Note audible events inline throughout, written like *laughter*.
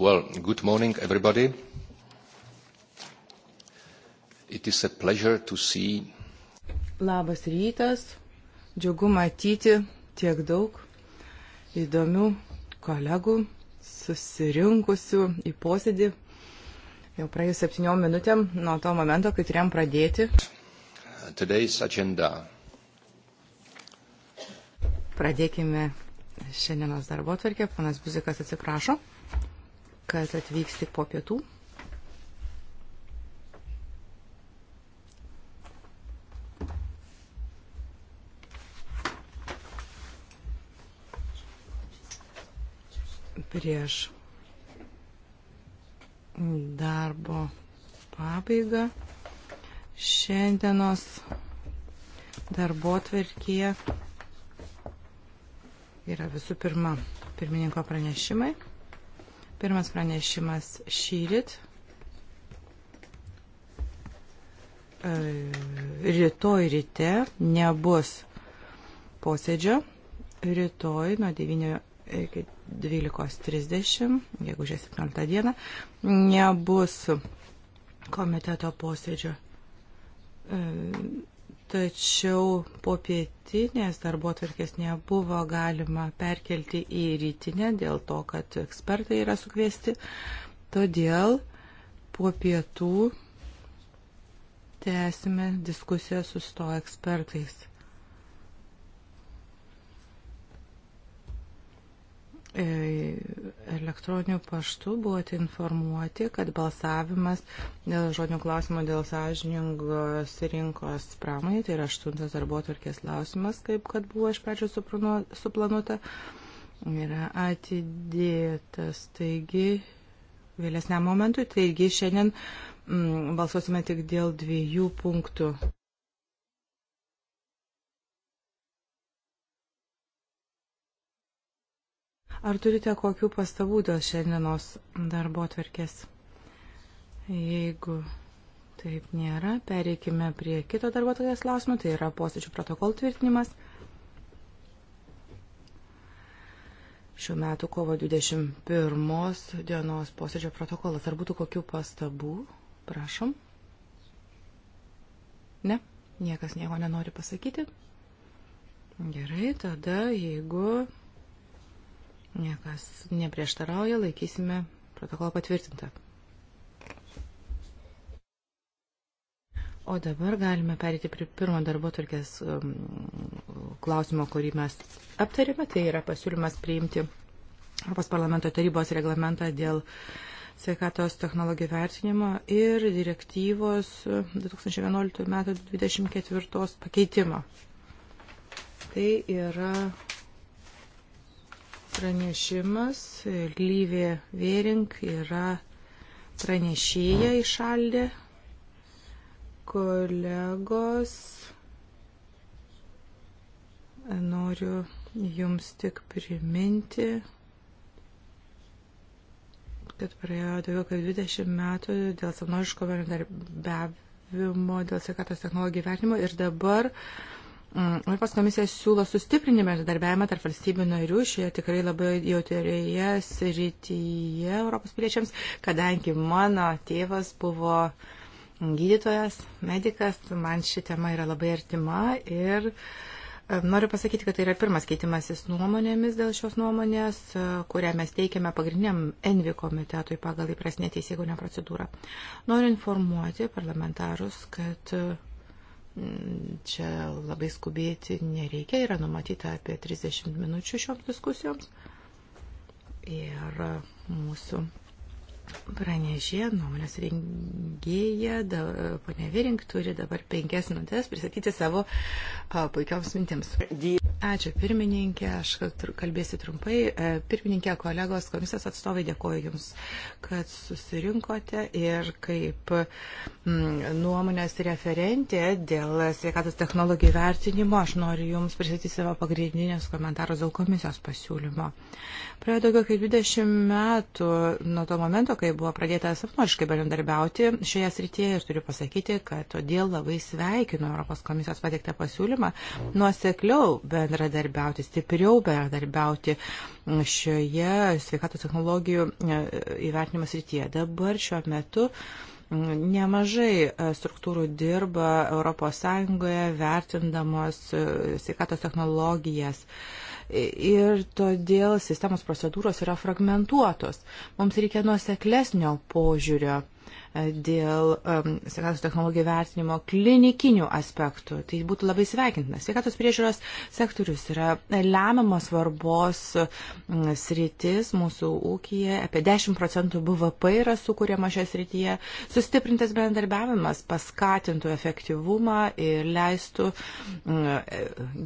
Well, good morning, everybody. It is a pleasure to see. Labas rytas. Džiugu matyti tiek daug įdomių kolegų susirinkusių į posėdį. Jau praėjus septyniom minutėm nuo to momento, kai turėjom pradėti. Today's agenda. Pradėkime šiandienos darbo tvarkę. Panas Buzikas atsiprašo kad atvyks tik po pietų. Prieš darbo pabaigą šiandienos darbo tvarkyje yra visų pirma pirmininko pranešimai. Pirmas pranešimas šyrit. E, rytoj ryte nebus posėdžio. Rytoj nuo 9 iki 12.30, jeigu žiūrės 17 dieną, nebus komiteto posėdžio e, tačiau po pietinės darbo atvarkės nebuvo galima perkelti į rytinę dėl to, kad ekspertai yra sukviesti. Todėl po pietų tęsime diskusiją su sto ekspertais. E, elektroniniu paštu buvote informuoti, kad balsavimas dėl žodinių klausimų dėl sąžiningos rinkos pramonė, tai yra aštuntas darbo tvarkės klausimas, kaip kad buvo iš pradžių suplanuota, yra atidėtas. Taigi, vėlesniam momentui, taigi šiandien m, mm, balsuosime tik dėl dviejų punktų. Ar turite kokių pastabų dėl šiandienos darbo atverkės? Jeigu taip nėra, pereikime prie kito darbo atverkės klausimų, tai yra posėdžių protokolų tvirtinimas. Šiuo metu kovo 21 dienos posėdžio protokolas. Ar būtų kokių pastabų? Prašom. Ne, niekas nieko nenori pasakyti. Gerai, tada jeigu Niekas neprieštarauja, laikysime protokolą patvirtintą. O dabar galime perėti prie pirmo darbo turkės um, klausimo, kurį mes aptarėme. Tai yra pasiūlymas priimti Europos parlamento tarybos reglamentą dėl sveikatos technologijų vertinimo ir direktyvos 2011 m. 24 pakeitimo. Tai yra pranešimas. Lyvė Vėring yra pranešėja išaldė. Kolegos, noriu jums tik priminti, kad praėjo daugiau kaip 20 metų dėl savanoriško bendradarbiavimo, dėl sveikatos technologijų vertinimo ir dabar uh, Mm, Europos komisija siūlo sustiprinti bendradarbiavimą tarp valstybių narių šioje tikrai labai jautrioje srityje Europos piliečiams, kadangi mano tėvas buvo gydytojas, medikas, man ši tema yra labai artima ir e, Noriu pasakyti, kad tai yra pirmas keitimasis nuomonėmis dėl šios nuomonės, e, kurią mes teikiame pagrindiniam Envi komitetui pagal įprasnė teisėgonę procedūrą. Noriu informuoti parlamentarus, kad Čia labai skubėti nereikia, yra numatyta apie 30 minučių šioms diskusijoms. Ir mūsų pranešė, nuomonės rengėja, ponia Virink turi dabar penkias minutės pristatyti savo a, puikioms mintims. Ačiū pirmininkė, aš kalbėsiu trumpai. E, pirmininkė, kolegos, komisijos atstovai, dėkoju Jums, kad susirinkote ir kaip mm, nuomonės referentė dėl sveikatos technologijų vertinimo, aš noriu Jums pristatyti savo pagrindinės komentarus dėl komisijos pasiūlymo. Praėjo daugiau kaip 20 metų nuo to momento, kai buvo pradėta savanoriškai bendradarbiauti šioje srityje ir turiu pasakyti, kad todėl labai sveikinu Europos komisijos pateiktą pasiūlymą nuosekliau bendradarbiauti, stipriau bendradarbiauti šioje sveikatos technologijų e, įvertinimo srityje. Dabar šiuo metu nemažai e, struktūrų dirba ES vertindamos e, sveikatos technologijas. Uh, ir todėl sistemos procedūros yra fragmentuotos. Mums reikia nuoseklesnio požiūrio dėl um, sveikatos technologijų vertinimo klinikinių aspektų. Tai būtų labai sveikintina. Sveikatos priežiūros sektorius yra lemiamos svarbos sritis mūsų ūkija. Apie 10 procentų BVP yra sukūrėma šią srityje. Sustiprintas bendarbiavimas paskatintų efektyvumą ir leistų um,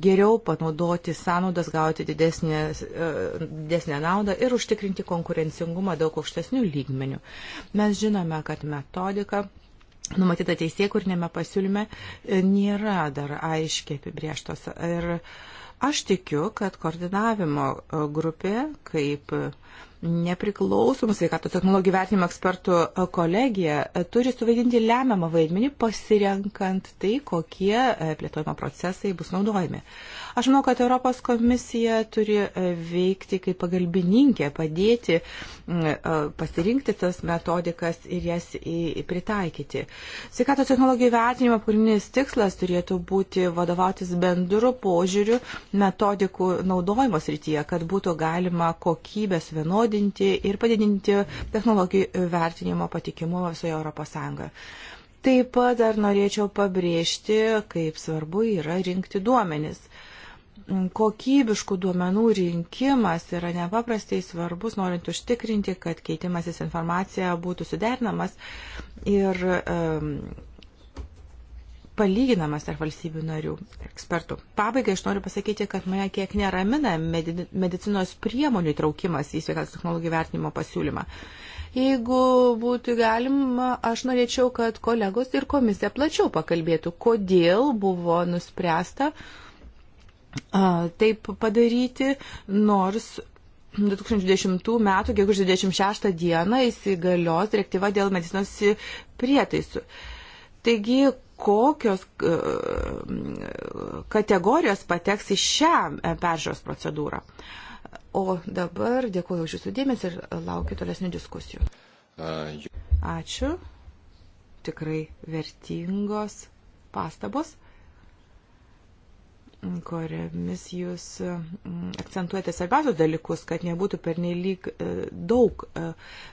geriau panaudoti sąnaudas, gauti didesnį, uh, e, didesnį naudą ir užtikrinti konkurencingumą daug aukštesnių lygmenių. Mes žinome, kad mes metodika numatyta teisėkurnėme pasiūlyme e, nėra dar aiškiai apibrieštos. Ir aš tikiu, kad koordinavimo e, grupė kaip nepriklausomų sveikatos technologijų vertinimo ekspertų e, kolegija e, turi suvaidinti lemiamą vaidmenį pasirenkant tai, kokie e, plėtojimo procesai bus naudojami. Aš manau, kad Europos komisija turi veikti kaip pagalbininkė, padėti pasirinkti tas metodikas ir jas pritaikyti. Sveikatos technologijų vertinimo pagrindinis tikslas turėtų būti vadovautis bendru požiūriu metodikų naudojimo srityje, kad būtų galima kokybės vienodinti suvienodinti ir padidinti technologijų vertinimo patikimumą visoje Europos Sąjungoje. Taip pat dar norėčiau pabrėžti, kaip svarbu yra rinkti duomenis kokybiškų duomenų rinkimas yra nepaprastai svarbus, norint užtikrinti, kad keitimasis informacija būtų suderinamas ir um, palyginamas tarp valstybių narių ekspertų. Pabaigai aš noriu pasakyti, kad mane kiek neramina medicinos priemonių įtraukimas į sveikatos technologijų vertinimo pasiūlymą. Jeigu būtų galima, aš norėčiau, kad kolegos ir komisija plačiau pakalbėtų, kodėl buvo nuspręsta a, taip padaryti, nors 2010 m. gegužės 26 d. įsigalios direktyva dėl medicinos prietaisų. Taigi, kokios e, kategorijos pateks į šią e, peržiūros procedūrą. O dabar dėkuoju už jūsų dėmesį ir laukiu tolesnių diskusijų. Ačiū. Tikrai vertingos pastabos, kuriamis jūs akcentuojate svarbiausius dalykus, kad nebūtų pernelyg e, daug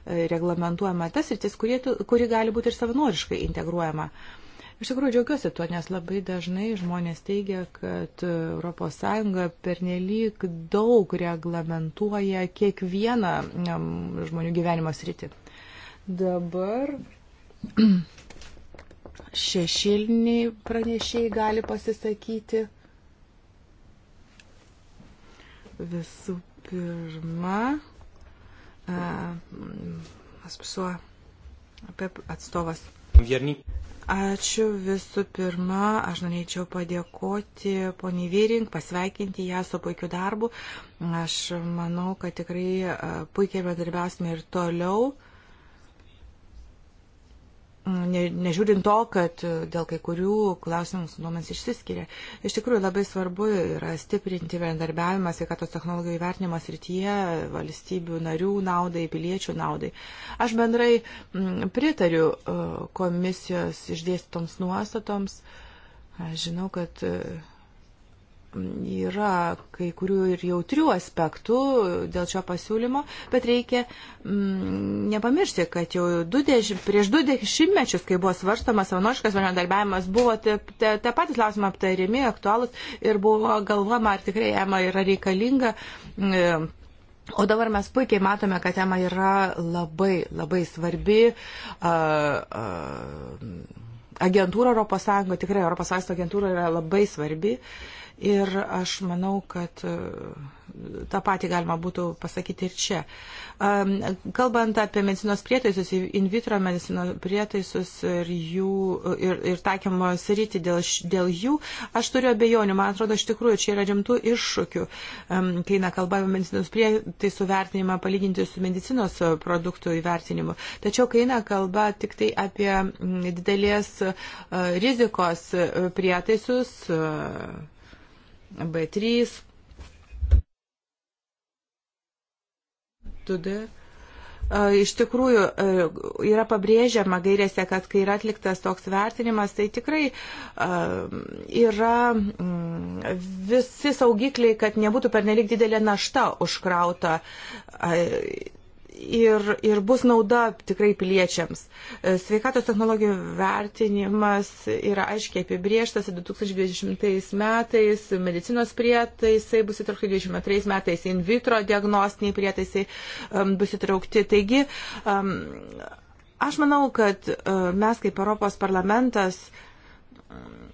reglamentuojama tas ir ties, kuri gali būti ir savanoriškai integruojama. Uh, Iš tikrųjų, džiaugiuosi tuo, nes labai dažnai žmonės teigia, kad ES pernelyg daug reglamentuoja kiekvieną žmonių gyvenimo sritį. Dabar *clears throat* šešiliniai pranešėjai gali pasisakyti. Visų pirma, Aspsuo atstovas. Viernik. Ačiū visų pirma, aš norėčiau padėkoti poniai Vyring, pasveikinti ją su puikiu darbu. Aš manau, kad tikrai e, puikiai bendarbiausime ir toliau ne, nežiūrint to, kad e, dėl kai kurių klausimų nuomonės išsiskiria. Iš tikrųjų labai svarbu yra stiprinti bendarbiavimą sveikatos technologijų įvertinimo srityje valstybių narių naudai, piliečių naudai. Aš bendrai m, mm, pritariu e, komisijos išdėstytoms nuostatoms. Aš žinau, kad e, yra kai kurių ir jautrių aspektų dėl šio pasiūlymo, bet reikia mm, nepamiršti, kad jau du dež... prieš du dešimtmečius, kai buvo svarstomas savanoriškas bendradarbiavimas, buvo tie patys klausimai aptariami, aktualūs ir buvo galvama, ar tikrai EMA yra reikalinga. Mm, O dabar mes puikiai matome, kad tema yra labai, labai svarbi. Uh, uh, agentūra Europos Sąjungo, tikrai Europos Sąjungos agentūra yra labai svarbi. Uh, Ir aš manau, kad e, tą patį galima būtų pasakyti ir čia. Kalbant apie medicinos prietaisus, in vitro medicinos prietaisus ir, jų, ir, ir taikymo sritį dėl, dėl jų, aš turiu abejonių. Man atrodo, iš tikrųjų, čia yra rimtų iššūkių, kai na, kalbame medicinos prietaisų vertinimą palyginti su medicinos produktų įvertinimu. Tačiau, kai na, kalba tik tai apie didelės e, rizikos e, prietaisus, B3, TD. Iš tikrųjų, e, yra pabrėžiama gairėse, kad kai yra atliktas toks vertinimas, tai tikrai yra mm, visi saugikliai, kad nebūtų pernelik didelė našta užkrauta ir, ir bus nauda tikrai piliečiams. E, sveikatos technologijų vertinimas yra aiškiai apibrieštas 2020 metais, medicinos prietaisai bus įtraukti 2023 metais, in vitro diagnostiniai prietaisai um, bus įtraukti. Taigi, um, aš manau, kad uh, mes kaip Europos parlamentas um,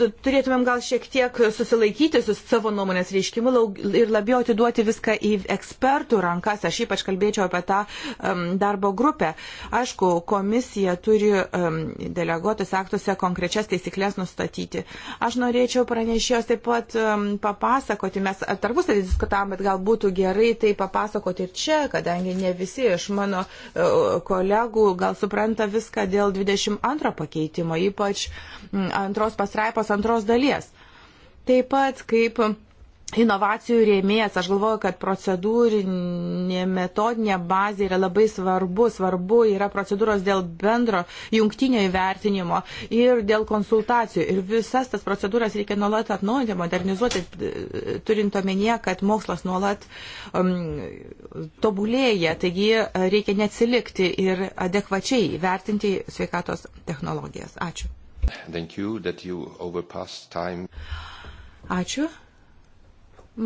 turėtumėm gal šiek tiek susilaikyti su savo nuomonės reiškimu ir labiau atiduoti viską į ekspertų rankas. Aš ypač kalbėčiau apie tą um, darbo grupę. Aišku, komisija turi um, deleguotis aktuose konkrečias taisyklės nustatyti. Aš norėčiau pranešėjos taip pat um, papasakoti, mes tarpusavį diskutavom, bet gal būtų gerai tai papasakoti ir čia, kadangi ne visi iš mano uh, kolegų gal supranta viską dėl 22 pakeitimo, ypač um, antros pasraipos pastraipos antros dalies. Taip pat kaip inovacijų rėmėjas. Aš galvoju, kad procedūrinė metodinė bazė yra labai svarbu. Svarbu yra procedūros dėl bendro jungtinio įvertinimo ir dėl konsultacijų. Ir visas tas procedūras reikia nuolat atnaujinti, modernizuoti, turint omenyje, kad mokslas nuolat um, tobulėja. Taigi reikia neatsilikti ir adekvačiai vertinti sveikatos technologijas. Ačiū. You, you Ačiū.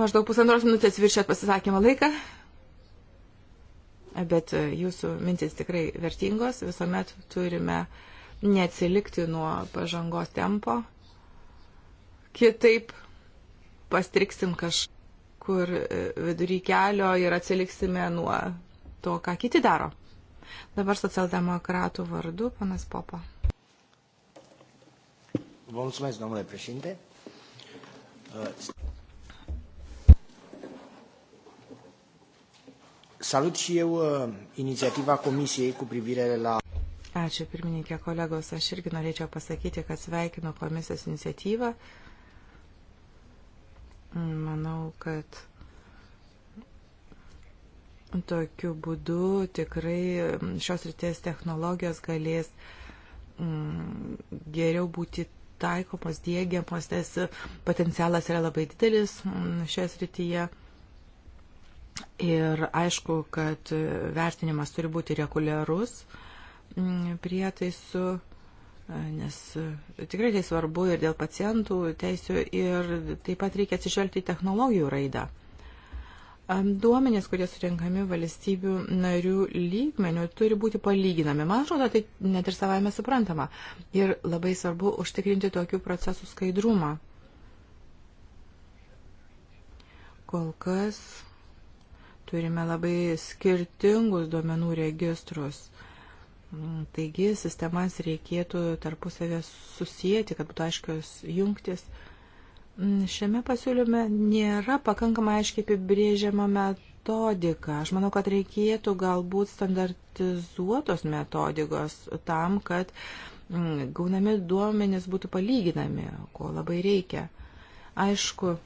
Maždaug pusantros minutės viršėt pasisakymo laiką, bet jūsų mintis tikrai vertingos. Visuomet turime neatsilikti nuo pažangos tempo. Kitaip pastriksim kažkur e, vidury kelio ir atsiliksime nuo to, ką kiti daro. Dabar socialdemokratų vardu panas Popa. Vă mulțumesc, domnule președinte. Salut și eu uh, inițiativa Comisiei cu privire la. Ačiū pirmininkė kolegos, aš irgi norėčiau pasakyti, kad sveikinu komisijos iniciatyvą. Manau, kad tokiu būdu tikrai um, šios ryties technologijos galės um, geriau būti taikomas, dėgiamas, nes potencialas yra labai didelis mm, šioje srityje. Ir aišku, kad vertinimas turi būti reguliarus mm, prietaisų, nes tikrai tai svarbu ir dėl pacientų teisų ir taip pat reikia atsižvelgti į technologijų raidą. Duomenys, kurie surinkami valstybių narių lygmenių, turi būti palyginami. Man atrodo, tai net ir savai mes suprantama. Ir labai svarbu užtikrinti tokių procesų skaidrumą. Kol kas turime labai skirtingus duomenų registrus. Mm, taigi sistemas reikėtų tarpusavės susijęti, kad būtų aiškios jungtis. Uh, Šiame pasiūlyme nėra pakankamai aiškiai apibrėžiama metodika. Aš manau, kad reikėtų galbūt standartizuotos metodikos tam, kad mm, gaunami duomenys būtų palyginami, ko labai reikia. Aišku,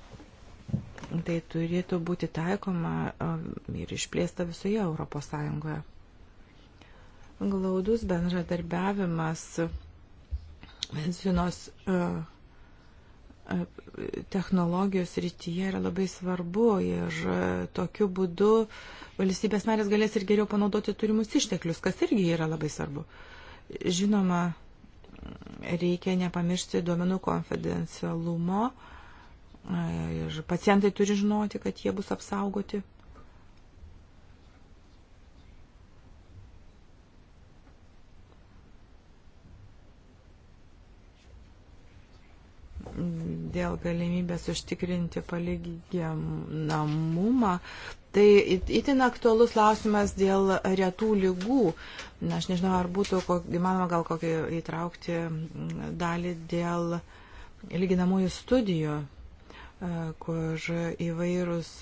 tai turėtų būti taikoma um, ir išplėsta visoje Europos Sąjungoje. Glaudus bendradarbiavimas medicinos uh, technologijos rytyje yra labai svarbu ir e, tokiu būdu valstybės narės galės ir geriau panaudoti turimus išteklius, kas irgi yra labai svarbu. Žinoma, reikia nepamiršti duomenų konfidencialumo e, ir pacientai turi žinoti, kad jie bus apsaugoti dėl galimybės užtikrinti palyginamumą. Tai itin aktualus klausimas dėl retų lygų. Na, aš nežinau, ar būtų įmanoma gal kokį įtraukti dalį dėl lyginamųjų studijų e, kur įvairūs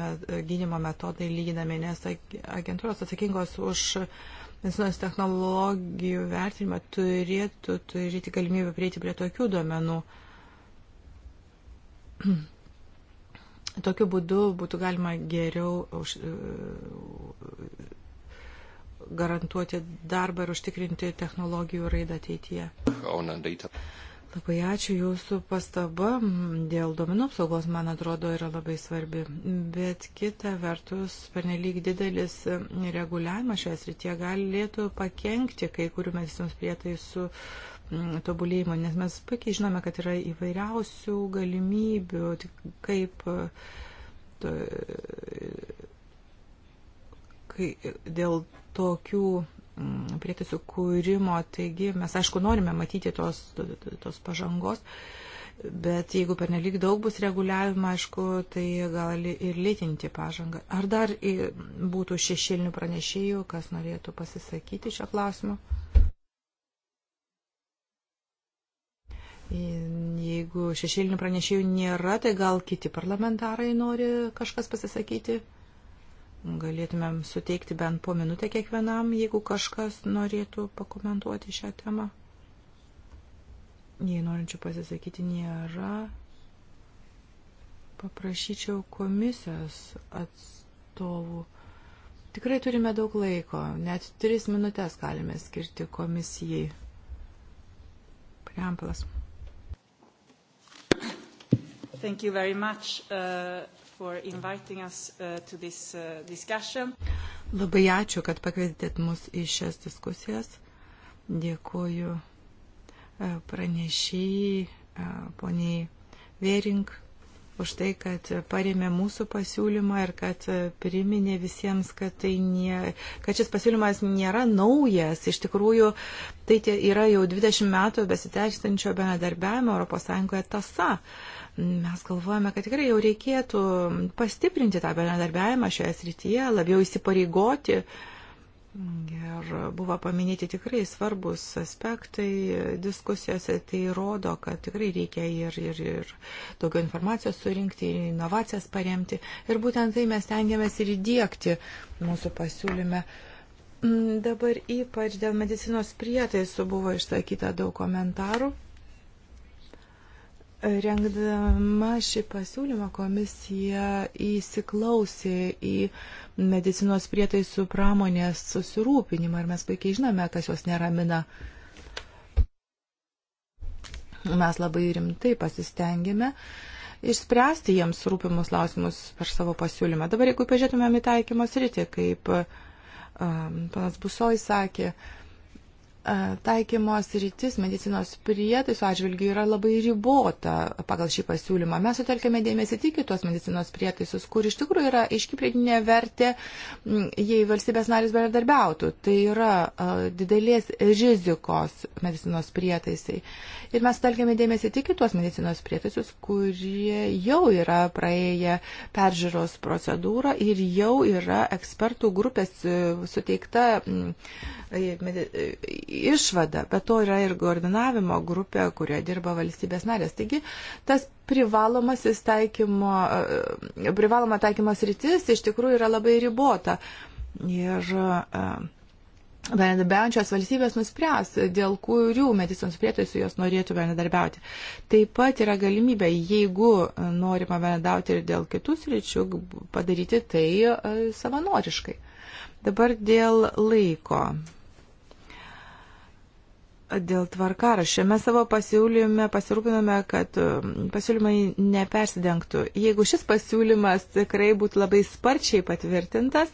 met, gynimo metodai lyginami, nes agentūros atsakingos už medicinos technologijų vertinimą turėtų turėti galimybę prieiti prie tokių duomenų. Uh, *clears throat* Tokiu būdu būtų galima geriau už, e, garantuoti darbą ir užtikrinti technologijų raidą ateityje. Labai ačiū jūsų pastaba dėl duomenų apsaugos, man atrodo, yra labai svarbi. Bet kita vertus, pernelyg didelis reguliavimas šioje srityje galėtų pakengti kai kurių medicinos prietaisų uh, Mm, tobulėjimo, nes mes puikiai žinome, kad yra įvairiausių galimybių, kaip e, to, e, kai, e, dėl tokių mm, prietaisų kūrimo, taigi mes aišku norime matyti tos, tos pažangos, bet jeigu pernelyg daug bus reguliavimo, aišku, tai gali ir lėtinti pažangą. Ar dar būtų šešėlinių pranešėjų, kas norėtų pasisakyti šio klausimu? Jeigu šešėlinių pranešėjų nėra, tai gal kiti parlamentarai nori kažkas pasisakyti? Galėtumėm suteikti bent po minutę kiekvienam, jeigu kažkas norėtų pakomentuoti šią temą. Jei norinčių pasisakyti nėra, paprašyčiau komisijos atstovų. Tikrai turime daug laiko, net tris minutės galime skirti komisijai. Preampilas. Thank you very much uh, for inviting us uh, to this uh, discussion. Labai ačiū, kad pakvietėt mus į šias diskusijas. Dėkuoju uh, pranešėjai, uh, poniai Vėring, už tai, kad parėmė mūsų pasiūlymą ir kad priminė visiems, kad, tai nie, kad šis pasiūlymas nėra naujas. Iš tikrųjų, tai yra jau 20 metų besitečtančio bendradarbiavimo ES tasa. Mes galvojame, kad tikrai jau reikėtų pastiprinti tą bendradarbiavimą šioje srityje, labiau įsipareigoti uh, Ir buvo paminėti tikrai svarbus aspektai diskusijose, tai rodo, kad tikrai reikia ir, ir, ir daugiau informacijos surinkti, ir inovacijas paremti. Ir būtent tai mes tengiamės ir įdėkti mūsų pasiūlyme. Mm, dabar ypač dėl medicinos prietaisų buvo išsakyta daug komentarų. Rengdama šį pasiūlymą komisija įsiklausė į medicinos prietaisų pramonės susirūpinimą ir mes puikiai žinome, kas jos neramina. Mes labai rimtai pasistengėme išspręsti jiems rūpimus klausimus per savo pasiūlymą. Dabar, jeigu pažiūrėtumėm į taikymo sritį, kaip um, panas Busoj sakė, uh, E, taikymos rytis medicinos prietaisų atžvilgių yra labai ribota pagal šį pasiūlymą. Mes sutelkėme dėmesį tik į tuos medicinos prietaisus, kur iš tikrųjų yra aiški pridinė vertė, jei valstybės narys bendradarbiautų. Tai yra e, didelės rizikos medicinos prietaisai. Ir mes sutelkėme dėmesį tik į tuos medicinos prietaisus, kurie jau yra praėję peržiūros procedūrą ir jau yra ekspertų grupės e, suteikta išvada, bet to yra ir koordinavimo grupė, kurioje dirba valstybės narės. Taigi tas privalomasis e, taikymo, privaloma taikymas rytis iš tikrųjų yra labai ribota. Ir e, bendradarbiaujančios valstybės nuspręs, dėl kurių medicinos prietaisų jos norėtų bendradarbiauti. Taip pat yra galimybė, jeigu norima bendradarbiauti ir dėl kitų sričių, padaryti tai e, savanoriškai. Dabar dėl laiko. Dėl tvarkaraščio mes savo pasiūlyme pasirūpinome, kad um, pasiūlymai nepersidengtų. Jeigu šis pasiūlymas tikrai būtų labai sparčiai patvirtintas,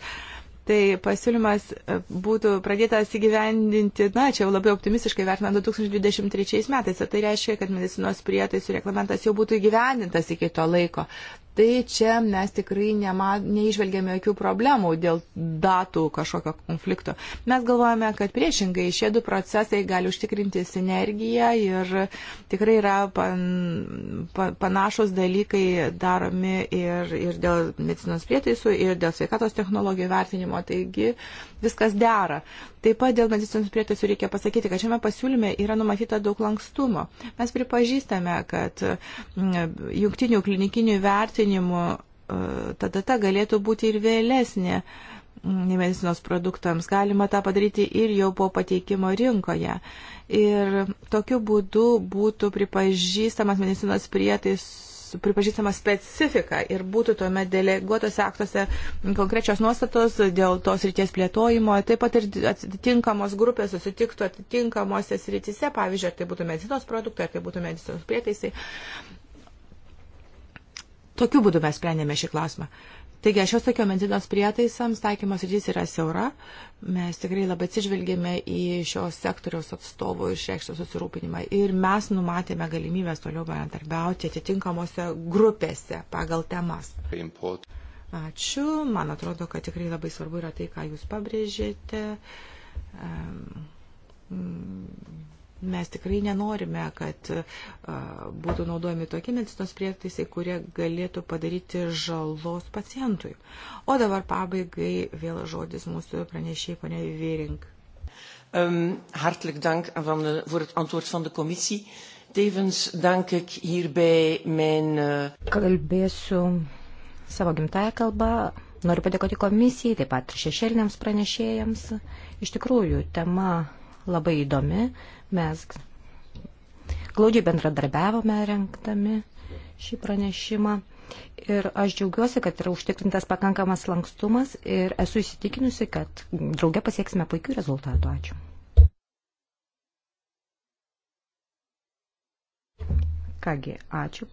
tai pasiūlymas e, būtų pradėtas įgyvendinti, na, čia jau labai optimistiškai vertinant 2023 metais, o tai reiškia, kad medicinos prietaisų reglamentas jau būtų įgyvendintas iki to laiko. Tai čia mes tikrai nema, neižvelgėme jokių problemų dėl datų kažkokio konflikto. Mes galvojame, kad priešingai šie du procesai gali užtikrinti sinergiją ir tikrai yra pan, pa, panašus dalykai daromi ir, ir dėl medicinos prietaisų, ir dėl sveikatos technologijų vertinimo. Taigi viskas dera. Taip pat dėl medicininių prietaisų reikia pasakyti, kad šiame pasiūlyme yra numatyta daug lankstumo. Mes pripažįstame, kad mm, jungtinių klinikinių vertinimų e, ta data galėtų būti ir vėlesnė mm, medicinos produktams. Galima tą padaryti ir jau po pateikimo rinkoje. Ir tokiu būdu būtų pripažįstamas medicinos prietaisų pripažįstama specifika ir būtų tuomet deleguotose aktuose konkrečios nuostatos dėl tos ryties plėtojimo, taip pat ir atitinkamos grupės susitiktų atitinkamose srityse, pavyzdžiui, ar tai būtų medicinos produktai, ar tai būtų medicinos prietaisai. Tokiu būdu mes sprendėme šį klausimą. Taigi, aš jau sakiau, medicinos prietaisams taikymos rytis yra siaura. Mes tikrai labai atsižvelgėme į šios sektoriaus atstovų išreikštą susirūpinimą ir mes numatėme galimybės toliau bendradarbiauti atitinkamose grupėse pagal temas. Import. Ačiū. Man atrodo, kad tikrai labai svarbu yra tai, ką jūs pabrėžėte. Um, Mes tikrai nenorime, kad būtų naudojami tokie medicinos prietaisai, kurie galėtų padaryti žalos pacientui. O dabar pabaigai vėl žodis mūsų pranešėjai, ponia Vėring. Um, ehm, hartelijk dank van de, voor het antwoord van de commissie. Tevens dank ik hierbij mijn. Uh... Kalbėsiu savo gimtają kalbą. Noriu padėkoti komisijai, taip pat ir šešėliniams pranešėjams. Iš tikrųjų, tema labai įdomi. Mes glaudžiai bendradarbiavome renktami šį pranešimą. Ir aš džiaugiuosi, kad yra užtikrintas pakankamas lankstumas ir esu įsitikinusi, kad drauge pasieksime puikių rezultatų. Ačiū. Kągi, ačiū.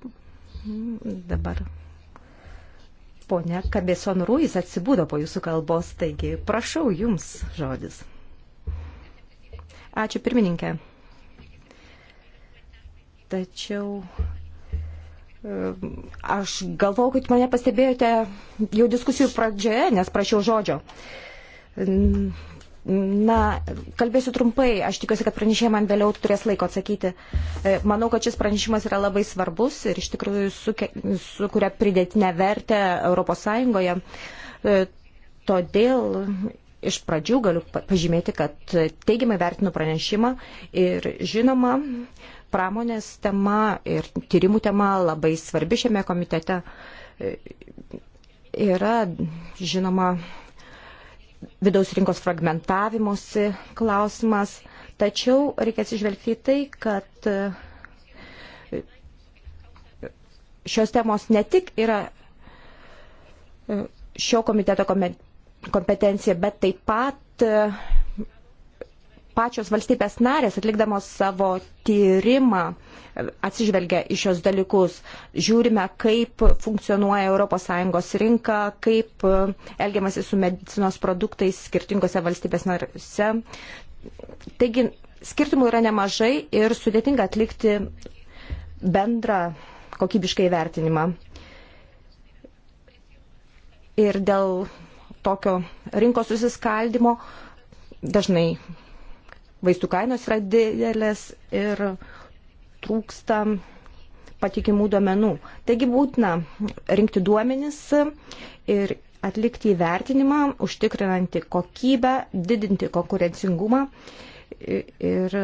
Dabar ponia Kabeson Ruiz atsibūdo po jūsų kalbos, taigi prašau jums žodis. Ačiū pirmininkė. Tačiau aš galvau, kad mane pastebėjote jau diskusijų pradžioje, nes prašiau žodžio. Na, kalbėsiu trumpai, aš tikiuosi, kad pranešėjai man vėliau turės laiko atsakyti. E, manau, kad šis pranešimas yra labai svarbus ir iš tikrųjų sukuria su pridėtinę vertę ES. E, todėl iš pradžių galiu pažymėti, kad teigiamai vertinu pranešimą ir žinoma, pramonės tema ir tyrimų tema labai svarbi šiame komitete. Yra, žinoma, vidaus rinkos fragmentavimosi klausimas, tačiau reikia atsižvelgti į tai, kad šios temos ne tik yra šio komiteto kompetencija, bet taip pat pačios valstybės narės atlikdamos savo tyrimą atsižvelgia į šios dalykus. Žiūrime, kaip funkcionuoja ES rinka, kaip e, elgiamasi su medicinos produktais skirtingose valstybės narėse. Taigi, skirtumų yra nemažai ir sudėtinga atlikti bendrą kokybišką įvertinimą. Ir dėl tokio rinkos susiskaldimo dažnai vaistų kainos yra didelės ir trūksta patikimų duomenų. Taigi būtina rinkti duomenis ir atlikti įvertinimą, užtikrinantį kokybę, didinti konkurencingumą ir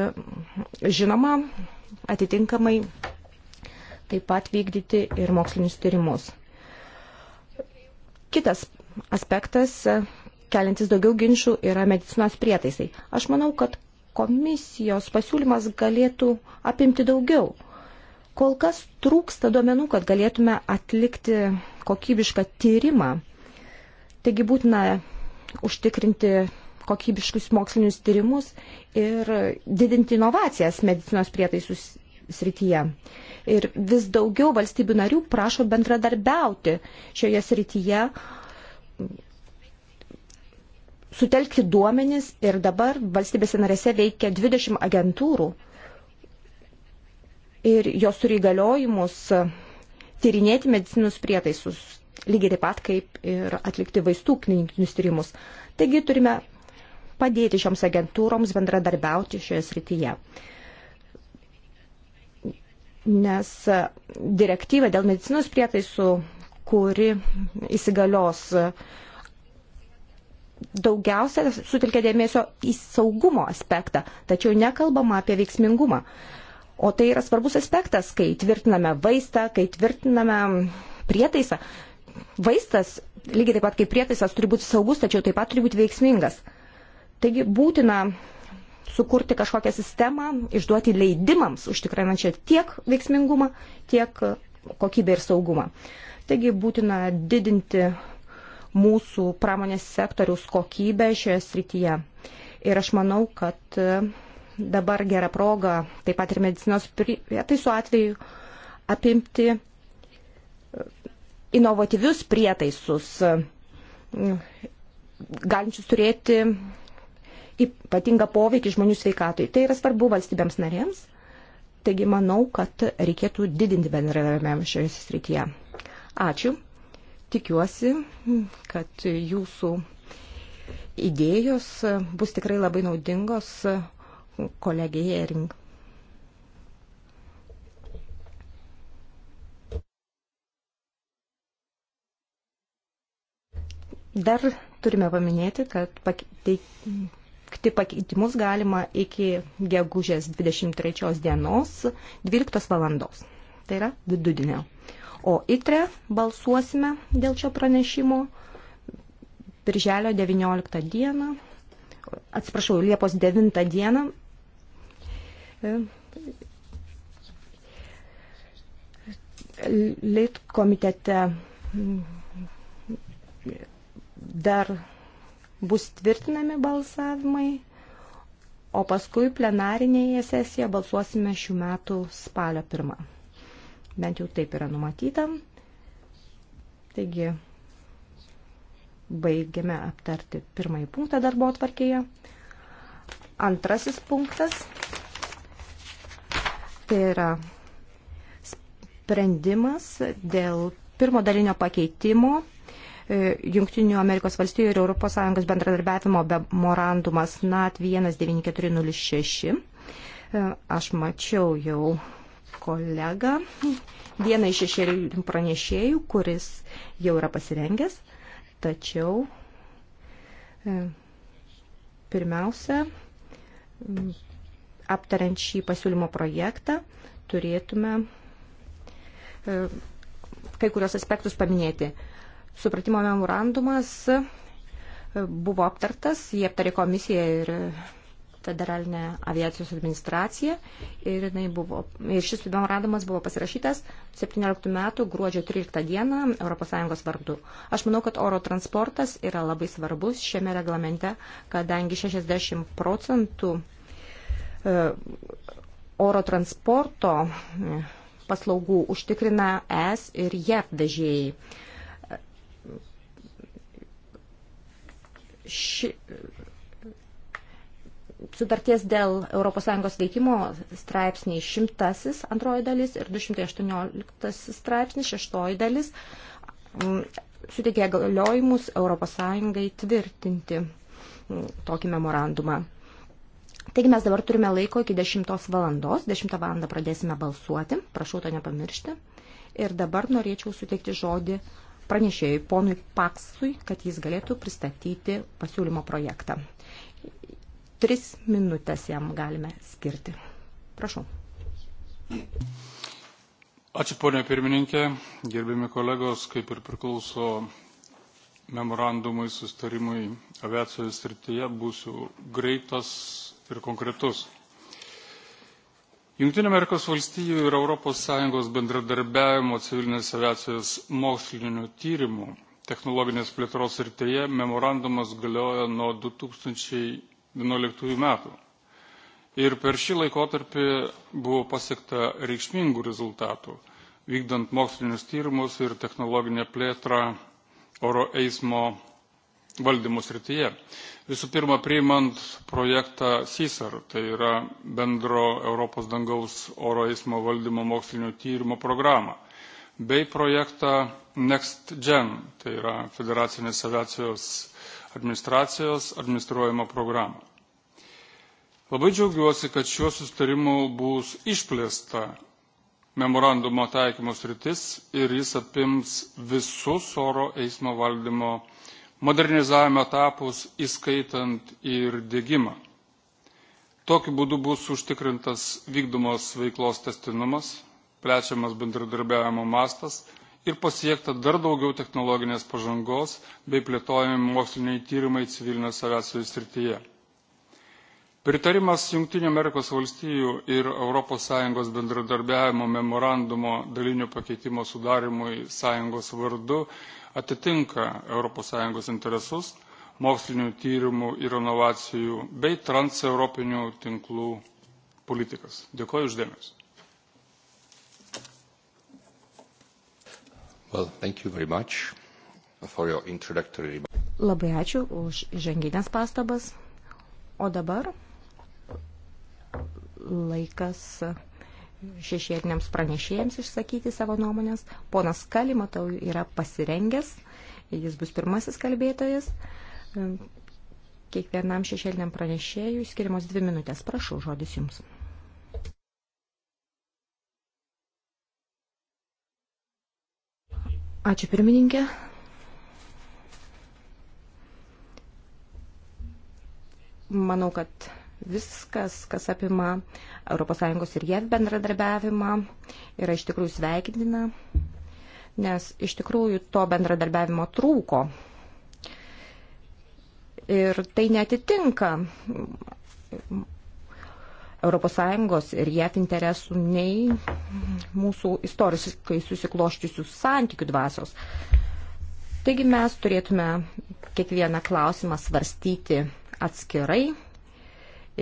žinoma, atitinkamai taip pat vykdyti ir mokslinius tyrimus. Kitas aspektas, keliantis daugiau ginčių, yra medicinos prietaisai. Aš manau, kad komisijos pasiūlymas galėtų apimti daugiau. Kol kas trūksta duomenų, kad galėtume atlikti kokybišką tyrimą. Taigi būtina užtikrinti kokybiškus mokslinius tyrimus ir didinti inovacijas medicinos prietaisų srityje. Ir vis daugiau valstybių narių prašo bendradarbiauti šioje srityje, sutelkti duomenis ir dabar valstybėse narėse veikia 20 agentūrų ir jos turi įgaliojimus tyrinėti medicinus prietaisus, lygiai taip pat kaip ir atlikti vaistų klinikinius tyrimus. Taigi turime padėti šioms agentūroms bendradarbiauti šioje srityje. Nes direktyva dėl medicinos prietaisų, kuri įsigalios daugiausia sutelkia dėmesio į saugumo aspektą, tačiau nekalbama apie veiksmingumą. O tai yra svarbus aspektas, kai tvirtiname vaistą, kai tvirtiname prietaisą. Vaistas, lygiai taip pat kaip prietaisas, turi būti saugus, tačiau taip pat turi būti veiksmingas. Taigi būtina sukurti kažkokią sistemą, išduoti leidimams užtikrinančią tiek veiksmingumą, tiek kokybę ir saugumą. Taigi būtina didinti mūsų pramonės sektoriaus kokybę šioje srityje. Ir aš manau, kad e, dabar gera proga, taip pat ir medicinos prietaisų atveju, apimti e, inovatyvius prietaisus, e, galinčius turėti ypatingą poveikį žmonių sveikatui. Tai yra svarbu valstybėms narėms. Taigi manau, kad reikėtų didinti bendradarbiavimą šioje srityje. Ačiū tikiuosi, kad jūsų idėjos bus tikrai labai naudingos kolegijai Ering. Dar turime paminėti, kad pateikti pakeitimus galima iki gegužės 23 dienos 12 valandos. Tai yra vidudienio o ITRE balsuosime dėl šio pranešimo birželio 19 dieną, atsiprašau, Liepos 9 dieną. E, Leit komitete dar bus tvirtinami balsavimai, o paskui plenarinėje sesijoje balsuosime šių metų spalio pirmą. Bent jau taip yra numatyta. Taigi, baigiame aptarti pirmąjį punktą darbo atvarkėje. Antrasis punktas tai yra sprendimas dėl pirmo dalinio pakeitimo e, Junktinių Amerikos valstijų ir ES bendradarbiavimo memorandumas NAT 19406. Aš mačiau jau kolegą, vieną iš šešėlių pranešėjų, kuris jau yra pasirengęs, tačiau e, pirmiausia, aptariant šį pasiūlymo projektą, turėtume e, kai kurios aspektus paminėti. Supratimo memorandumas e, buvo aptartas, jie aptarė komisiją ir federalinė aviacijos administracija ir, buvo, ir šis memorandumas buvo pasirašytas 17 metų gruodžio 13 dieną ES vardu. Aš manau, kad oro transportas yra labai svarbus šiame reglamente, kadangi 60 procentų e, oro transporto e, paslaugų užtikrina ES ir JAV e vežėjai. Ši, sutarties dėl ES veikimo straipsniai 100 antroji dalis ir 218 straipsnis šeštoji dalis mm, suteikė galiojimus ES tvirtinti mm, tokį memorandumą. Taigi mes dabar turime laiko iki 10 valandos. 10 valandą pradėsime balsuoti. Prašau to nepamiršti. Ir dabar norėčiau suteikti žodį pranešėjui ponui Paksui, kad jis galėtų pristatyti pasiūlymo projektą tris minutės jam galime skirti. Prašau. Ačiū ponia pirmininkė, gerbimi kolegos, kaip ir priklauso memorandumui, sustarimui aviacijos srityje, būsiu greitas ir konkretus. Junktinė Amerikos valstijų ir ES bendradarbiavimo civilinės aviacijos mokslinių tyrimų technologinės plėtros srityje memorandumas galioja nuo 2000 2011 metų. Ir per šį laikotarpį buvo pasiekta reikšmingų rezultatų, vykdant mokslinius tyrimus ir technologinę plėtrą oro eismo valdymo srityje. Visų pirma, priimant projektą CISAR, tai yra bendro Europos dangaus oro eismo valdymo mokslinio tyrimo programą, bei projektą NextGen, tai yra federacinės aviacijos administracijos administruojamą programą. Labai džiaugiuosi, kad šiuo sustarimu bus išplėsta memorandumo taikymos rytis ir jis apims visus oro eismo valdymo modernizavimo etapus, įskaitant ir dėgymą. Tokiu būdu bus užtikrintas vykdomos veiklos testinumas, plečiamas bendradarbiavimo mastas ir pasiekta dar daugiau technologinės pažangos bei plėtojami moksliniai tyrimai civilinės aviacijos srityje. Pritarimas Junktinių Amerikos valstijų ir ES bendradarbiavimo memorandumo dalinių pakeitimo sudarimui sąjungos vardu atitinka ES interesus, mokslinių tyrimų ir inovacijų bei transeuropinių tinklų politikas. Dėkuoju uždėmesi. Well, thank you very much for your introductory remarks. Labai ačiū už įžanginės pastabas. O dabar laikas šešėtiniams pranešėjams išsakyti savo nuomonės. Ponas Kali, matau, yra pasirengęs. Jis bus pirmasis kalbėtojas. Kiekvienam šešėliniam pranešėjui skiriamos dvi minutės. Prašau, žodis jums. Ačiū pirmininkė. Manau, kad viskas, kas apima ES ir JAV bendradarbiavimą, yra iš tikrųjų sveikintina, nes iš tikrųjų to bendradarbiavimo trūko. Ir tai netitinka ES ir JAF interesų, nei mūsų istoriškai susikloščiusių santykių dvasios. Taigi mes turėtume kiekvieną klausimą svarstyti atskirai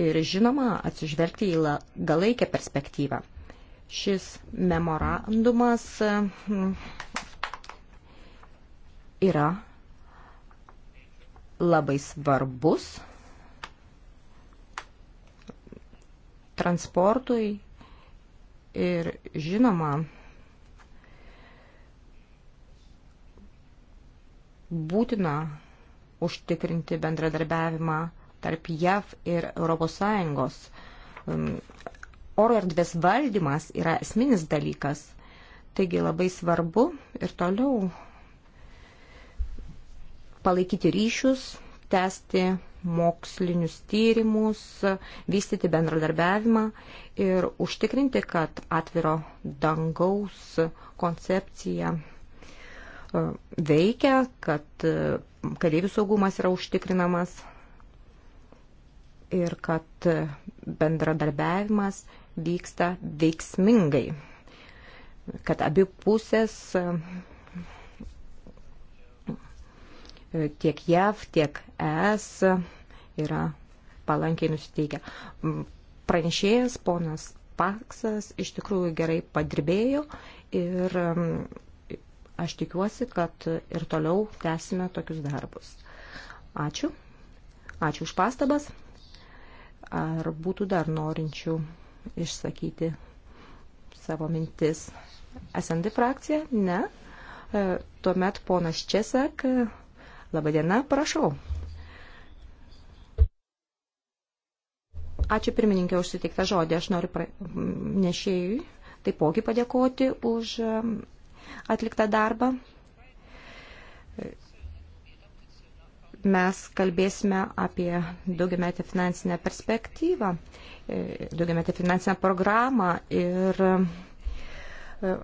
ir žinoma atsižvelgti į galaikę perspektyvą. Šis memorandumas mm, yra labai svarbus transportui ir žinoma, būtina užtikrinti bendradarbiavimą tarp JAV ir ES. Um, oro erdvės valdymas yra esminis dalykas, taigi labai svarbu ir toliau palaikyti ryšius, tęsti mokslinius tyrimus, vystyti bendradarbiavimą ir užtikrinti, kad atviro dangaus koncepcija e, veikia, kad e, kareivių saugumas yra užtikrinamas ir kad e, bendradarbiavimas vyksta veiksmingai, kad abi pusės tiek JAV, tiek ES yra palankiai nusiteikę. Pranešėjas ponas Paksas iš tikrųjų gerai padirbėjo ir mm, aš tikiuosi, kad ir toliau tęsime tokius darbus. Ačiū. Ačiū už pastabas. Ar būtų dar norinčių išsakyti savo mintis? SND frakcija? Ne. E, tuomet ponas Česak Labadiena, prašau. Ačiū pirmininkė už suteiktą žodį. Aš noriu nešėjui taipogi padėkoti už um, atliktą darbą. Mes kalbėsime apie daugiametę finansinę perspektyvą, e, daugiametę finansinę programą ir e,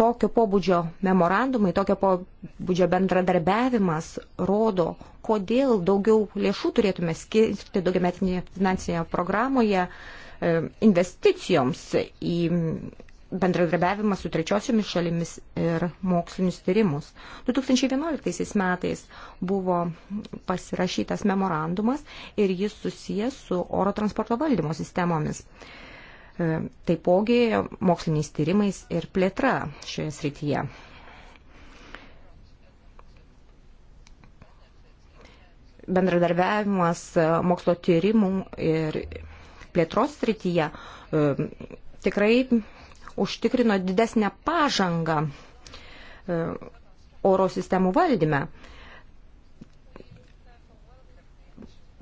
tokio pobūdžio memorandumai, tokio pobūdžio bendradarbiavimas rodo, kodėl daugiau lėšų turėtume skirti daugiametinėje finansinėje programoje e, investicijoms į bendradarbiavimą su trečiosiomis šalimis ir mokslinius tyrimus. 2011 metais buvo pasirašytas memorandumas ir jis susijęs su oro transporto valdymo sistemomis. E, taipogi moksliniais tyrimais ir plėtra šioje srityje. Bendradarbiavimas e, mokslo tyrimų ir plėtros srityje e, tikrai užtikrino didesnę pažangą oro sistemų valdyme.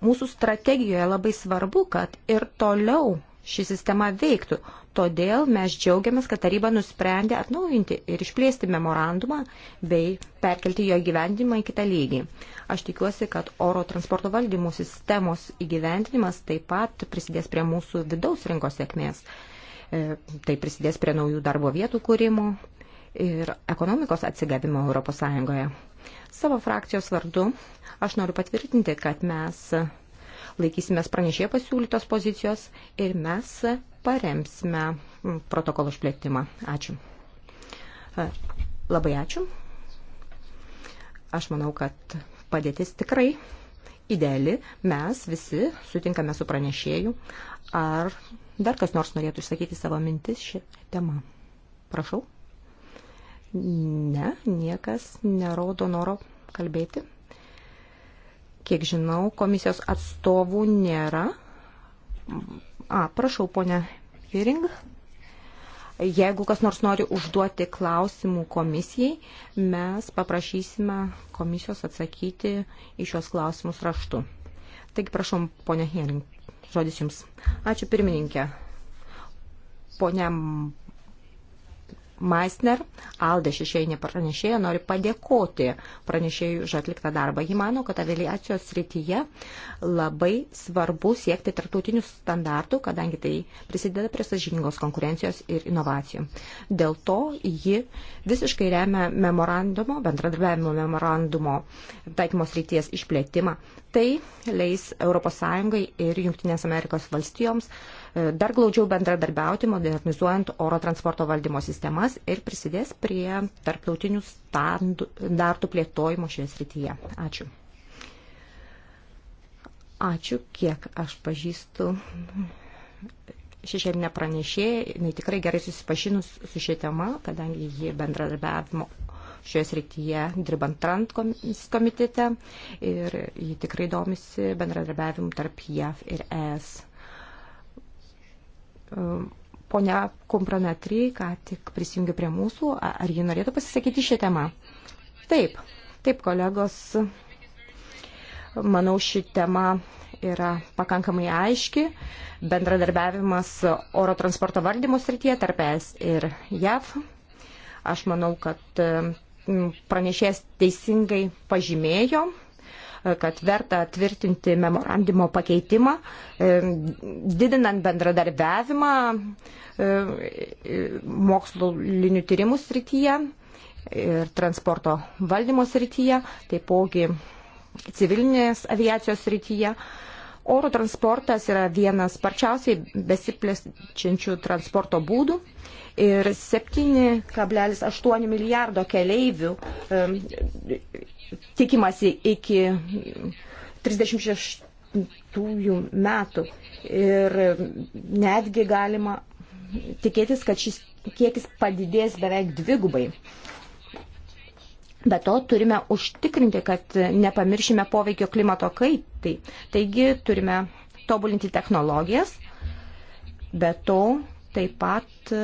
Mūsų strategijoje labai svarbu, kad ir toliau ši sistema veiktų. Todėl mes džiaugiamės, kad taryba nusprendė atnaujinti ir išplėsti memorandumą bei perkelti jo įgyvendimą į kitą lygį. Aš tikiuosi, kad oro transporto valdymų sistemos įgyvendinimas taip pat prisidės prie mūsų vidaus rinkos sėkmės. E, tai prisidės prie naujų darbo vietų kūrimo ir ekonomikos atsigavimo ES. Savo frakcijos vardu aš noriu patvirtinti, kad mes laikysimės pranešėjo pasiūlytos pozicijos ir mes paremsime protokolo išplėtimą. Ačiū. E, labai ačiū. Aš manau, kad padėtis tikrai ideali. Mes visi sutinkame su pranešėju. Ar dar kas nors norėtų išsakyti savo mintis šią temą? Prašau. Ne, niekas nerodo noro kalbėti. Kiek žinau, komisijos atstovų nėra. A, prašau, ponia Firing. Jeigu kas nors nori užduoti klausimų komisijai, mes paprašysime komisijos atsakyti į šios klausimus raštu. Taigi prašom, ponia Hering, žodis jums. Ačiū pirmininkė. Ponia Maisner, Alde šešėjinė pranešėja, nori padėkoti pranešėjui už atliktą darbą. Ji mano, kad aviacijos srityje labai svarbu siekti tartutinių standartų, kadangi tai prisideda prie sažiningos konkurencijos ir inovacijų. Dėl to ji visiškai remia memorandumo, bendradarbiavimo memorandumo taikymos ryties išplėtimą. Tai leis ES ir Junktinės Amerikos valstijoms uh, dar glaudžiau bendradarbiauti, modernizuojant oro transporto valdymo sistemas ir prisidės prie tarptautinių standartų plėtojimo šioje srityje. Ačiū. Ačiū, kiek aš pažįstu šešėlinę pranešėją, jinai tikrai gerai susipažinus su šia tema, kadangi ji bendradarbiavimo šioje srityje dirbant Trant komitete ir ji tikrai domisi bendradarbiavimu tarp JAV ir ES. Pone Kumpranatry, ką tik prisijungė prie mūsų, ar ji norėtų pasisakyti šią temą? Taip, taip, kolegos, manau, ši tema yra pakankamai aiški. Bendradarbiavimas oro transporto valdymo srityje tarp ES ir JAV. Aš manau, kad pranešėjas teisingai pažymėjo kad verta tvirtinti memorandumo pakeitimą, e, didinant bendradarbiavimą e, mokslinių tyrimų srityje ir transporto valdymo srityje, taipogi civilinės aviacijos srityje. Oro transportas yra vienas sparčiausiai besiplėčiančių transporto būdų ir 7,8 milijardo keleivių tikimasi iki 36 metų. Ir netgi galima tikėtis, kad šis kiekis padidės beveik dvigubai. Be to turime užtikrinti, kad nepamiršime poveikio klimato kaitai. Taigi turime tobulinti technologijas, be to taip pat e,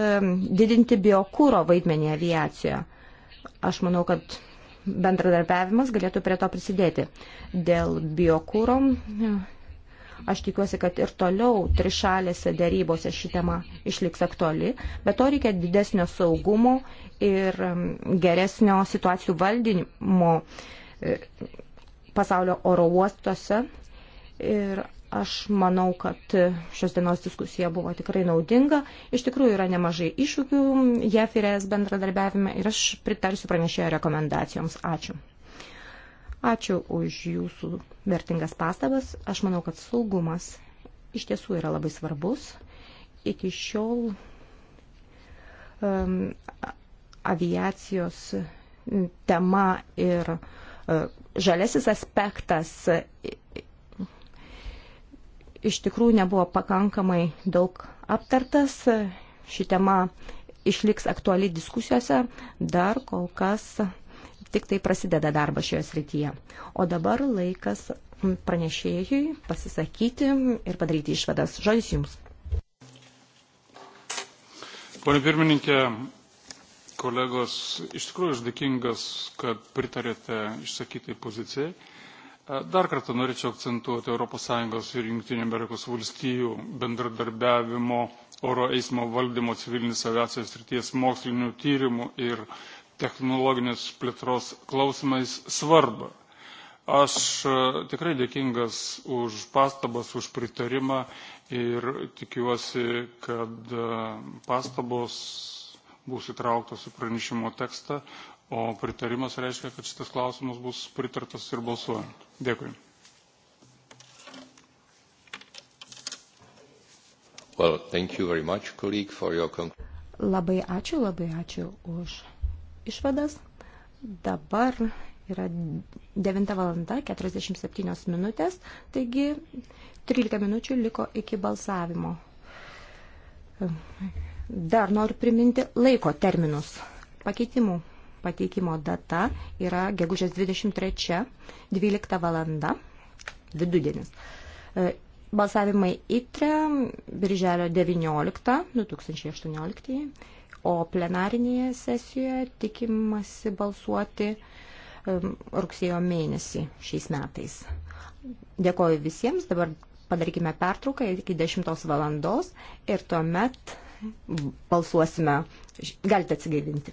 didinti biokūro vaidmenį aviacijoje. Aš manau, kad bendradarbiavimas galėtų prie to prisidėti. Dėl biokūro aš tikiuosi, kad ir toliau trišalėse dėrybose ši tema išliks aktuali, bet to reikia didesnio saugumo ir um, geresnio situacijų valdymo e, pasaulio oro uostuose. Ir Aš manau, kad šios dienos diskusija buvo tikrai naudinga. Iš tikrųjų yra nemažai iššūkių JEF ir ES bendradarbiavime ir aš pritarsiu pranešėjo rekomendacijoms. Ačiū. Ačiū už jūsų vertingas pastabas. Aš manau, kad saugumas iš tiesų yra labai svarbus. Iki šiol um, aviacijos tema ir uh, žalesis aspektas iš tikrųjų nebuvo pakankamai daug aptartas. Ši tema išliks aktuali diskusijose, dar kol kas tik tai prasideda darbas šioje srityje. O dabar laikas pranešėjui pasisakyti ir padaryti išvadas. Žodis jums. Pone pirmininkė, kolegos, iš tikrųjų aš dėkingas, kad pritarėte išsakyti pozicijai. Dar kartą norėčiau akcentuoti ES ir JAV bendradarbiavimo oro eismo valdymo civilinės aviacijos srities mokslinių tyrimų ir technologinės plėtros klausimais svarbą. Aš e, tikrai dėkingas už pastabas, už pritarimą ir tikiuosi, kad e, pastabos bus įtrauktos į pranešimo tekstą, o pritarimas reiškia, kad šitas klausimas bus pritartas ir balsuojant. Dėkui. Well, thank you very much, colleague, for your Labai ačiū, labai ačiū už išvadas. Dabar yra 9 valanda 47 minutės, taigi 13 minučių liko iki balsavimo. Dar noriu priminti laiko terminus pakeitimų pateikimo data yra gegužės 23, 12 valanda, vidudienis. E, balsavimai ITRE birželio 19, 2018, o plenarinėje sesijoje tikimasi balsuoti e, rugsėjo mėnesį šiais metais. Dėkoju visiems, dabar padarykime pertrauką iki 10 valandos ir tuomet balsuosime, galite atsigaivinti.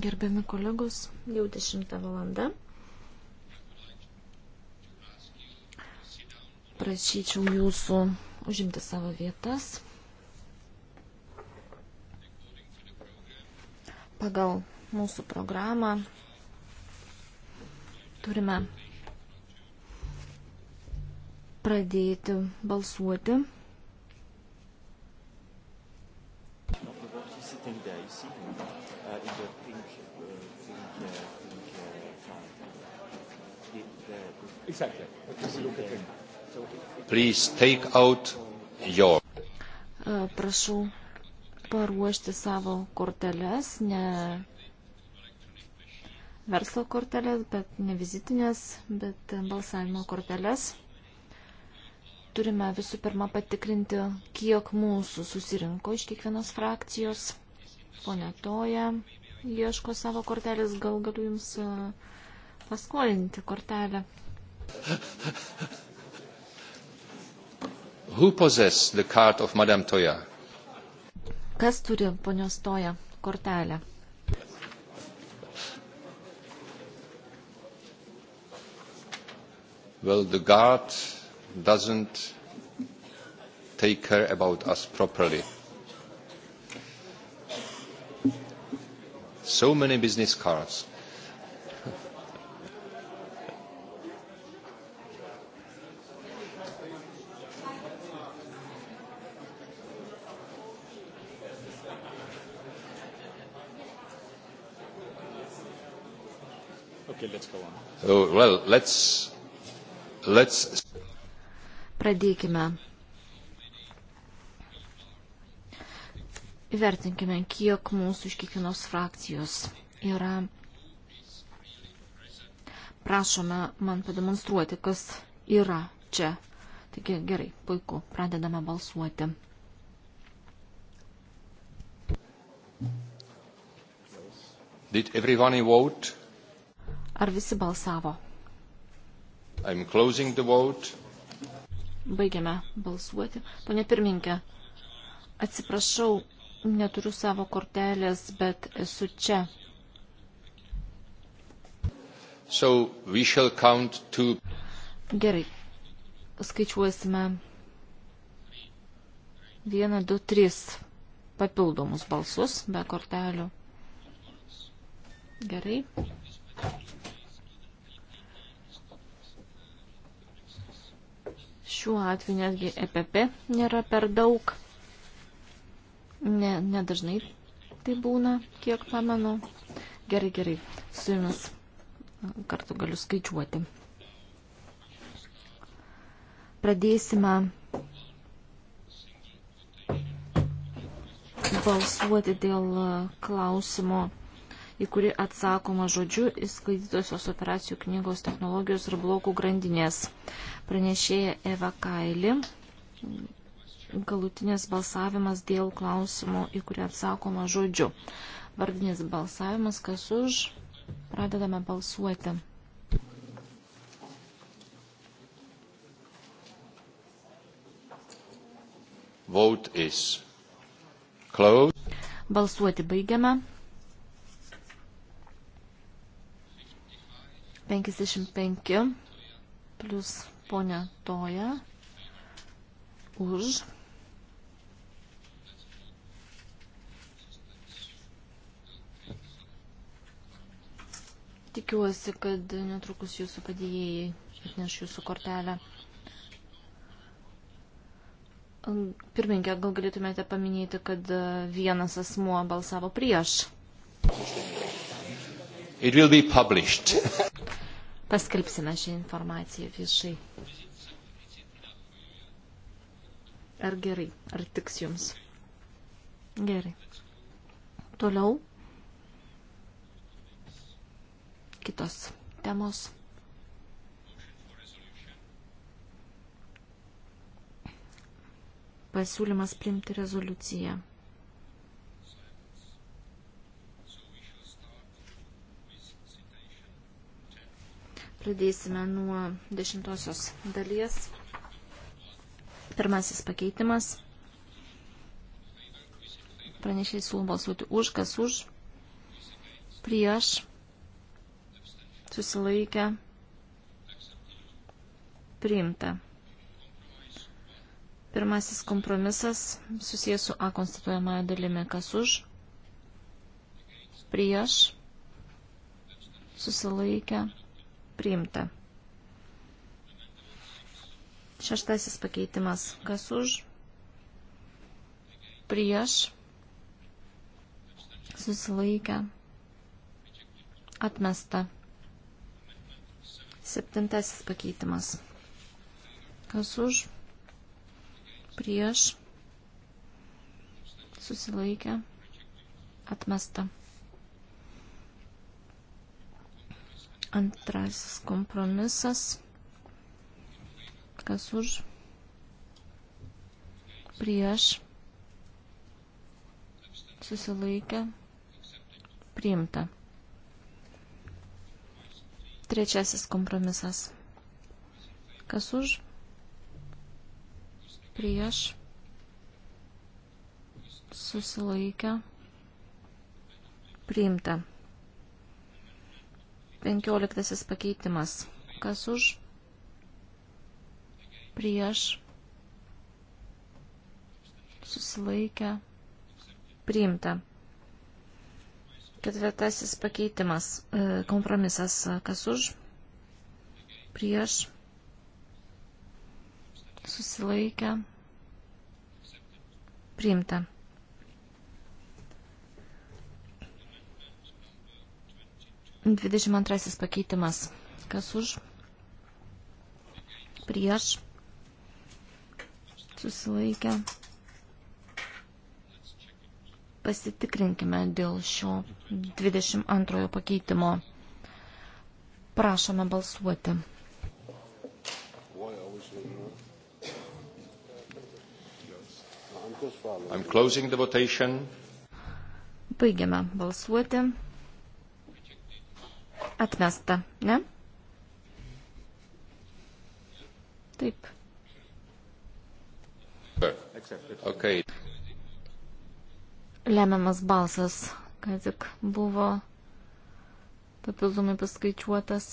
Gerbiami kolegos, jau 10 valanda. Prašyčiau jūsų užimti savo vietas. Pagal mūsų programą turime pradėti balsuoti seen uh, in the pink, uh, pink, uh, pink uh, font. The, uh, the, exactly. But look at them. So it, it Please take out your. Uh, prašau paruošti savo korteles, ne verslo korteles, bet ne vizitinės, bet balsavimo korteles. Turime visų pirma patikrinti, kiek mūsų susirinko iš kiekvienos frakcijos. Pone Toja ieško savo kortelės, gal galiu Jums e, paskolinti kortelę. Who possess the card of Madame Toja? Kas turi ponios Toja kortelę? Well, the guard doesn't take care about us properly. So many business cards. Okay, let's go on. Oh, well, let's, let's... Pradėkime. įvertinkime, kiek mūsų iš kiekvienos frakcijos yra. Prašome man pademonstruoti, kas yra čia. Taigi gerai, puiku, pradedame balsuoti. Did everyone vote? Ar visi balsavo? I'm closing the vote. Baigiame balsuoti. Pone pirminkė, atsiprašau, Neturiu savo kortelės, bet esu čia. So to... Gerai. Skaičiuosime 1, 2, 3 papildomus balsus be kortelių. Gerai. Šiuo atveju netgi EPP nėra per daug. Ne, nedažnai tai būna, kiek pamenu. Gerai, gerai, su jumis kartu galiu skaičiuoti. Pradėsime balsuoti dėl klausimo, į kurį atsakoma žodžiu įskaitytosios operacijų knygos technologijos ir blokų grandinės. Pranešėja Eva Kaili galutinis balsavimas dėl klausimų, į kurį atsakoma žodžiu. Vardinis balsavimas, kas už, pradedame balsuoti. Vote is closed. Balsuoti baigiame. 55 plus ponia Toja už Tikiuosi, kad netrukus jūsų padėjėjai atneš jūsų kortelę. Pirminkė, gal galėtumėte paminėti, kad vienas asmuo balsavo prieš. Paskelbsime šią informaciją viešai. Ar gerai, ar tiks jums? Gerai. Toliau kitos temos. Pasiūlymas priimti rezoliuciją. Pradėsime nuo dešimtosios dalies. Pirmasis pakeitimas. Pranešiai siūlo balsuoti už, kas už, prieš, susilaikę, priimta. Pirmasis kompromisas susijęs su A konstituojamojo dalimi. Kas už? Prieš? Susilaikę? Priimta. Šeštasis pakeitimas. Kas už? Prieš? Susilaikę? Atmesta. Septintasis pakeitimas. Kas už? Prieš. Susilaikę. Atmesta. Antrasis kompromisas. Kas už? Prieš. Susilaikę. Priimta. Trečiasis kompromisas. Kas už? Prieš. Susilaikę. Priimta. Penkioliktasis pakeitimas. Kas už? Prieš. Susilaikę. Priimta. Ketvirtasis pakeitimas. E, kompromisas. Kas už? Prieš. Susilaikę. Priimta. Dvidešimt antrasis pakeitimas. Kas už? Prieš. Susilaikę. Pasitikrinkime dėl šio 22 pakeitimo. Prašome balsuoti. Baigiame balsuoti. Atmesta, ne? Taip. Okay lemiamas balsas, kad tik buvo papildomai paskaičiuotas.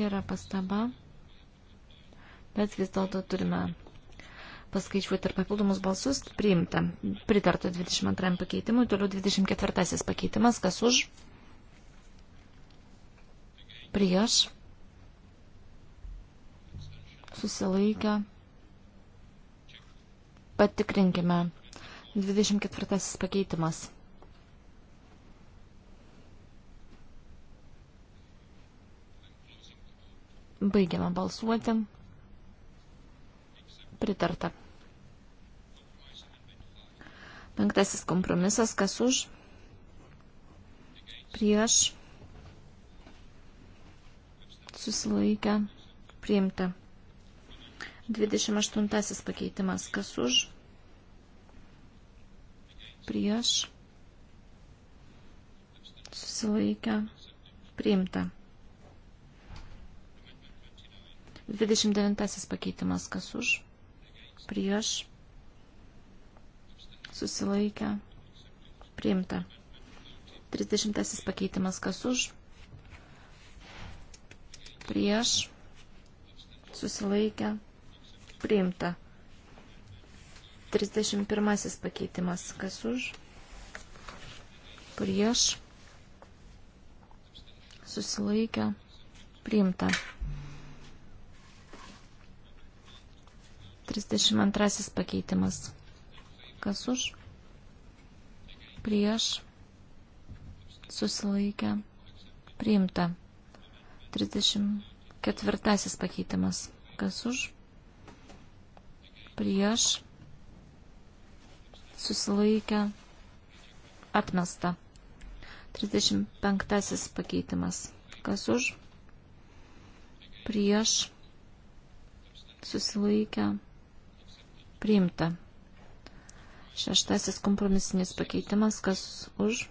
Gera pastaba, bet vis dėlto turime paskaičiuoti ir papildomus balsus, priimta. Pritarta 22 pakeitimui, toliau 24 pakeitimas, kas už, prieš, susilaikę, Patikrinkime. 24 pakeitimas. Baigiame balsuoti. Pritarta. Penktasis kompromisas, kas už, prieš, susilaikę, priimta. 28 pakeitimas. Kas už? Prieš. Susilaikę. Priimta. 29 pakeitimas. Kas už? Prieš. Susilaikę. Priimta. 30 pakeitimas. Kas už? Prieš. Susilaikę Priimta. 31 pakeitimas. Kas už? Prieš. Susilaikę. Priimta. 32 pakeitimas. Kas už? Prieš. Susilaikę. Priimta. 34 pakeitimas. Kas už? prieš, susilaikę, atmesta. 35 pakeitimas. Kas už, prieš, susilaikę, priimta. Šeštasis kompromisinis pakeitimas. Kas už,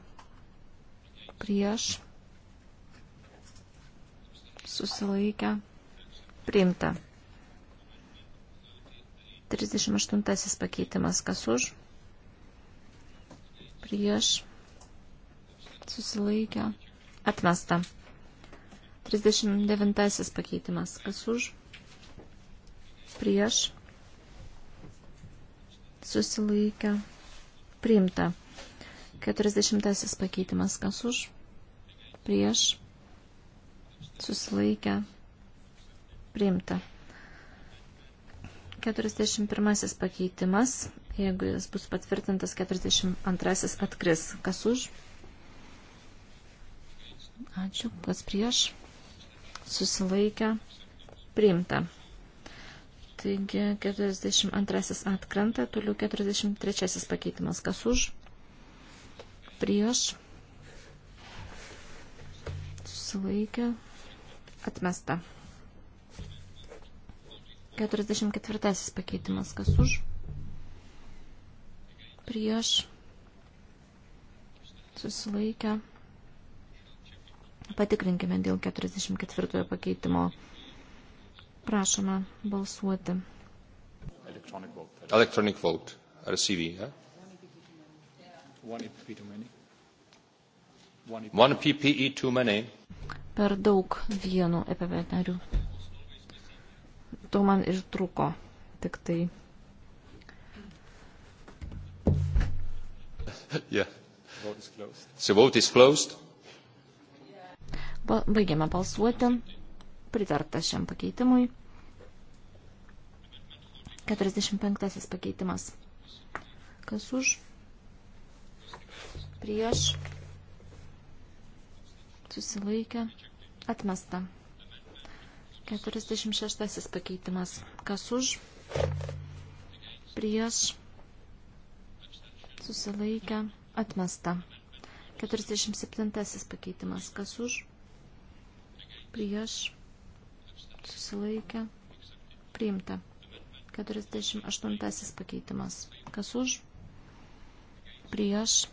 prieš, susilaikę, priimta. 38 pakeitimas kas už, prieš, susilaikę, atmesta. 39 pakeitimas kas už, prieš, susilaikę, priimta. 40 pakeitimas kas už, prieš, susilaikę, priimta. 41 pakeitimas, jeigu jis bus patvirtintas, 42 atkris. Kas už? Ačiū. Kas prieš? Susilaikę. Priimta. Taigi 42 atkrenta, toliau 43 pakeitimas. Kas už? Prieš. Susilaikę. Atmesta. 44 pakeitimas. Kas už? Prieš. Susilaikę. Patikrinkime dėl 44 pakeitimo. Prašome balsuoti. Electronic vote. Electronic vote. RCV, yeah? One EPP too many. One EPP e too many. Per daug vieno EPP narių to man ir truko. Tik tai. Yeah. So vote is closed. Baigiame balsuoti. Pritarta šiam pakeitimui. 45 pakeitimas. Kas už? Prieš. Susilaikę. Atmesta. 46 pakeitimas. Kas už? Prieš? Susilaikę? Atmesta. 47 pakeitimas. Kas už? Prieš? Susilaikę? Priimta. 48 pakeitimas. Kas už? Prieš?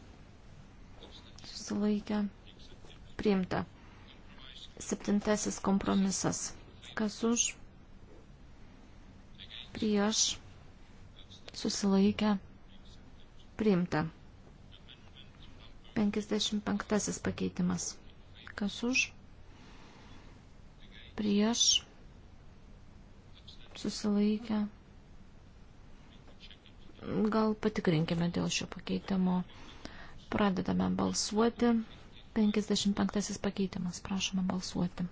Susilaikę? Priimta. Septintasis kompromisas. Kas už? Prieš. Susilaikę. Priimta. 55 pakeitimas. Kas už? Prieš. Susilaikę. Gal patikrinkime dėl šio pakeitimo. Pradedame balsuoti. 55 pakeitimas. Prašome balsuoti.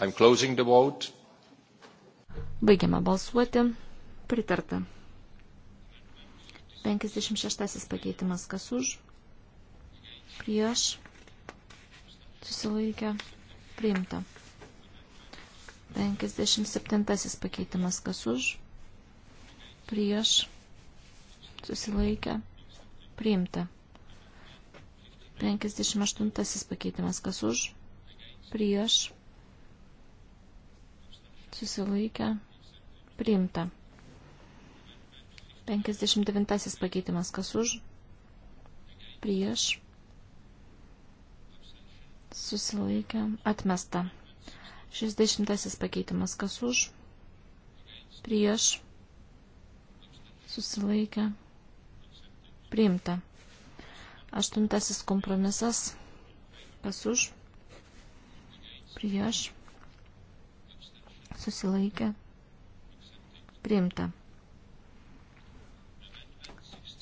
I'm closing the vote. Baigiame balsuoti. Pritarta. 56 pakeitimas kas už. Prieš. Susilaikė. Priimta. 57 pakeitimas kas už. Prieš. Susilaikė. Priimta. 58 pakeitimas kas už. Prieš susilaikę, priimta. 59 pakeitimas kas už, prieš, susilaikę, atmesta. 60 pakeitimas kas už, prieš, susilaikę, priimta. Aštuntasis kompromisas, kas už, prieš, susilaikė, priimta.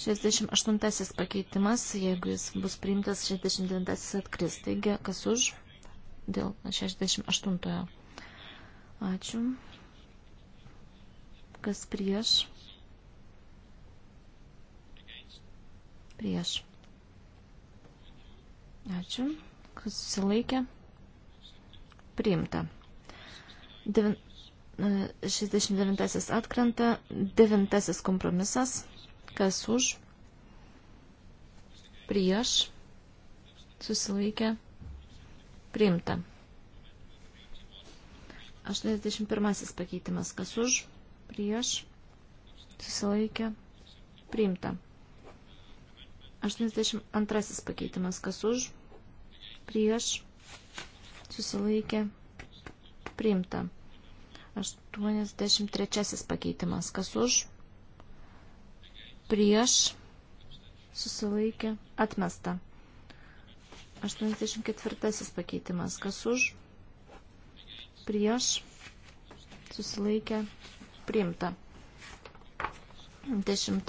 68 pakeitimas, jeigu jis bus priimtas, 69 atkris. Taigi, kas už? Dėl 68. -ojo. Ačiū. Kas prieš? Prieš. Ačiū. Kas susilaikė? Priimta. 69 69 atkrenta, 9 kompromisas, kas už, prieš, susilaikė, priimta. 81 pakeitimas, kas už, prieš, susilaikė, priimta. 82 pakeitimas, kas už, prieš, susilaikė, priimta. 83 pakeitimas. Kas už? Prieš. Susilaikė. Atmesta. 84 pakeitimas. Kas už? Prieš. Susilaikė. Priimta. 10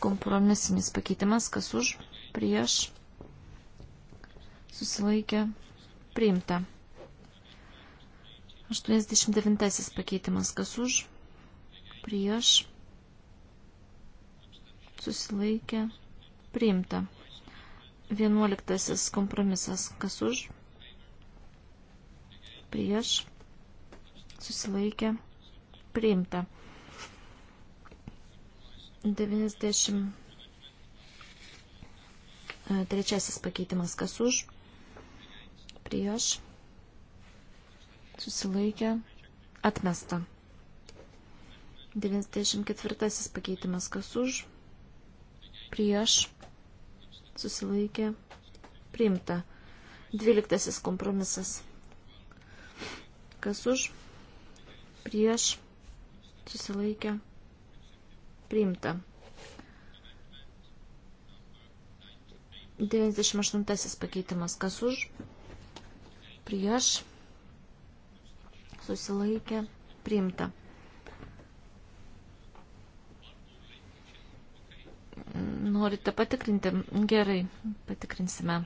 kompromisinis pakeitimas. Kas už? Prieš. Susilaikė. Priimta. 89 pakeitimas kas už, prieš, susilaikė, priimta. 11 kompromisas kas už, prieš, susilaikė, priimta. 90 trečiasis pakeitimas kas už, prieš, susilaikė, atmesta. 94 pakeitimas kas už, prieš, susilaikė, priimta. 12 kompromisas kas už, prieš, susilaikė, priimta. 98 pakeitimas kas už, prieš, susilaikė, priimta. Norite patikrinti? Gerai, patikrinsime.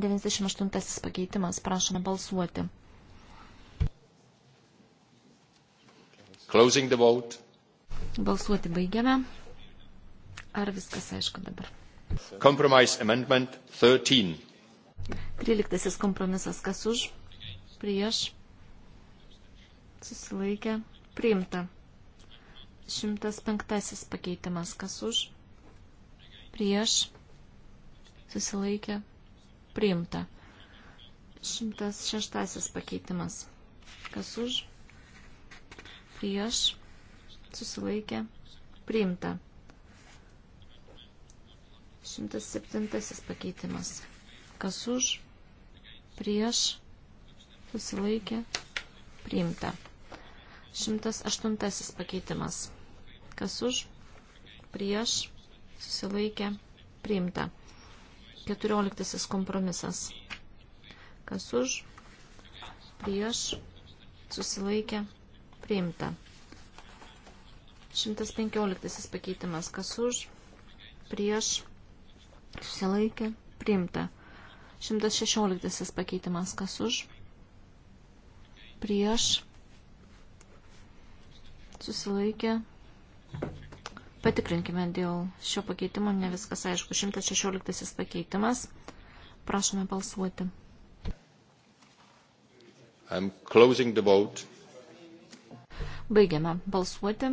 98 pakeitimas, prašome balsuoti. Closing the vote. Balsuoti baigiame. Ar viskas aišku dabar? Compromise amendment 13. 13 kompromisas kas už? prieš, susilaikė, priimta. 105 pakeitimas, kas už, prieš, susilaikė, priimta. 106 pakeitimas, kas už, prieš, susilaikė, priimta. 107 pakeitimas, kas už, prieš, susilaikė, priimta. 108 pakeitimas. Kas už, prieš, susilaikė, priimta. 14 kompromisas. Kas už, prieš, susilaikė, priimta. 115 pakeitimas. Kas už, prieš, susilaikė, priimta. 116 pakeitimas. Kas už, prieš, susilaikė. Patikrinkime dėl šio pakeitimo, ne viskas aišku. 116 pakeitimas. Prašome balsuoti. I'm closing the vote. Baigiame balsuoti.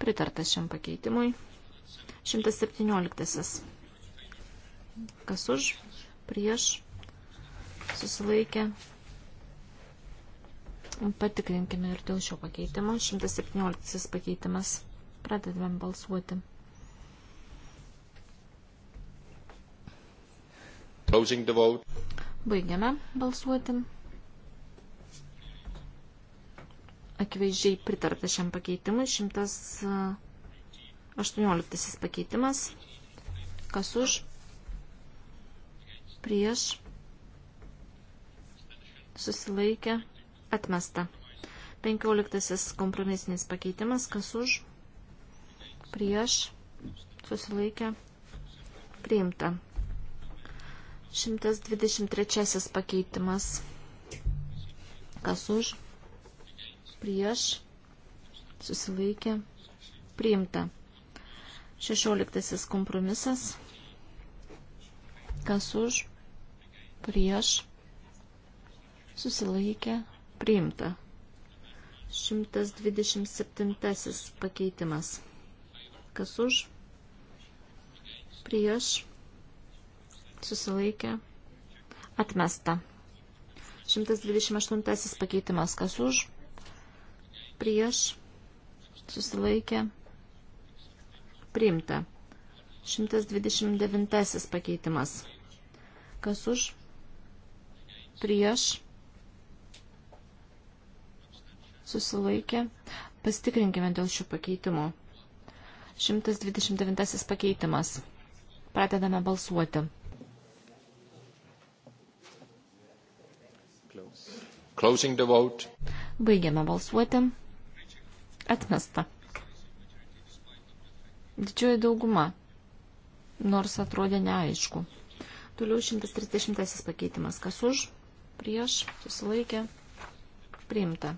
Pritartas šiam pakeitimui. 117. Kas už? Prieš? Susilaikė? Patikrinkime ir dėl šio pakeitimo. 117 pakeitimas. Pradedame balsuoti. Closing the vote. Baigiame balsuoti. Akivaizdžiai pritarta šiam pakeitimui. 118 pakeitimas. Kas už? Prieš. Susilaikė. Atmesta. 15 kompromisinis pakeitimas, kas už, prieš, susilaikė, priimta. 123 pakeitimas, kas už, prieš, susilaikė, priimta. 16 kompromisas, kas už, prieš, susilaikė, priimta Priimta. 127 pakeitimas. Kas už? Prieš. Susilaikė. Atmesta. 128 pakeitimas. Kas už? Prieš. Susilaikė. Priimta. 129 pakeitimas. Kas už? Prieš susilaikė. Pasitikrinkime dėl šių pakeitimų. 129 pakeitimas. Pradedame balsuoti. Closing the vote. Baigiame balsuoti. Atmesta. Didžioji dauguma. Nors atrodė neaišku. Toliau 130 pakeitimas. Kas už? Prieš? Susilaikė? Priimta.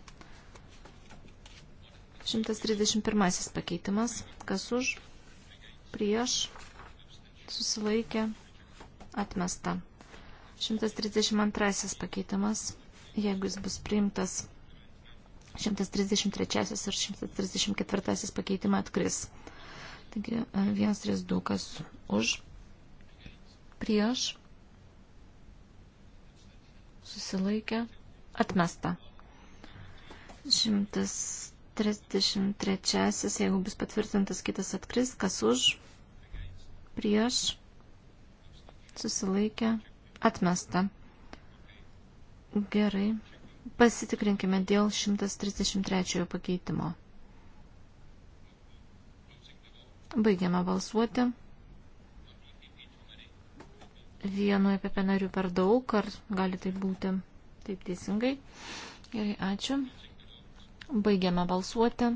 131 pakeitimas. Kas už? Prieš? Susilaikė? Atmesta. 132 pakeitimas. Jeigu jis bus priimtas, 133 ir 134 pakeitimai atkris. Taigi 132 e, kas už? Prieš? Susilaikė? Atmesta. 100. 33, jeigu bus patvirtintas kitas atkris, kas už, prieš, susilaikė, atmesta. Gerai. Pasitikrinkime dėl 133 pakeitimo. Baigiame balsuoti. Vienu EPP nariu per daug, ar gali tai būti taip teisingai. Gerai, ačiū. Baigiame balsuoti.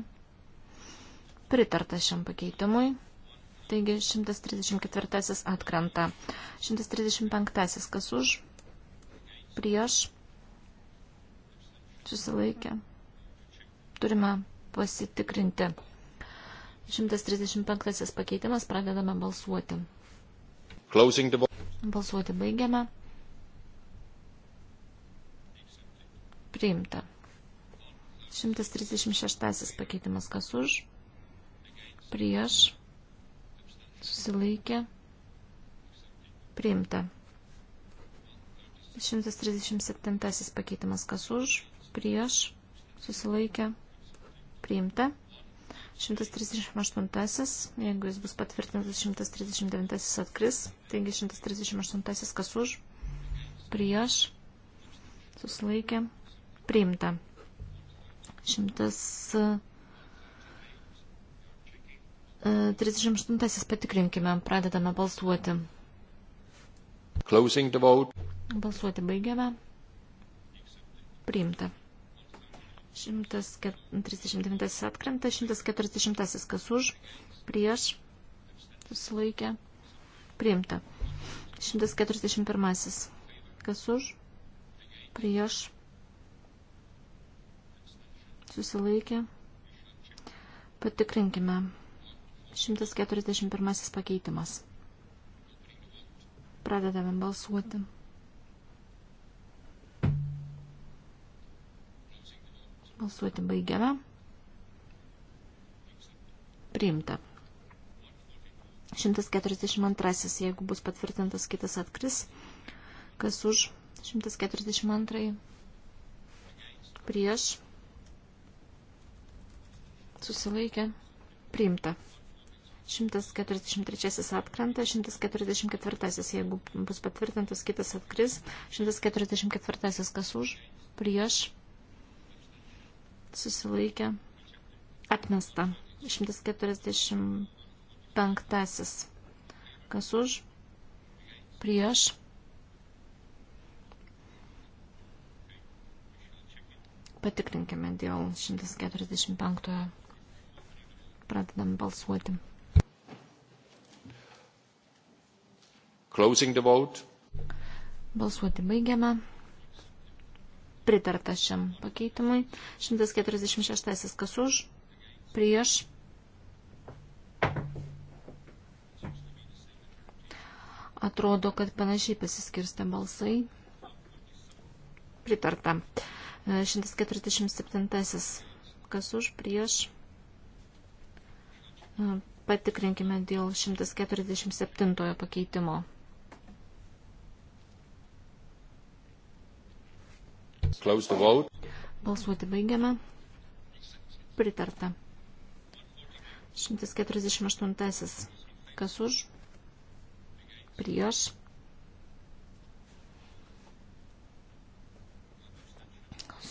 Pritarta šiam pakeitimui. Taigi 134 atkrenta. 135 kas už, prieš, susilaikė. Turime pasitikrinti. 135 pakeitimas, pradedame balsuoti. Balsuoti baigiame. Priimta. 136 pakeitimas kas už, prieš, susilaikė, priimta. 137 pakeitimas kas už, prieš, susilaikė, priimta. 138, jeigu jis bus patvirtintas, 139 atkris, taigi 138 kas už, prieš, susilaikė, priimta. 138 e, patikrinkime, pradedame balsuoti. Closing the vote. Balsuoti baigiame. Priimta. 139 atkrenta, 140 kas už, prieš, susilaikė, priimta. 141 kas už, prieš, susilaikė. Patikrinkime. 141 pakeitimas. Pradedame balsuoti. Balsuoti baigiame. Priimta. 142, jeigu bus patvirtintas kitas atkris, kas už 142 prieš susilaikė, priimta. 143 atkrenta, 144 jeigu bus patvirtintas, kitas atkris, 144 kas už, prieš, susilaikė, atmesta. 145 kas už, prieš, patikrinkime dėl 145. -ojo. Pradedam balsuoti. Closing the vote. Balsuoti baigiame. Pritarta šiam pakeitimui. 146 kas už, prieš. Atrodo, kad panašiai pasiskirsta balsai. Pritarta. 147 kas už, prieš Patikrinkime dėl 147 pakeitimo. Balsuoti baigiame. Pritarta. 148. Kas už? Prieš.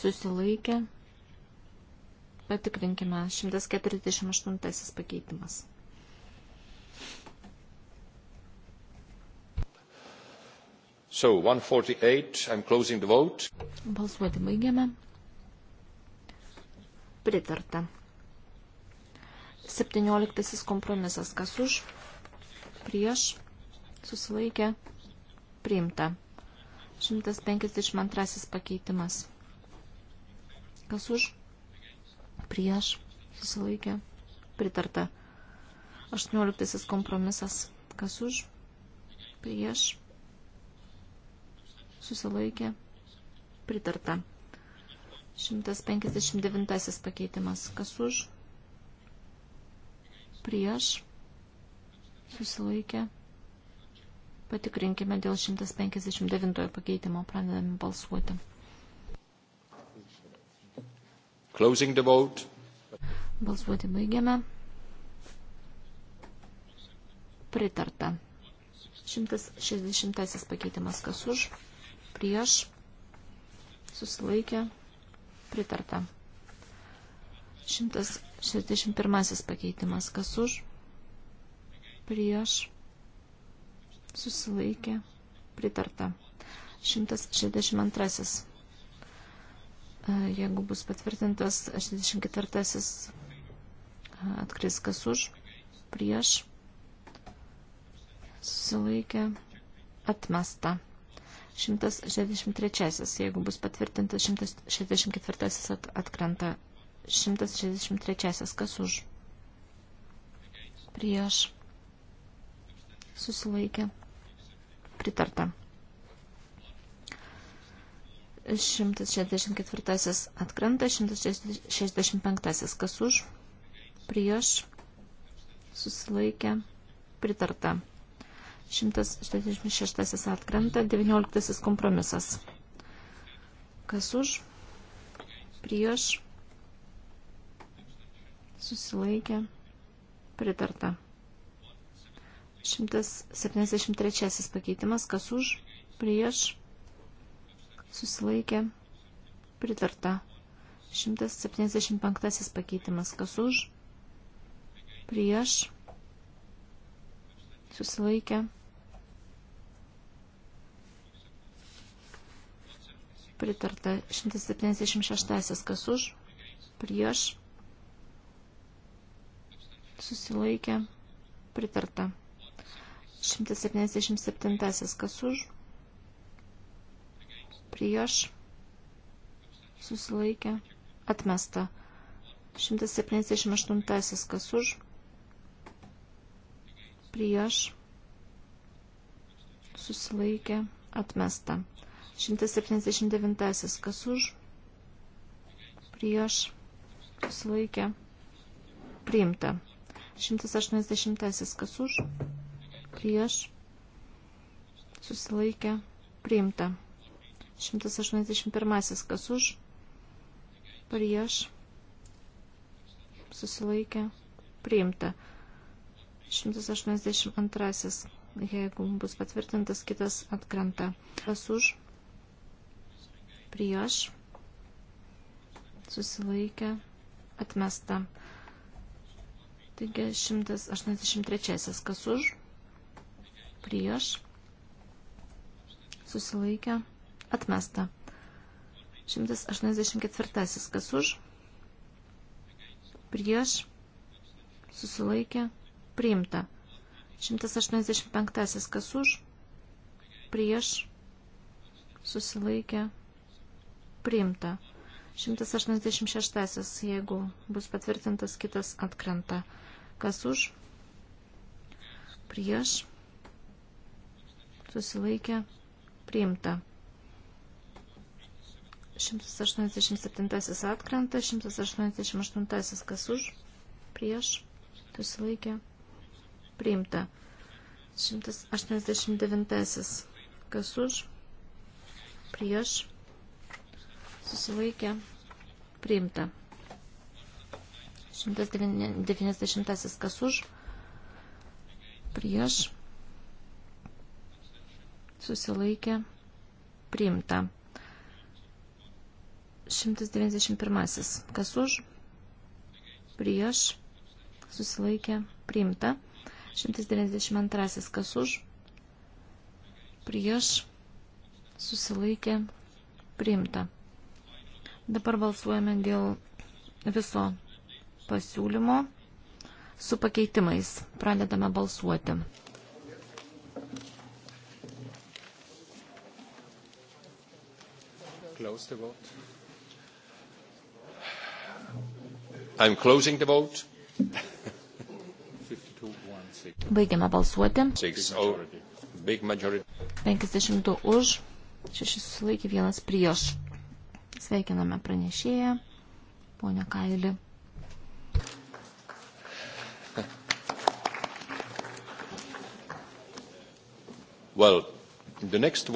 Susilaikė. Patikrinkime 148 pakeitimas. So 148, I'm closing the vote. Balsuoti baigiame. Pritarta. 17 kompromisas. Kas už? Prieš? Susilaikė? Priimta. 152 pakeitimas. Kas už? prieš, susilaikė, pritarta. 18 kompromisas, kas už, prieš, susilaikė, pritarta. 159 pakeitimas, kas už, prieš, susilaikė, patikrinkime dėl 159 pakeitimo, pradedame balsuoti. Closing the vote. Balsuoti baigiame. Pritarta. 160 pakeitimas kas už, prieš, susilaikė, pritarta. 161 pakeitimas kas už, prieš, susilaikė, pritarta. 162 Jeigu bus patvirtintas 64-asis atkris kas už, prieš, susilaikė, atmesta. 163-asis, jeigu bus patvirtintas 164-asis at, atkrenta. 163-asis kas už, prieš, susilaikė, pritarta. 164 atkrenta, 165 kas už, prieš, susilaikė, pritarta. 166 atkrenta, 19 kompromisas. Kas už, prieš, susilaikė, pritarta. 173 pakeitimas, kas už, prieš, susilaikė susilaikė, pritarta. 175 pakeitimas, kas už, prieš, susilaikė, pritarta. 176 kas už, prieš, susilaikė, pritarta. 177 kas už, prieš, susilaikė, atmesta. 178 kas už, prieš, susilaikė, atmesta. 179 kas už, prieš, susilaikė, priimta. 180 kas už, prieš, susilaikė, priimta. 181. Kas už? Prieš. Susilaikė. Priimta. 182. Jeigu bus patvirtintas, kitas atkrenta. Kas už? Prieš. Susilaikė. Atmesta. Taigi 183. Kas už? Prieš. Susilaikė. Atmesta. 184. Kas už? Prieš. Susilaikė. Priimta. 185. Kas už? Prieš. Susilaikė. Priimta. 186. Jeigu bus patvirtintas kitas atkrenta. Kas už? Prieš. Susilaikė. Priimta. 187 atkrenta, 188 kas už, prieš, susilaikė, priimta. 189 kas už, prieš, susilaikė, priimta. 190 kas už, prieš, susilaikė, priimta. 191. Kas už? Prieš. Susilaikė. Priimta. 192. Kas už? Prieš. Susilaikė. Priimta. Dabar balsuojame dėl viso pasiūlymo su pakeitimais. Pradedame balsuoti. Close the vote. I'm closing the vote. Baigiame balsuoti. 52 už, 6 susilaikė, 1 prieš. Sveikiname pranešėją, ponia Kailį. Well, vote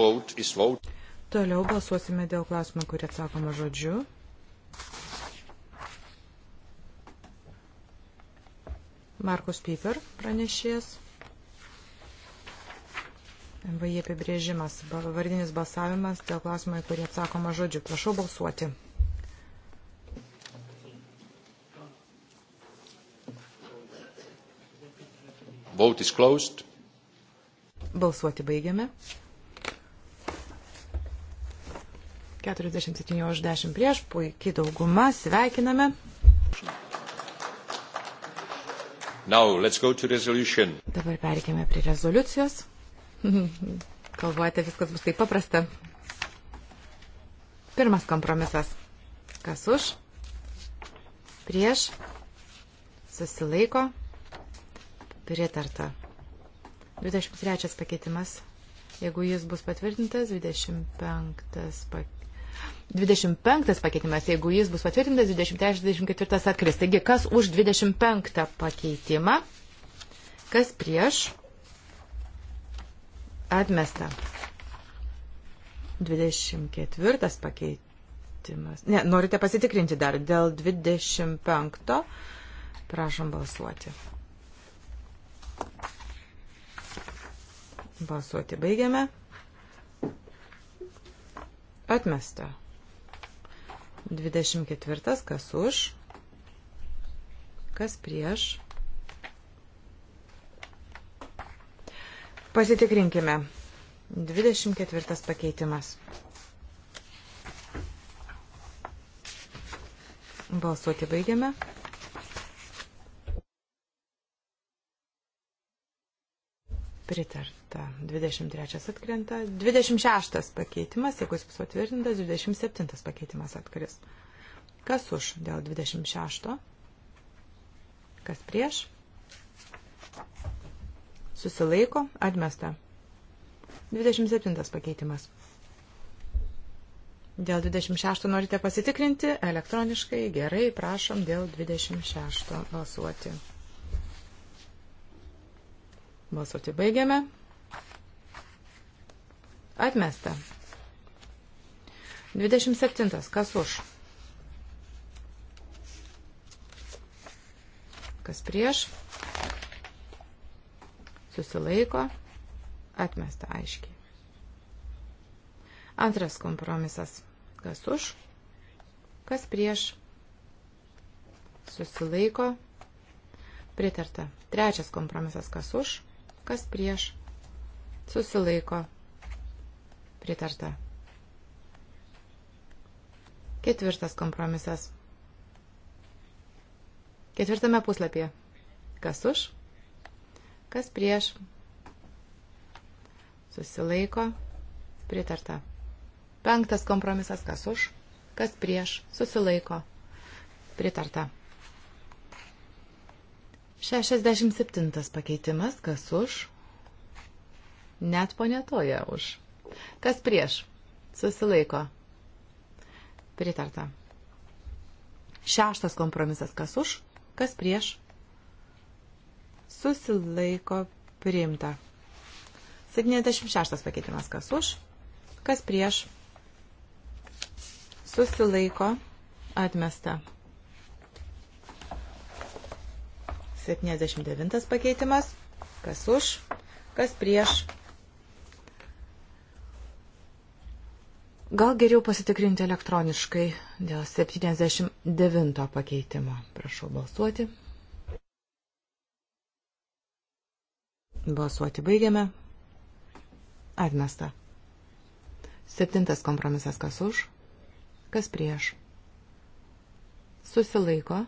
vote... Toliau balsuosime dėl klausimų, kurį atsakoma žodžiu. Markus Piper pranešės. MVI apibrėžimas, vardinis balsavimas, dėl klausimai, kurie atsakoma žodžiu. Prašau balsuoti. Vote is closed. Balsuoti baigiame. 47 už 10 prieš, puikiai dauguma, sveikiname. Dabar perkime prie rezoliucijos. *laughs* Kalbuojate, viskas bus taip paprasta. Pirmas kompromisas. Kas už? Prieš? Susilaiko? Pritarta. 23 pakeitimas. Jeigu jis bus patvirtintas, 25 pakeitimas 25 pakeitimas, jeigu jis bus patvirtintas, 23-24 atkris. Taigi, kas už 25 pakeitimą, kas prieš atmesta. 24 pakeitimas. Ne, norite pasitikrinti dar dėl 25. Prašom balsuoti. Balsuoti baigiame. Atmesta. 24. Kas už? Kas prieš? Pasitikrinkime. 24 pakeitimas. Balsuoti baigiame. Pritarta. 23 atkrenta. 26 pakeitimas, jeigu jis bus patvirtintas, 27 pakeitimas atkris. Kas už dėl 26? Kas prieš? Susilaiko, atmesta. 27 pakeitimas. Dėl 26 norite pasitikrinti elektroniškai, gerai, prašom dėl 26 balsuoti. Balsuoti baigiame. Atmesta. 27. Kas už? Kas prieš? Susilaiko. Atmesta aiškiai. Antras kompromisas. Kas už? Kas prieš? Susilaiko. Pritarta. Trečias kompromisas. Kas už? Kas prieš? Susilaiko. Pritarta. Ketvirtas kompromisas. Ketvirtame puslapyje. Kas už? Kas prieš? Susilaiko. Pritarta. Penktas kompromisas. Kas už? Kas prieš? Susilaiko. Pritarta. 67 pakeitimas, kas už? Net ponetoja už. Kas prieš? Susilaiko. Pritarta. Šeštas kompromisas, kas už? Kas prieš? Susilaiko priimta. 76 pakeitimas, kas už? Kas prieš? Susilaiko atmesta. 79 pakeitimas. Kas už, kas prieš. Gal geriau pasitikrinti elektroniškai dėl 79 pakeitimo. Prašau balsuoti. Balsuoti baigiame. Atmesta. Septintas kompromisas kas už, kas prieš. Susilaiko.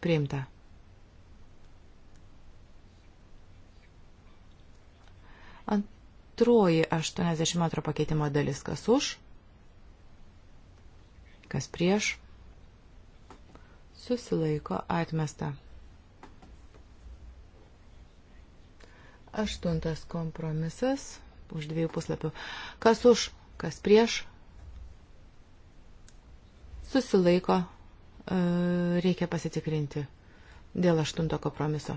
Priimta. Antroji 82 pakeitimo dalis, kas už, kas prieš, susilaiko atmesta. Aštuntas kompromisas už dviejų puslapių. Kas už, kas prieš, susilaiko, e, reikia pasitikrinti dėl aštunto kompromiso.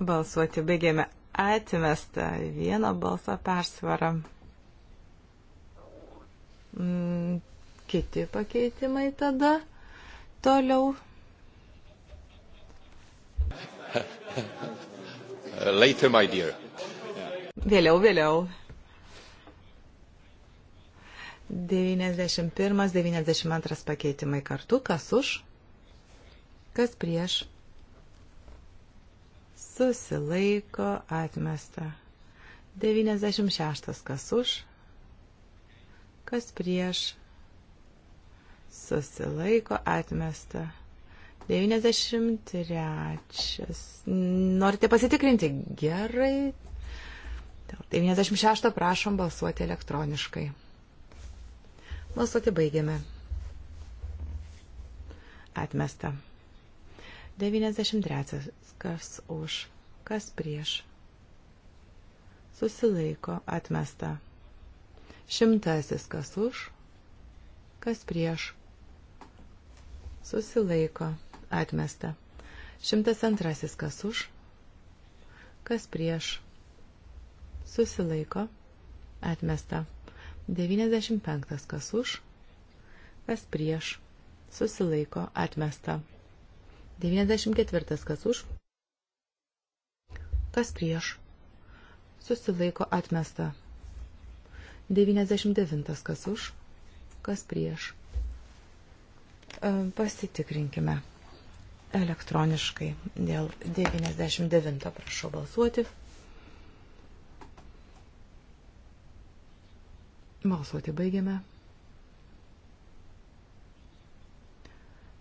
Balsuoti baigėme atmestą vieną balsą persvarą. Mm, kiti pakeitimai tada. Toliau. Uh, later, my dear. Vėliau, vėliau. 91, 92 pakeitimai kartu. Kas už? Kas prieš? susilaiko atmesta. 96 kas už, kas prieš, susilaiko atmesta. 93. Norite pasitikrinti? Gerai. 96 prašom balsuoti elektroniškai. Balsuoti baigiame. Atmesta. 93. Kas už, kas prieš. Susilaiko atmesta. Šimtasis kas už, kas prieš. Susilaiko atmesta. Šimtas antrasis kas už, kas prieš. Susilaiko atmesta. 95. Kas už, kas prieš. Susilaiko atmesta. 94. Kas už? Kas prieš? Susilaiko atmesta. 99. Kas už? Kas prieš? E, pasitikrinkime elektroniškai. Dėl 99 prašau balsuoti. Balsuoti baigiame.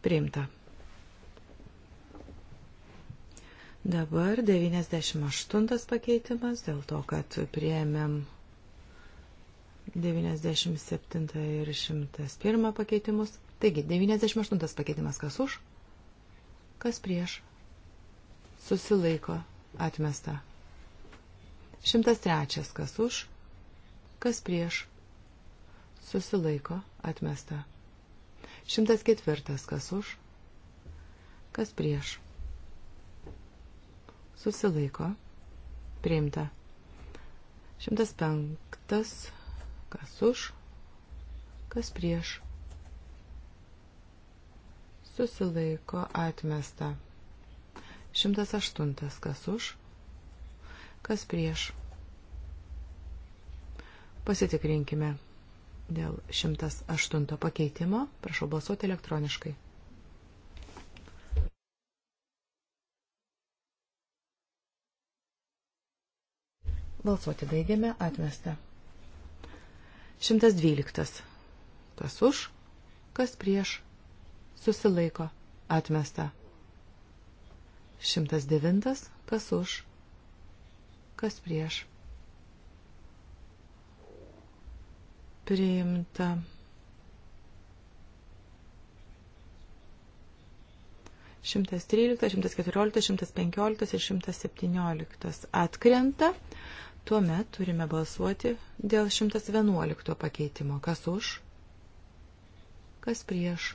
Priimta. Dabar 98 pakeitimas, dėl to, kad prieėmėm 97 ir 101 pakeitimus. Taigi, 98 pakeitimas kas už, kas prieš, susilaiko, atmesta. 103 kas už, kas prieš, susilaiko, atmesta. 104 kas už, kas prieš, susilaiko, priimta. 105. Kas už, kas prieš, susilaiko, atmesta. 108. Kas už, kas prieš. Pasitikrinkime dėl 108 pakeitimo. Prašau balsuoti elektroniškai. Balsuoti baigiame. Atmesta. 112. Kas už, kas prieš. Susilaiko. Atmesta. 109. Kas už, kas prieš. Priimta. Šimtas tryliktas, šimtas keturioliktas, šimtas penkioliktas ir šimtas septynioliktas atkrenta. Tuomet turime balsuoti dėl 111 pakeitimo. Kas už? Kas prieš?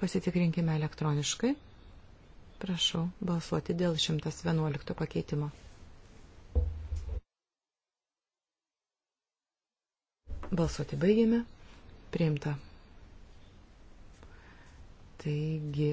Pasitikrinkime elektroniškai. Prašau balsuoti dėl 111 pakeitimo. Balsuoti baigėme. Priimta. Taigi,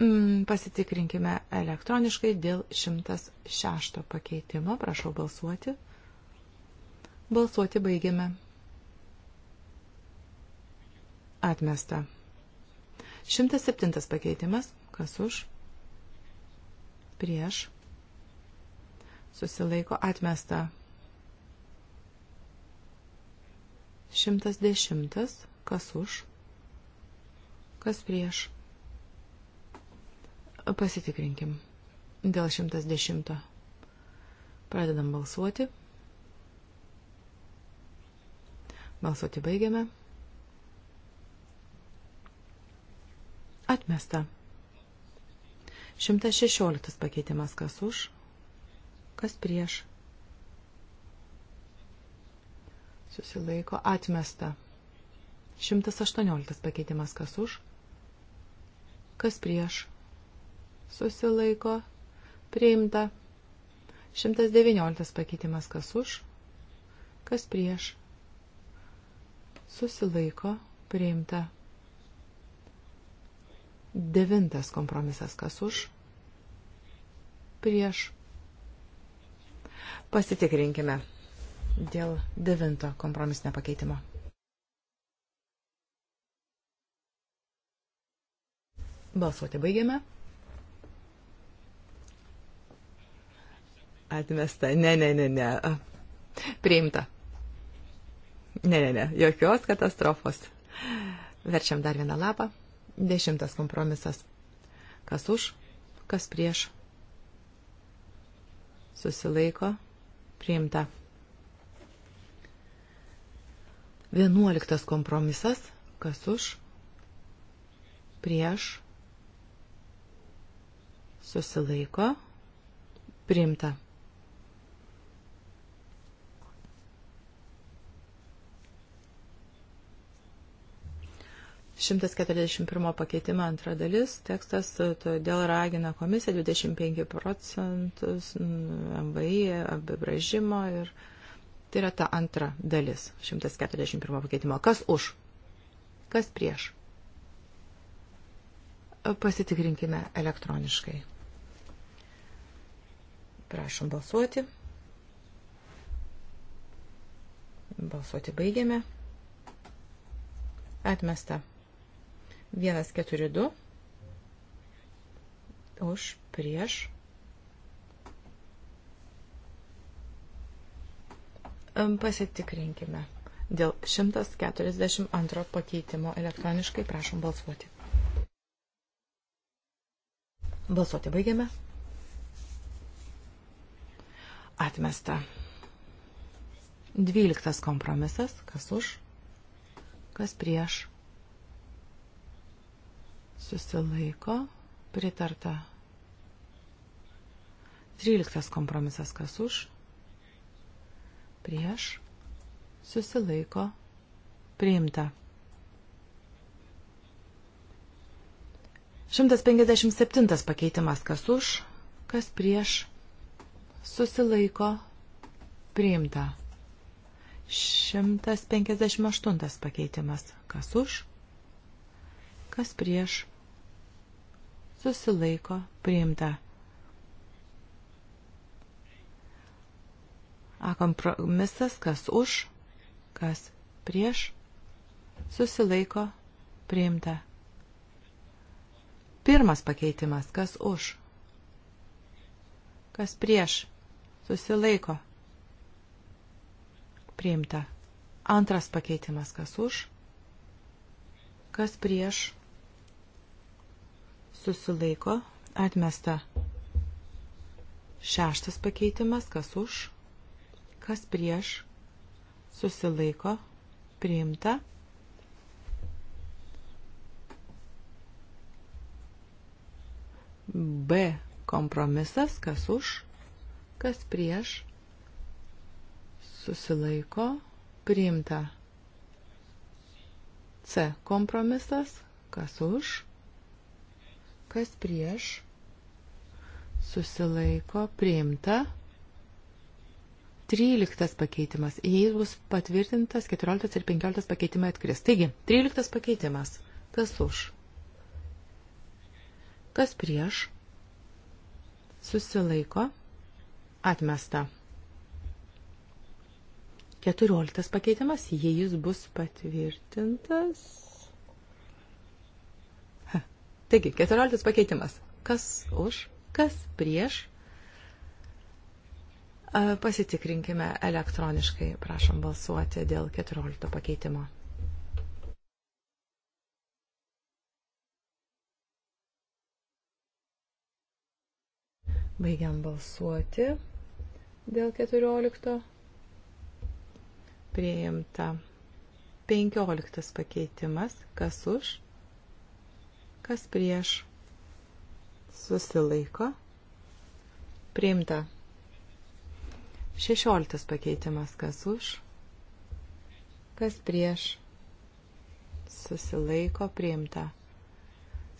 Mm, pasitikrinkime elektroniškai dėl 106 pakeitimo. Prašau balsuoti. Balsuoti baigiame. Atmesta. 107 pakeitimas. Kas už? Prieš. Susilaiko atmesta. 110. Kas už? Kas prieš? Pasitikrinkim. Dėl 110. Pradedam balsuoti. Balsuoti baigiame. Atmesta. 116 pakeitimas kas už, kas prieš. Susilaiko atmesta. 118 pakeitimas kas už, kas prieš susilaiko priimta. 119 pakeitimas kas už, kas prieš, susilaiko priimta. Devintas kompromisas kas už, prieš. Pasitikrinkime dėl devinto kompromisinio pakeitimo. Balsuoti baigiame. Atmesta. Ne, ne, ne, ne. Priimta. Ne, ne, ne. Jokios katastrofos. Verčiam dar vieną lapą. Dešimtas kompromisas. Kas už, kas prieš. Susilaiko. Priimta. Vienuoliktas kompromisas. Kas už, prieš. Susilaiko. Priimta. 141 pakeitimo antra dalis tekstas, todėl ragina komisija 25 procentus MVI apibražimo ir tai yra ta antra dalis 141 pakeitimo. Kas už? Kas prieš? Pasitikrinkime elektroniškai. Prašom balsuoti. Balsuoti baigiame. Atmesta. 142 už prieš. Pasitikrinkime. Dėl 142 pakeitimo elektroniškai prašom balsuoti. Balsuoti baigiame. Atmesta. Dvyliktas kompromisas. Kas už? Kas prieš? susilaiko, pritarta. 13 kompromisas kas už, prieš, susilaiko, priimta. 157 pakeitimas kas už, kas prieš, susilaiko, priimta. 158 pakeitimas kas už, kas prieš, susilaiko priimta. A kompromisas, kas už, kas prieš, susilaiko priimta. Pirmas pakeitimas, kas už, kas prieš, susilaiko priimta. Antras pakeitimas, kas už, kas prieš, susilaiko, atmesta. Šeštas pakeitimas, kas už, kas prieš, susilaiko, priimta. B kompromisas, kas už, kas prieš, susilaiko, priimta. C kompromisas, kas už, Kas prieš? Susilaiko priimta. 13 pakeitimas. Jei bus patvirtintas, 14 ir 15 pakeitimai atkris. Taigi, 13 pakeitimas. Kas už? Kas prieš? Susilaiko. Atmesta. 14 pakeitimas. Jei jis bus patvirtintas. Taigi, 14 pakeitimas. Kas už, kas prieš? Pasitikrinkime elektroniškai, prašom balsuoti dėl 14 pakeitimo. Baigiam balsuoti dėl 14. Prieimta 15 pakeitimas. Kas už? Kas prieš? Susilaiko. Priimta. Šešioliktas pakeitimas. Kas už? Kas prieš? Susilaiko. Priimta.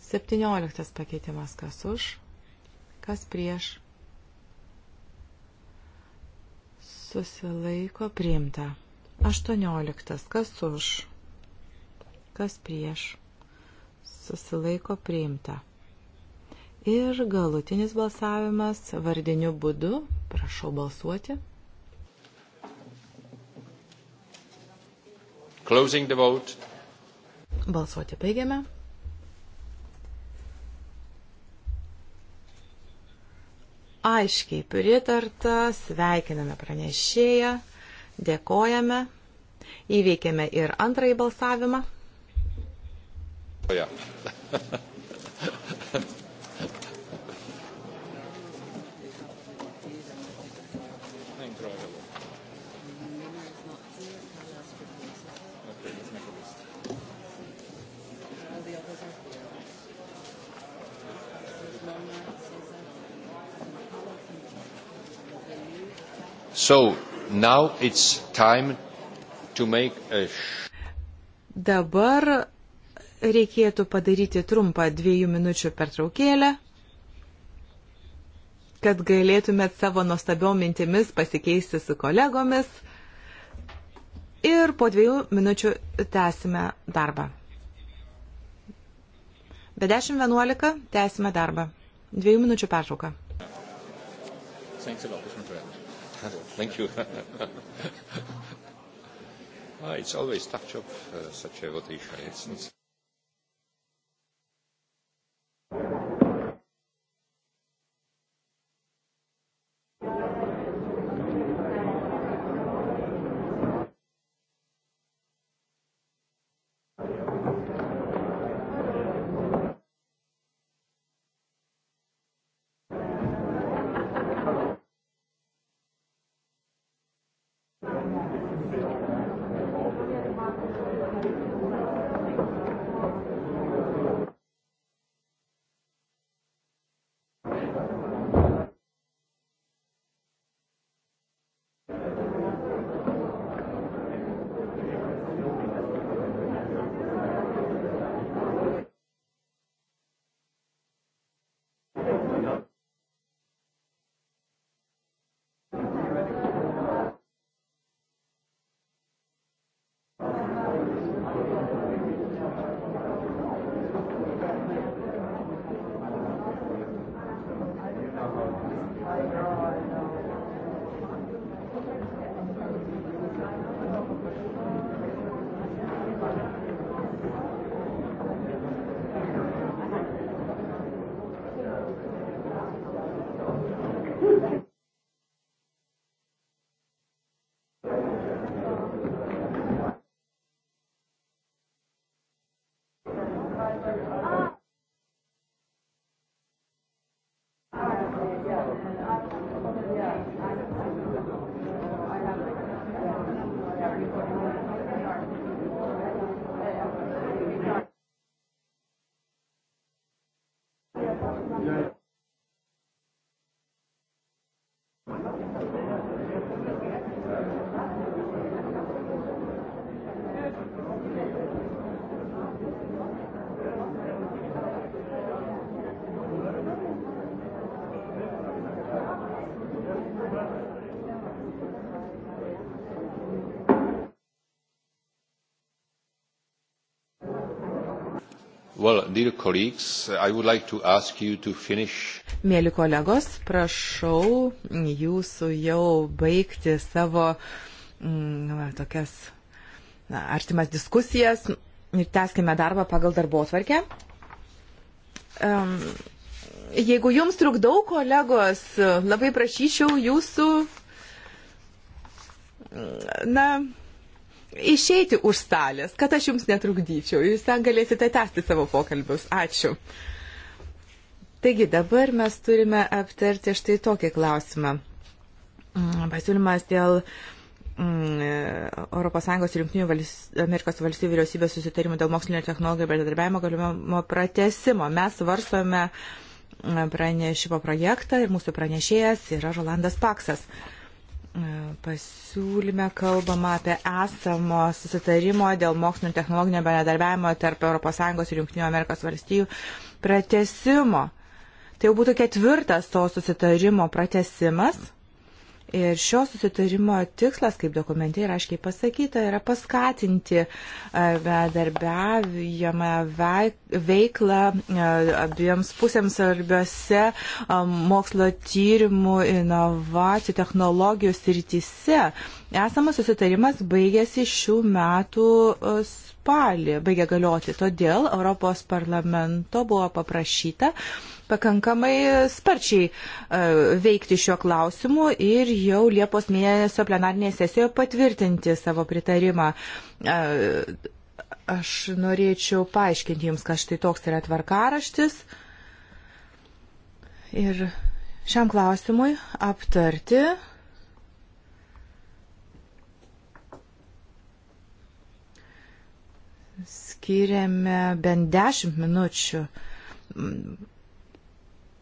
Septynioliktas pakeitimas. Kas už? Kas prieš? Susilaiko. Priimta. Aštuonioliktas. Kas už? Kas prieš? susilaiko priimta. Ir galutinis balsavimas vardiniu būdu. Prašau balsuoti. Closing the vote. Balsuoti baigiame. Aiškiai pritarta, sveikiname pranešėją, dėkojame, įveikėme ir antrąjį balsavimą. Oh, yeah. Incredible. Okay, let's make a list. All the others are here. So now it's time to make a. Dabar reikėtų padaryti trumpą dviejų minučių pertraukėlę, kad galėtumėt savo nuostabiom mintimis pasikeisti su kolegomis. Ir po dviejų minučių tęsime darbą. Be 10.11 tęsime darbą. Dviejų minučių pertrauką. Thanks a lot. *laughs* Thank you. *laughs* ah, it's always tough job, uh, such a rotation. It's, it's Well, Mėly kolegos, prašau jūsų jau baigti savo mm, tokias na, artimas diskusijas ir teskime darbą pagal darbo atvarkę. Um, jeigu jums trukdau, kolegos, labai prašyčiau jūsų, na, išeiti už salės, kad aš jums netrukdyčiau. Jūs ten galėsite tęsti savo pokalbius. Ačiū. Taigi dabar mes turime aptarti štai tokį klausimą. Mm, pasiūlymas dėl mm, ES ir Junktinių Amerikos valstybių vyriausybės susitarimų dėl mokslinio technologijų bendradarbiavimo galimo pratesimo. Mes svarstome mm, pranešimo projektą ir mūsų pranešėjas yra Rolandas Paksas. Uh, pasiūlyme kalbama apie esamo susitarimo dėl mokslinio technologinio bendradarbiavimo tarp ES ir JAV pratesimo. Tai jau būtų ketvirtas to susitarimo pratesimas. Ir šio susitarimo tikslas, kaip dokumentai yra aiškiai pasakyta, yra paskatinti e, darbiavimą veiklą e, abiems pusėms svarbiose e, mokslo tyrimų, inovacijų, technologijų srityse. Esamas susitarimas baigėsi šių metų spalį, baigė galioti. Todėl Europos parlamento buvo paprašyta pakankamai sparčiai e, veikti šiuo klausimu ir jau Liepos mėnesio plenarnėje sesijoje patvirtinti savo pritarimą. E, aš norėčiau paaiškinti Jums, kad štai toks yra tvarkaraštis. Ir šiam klausimui aptarti skiriame bent 10 minučių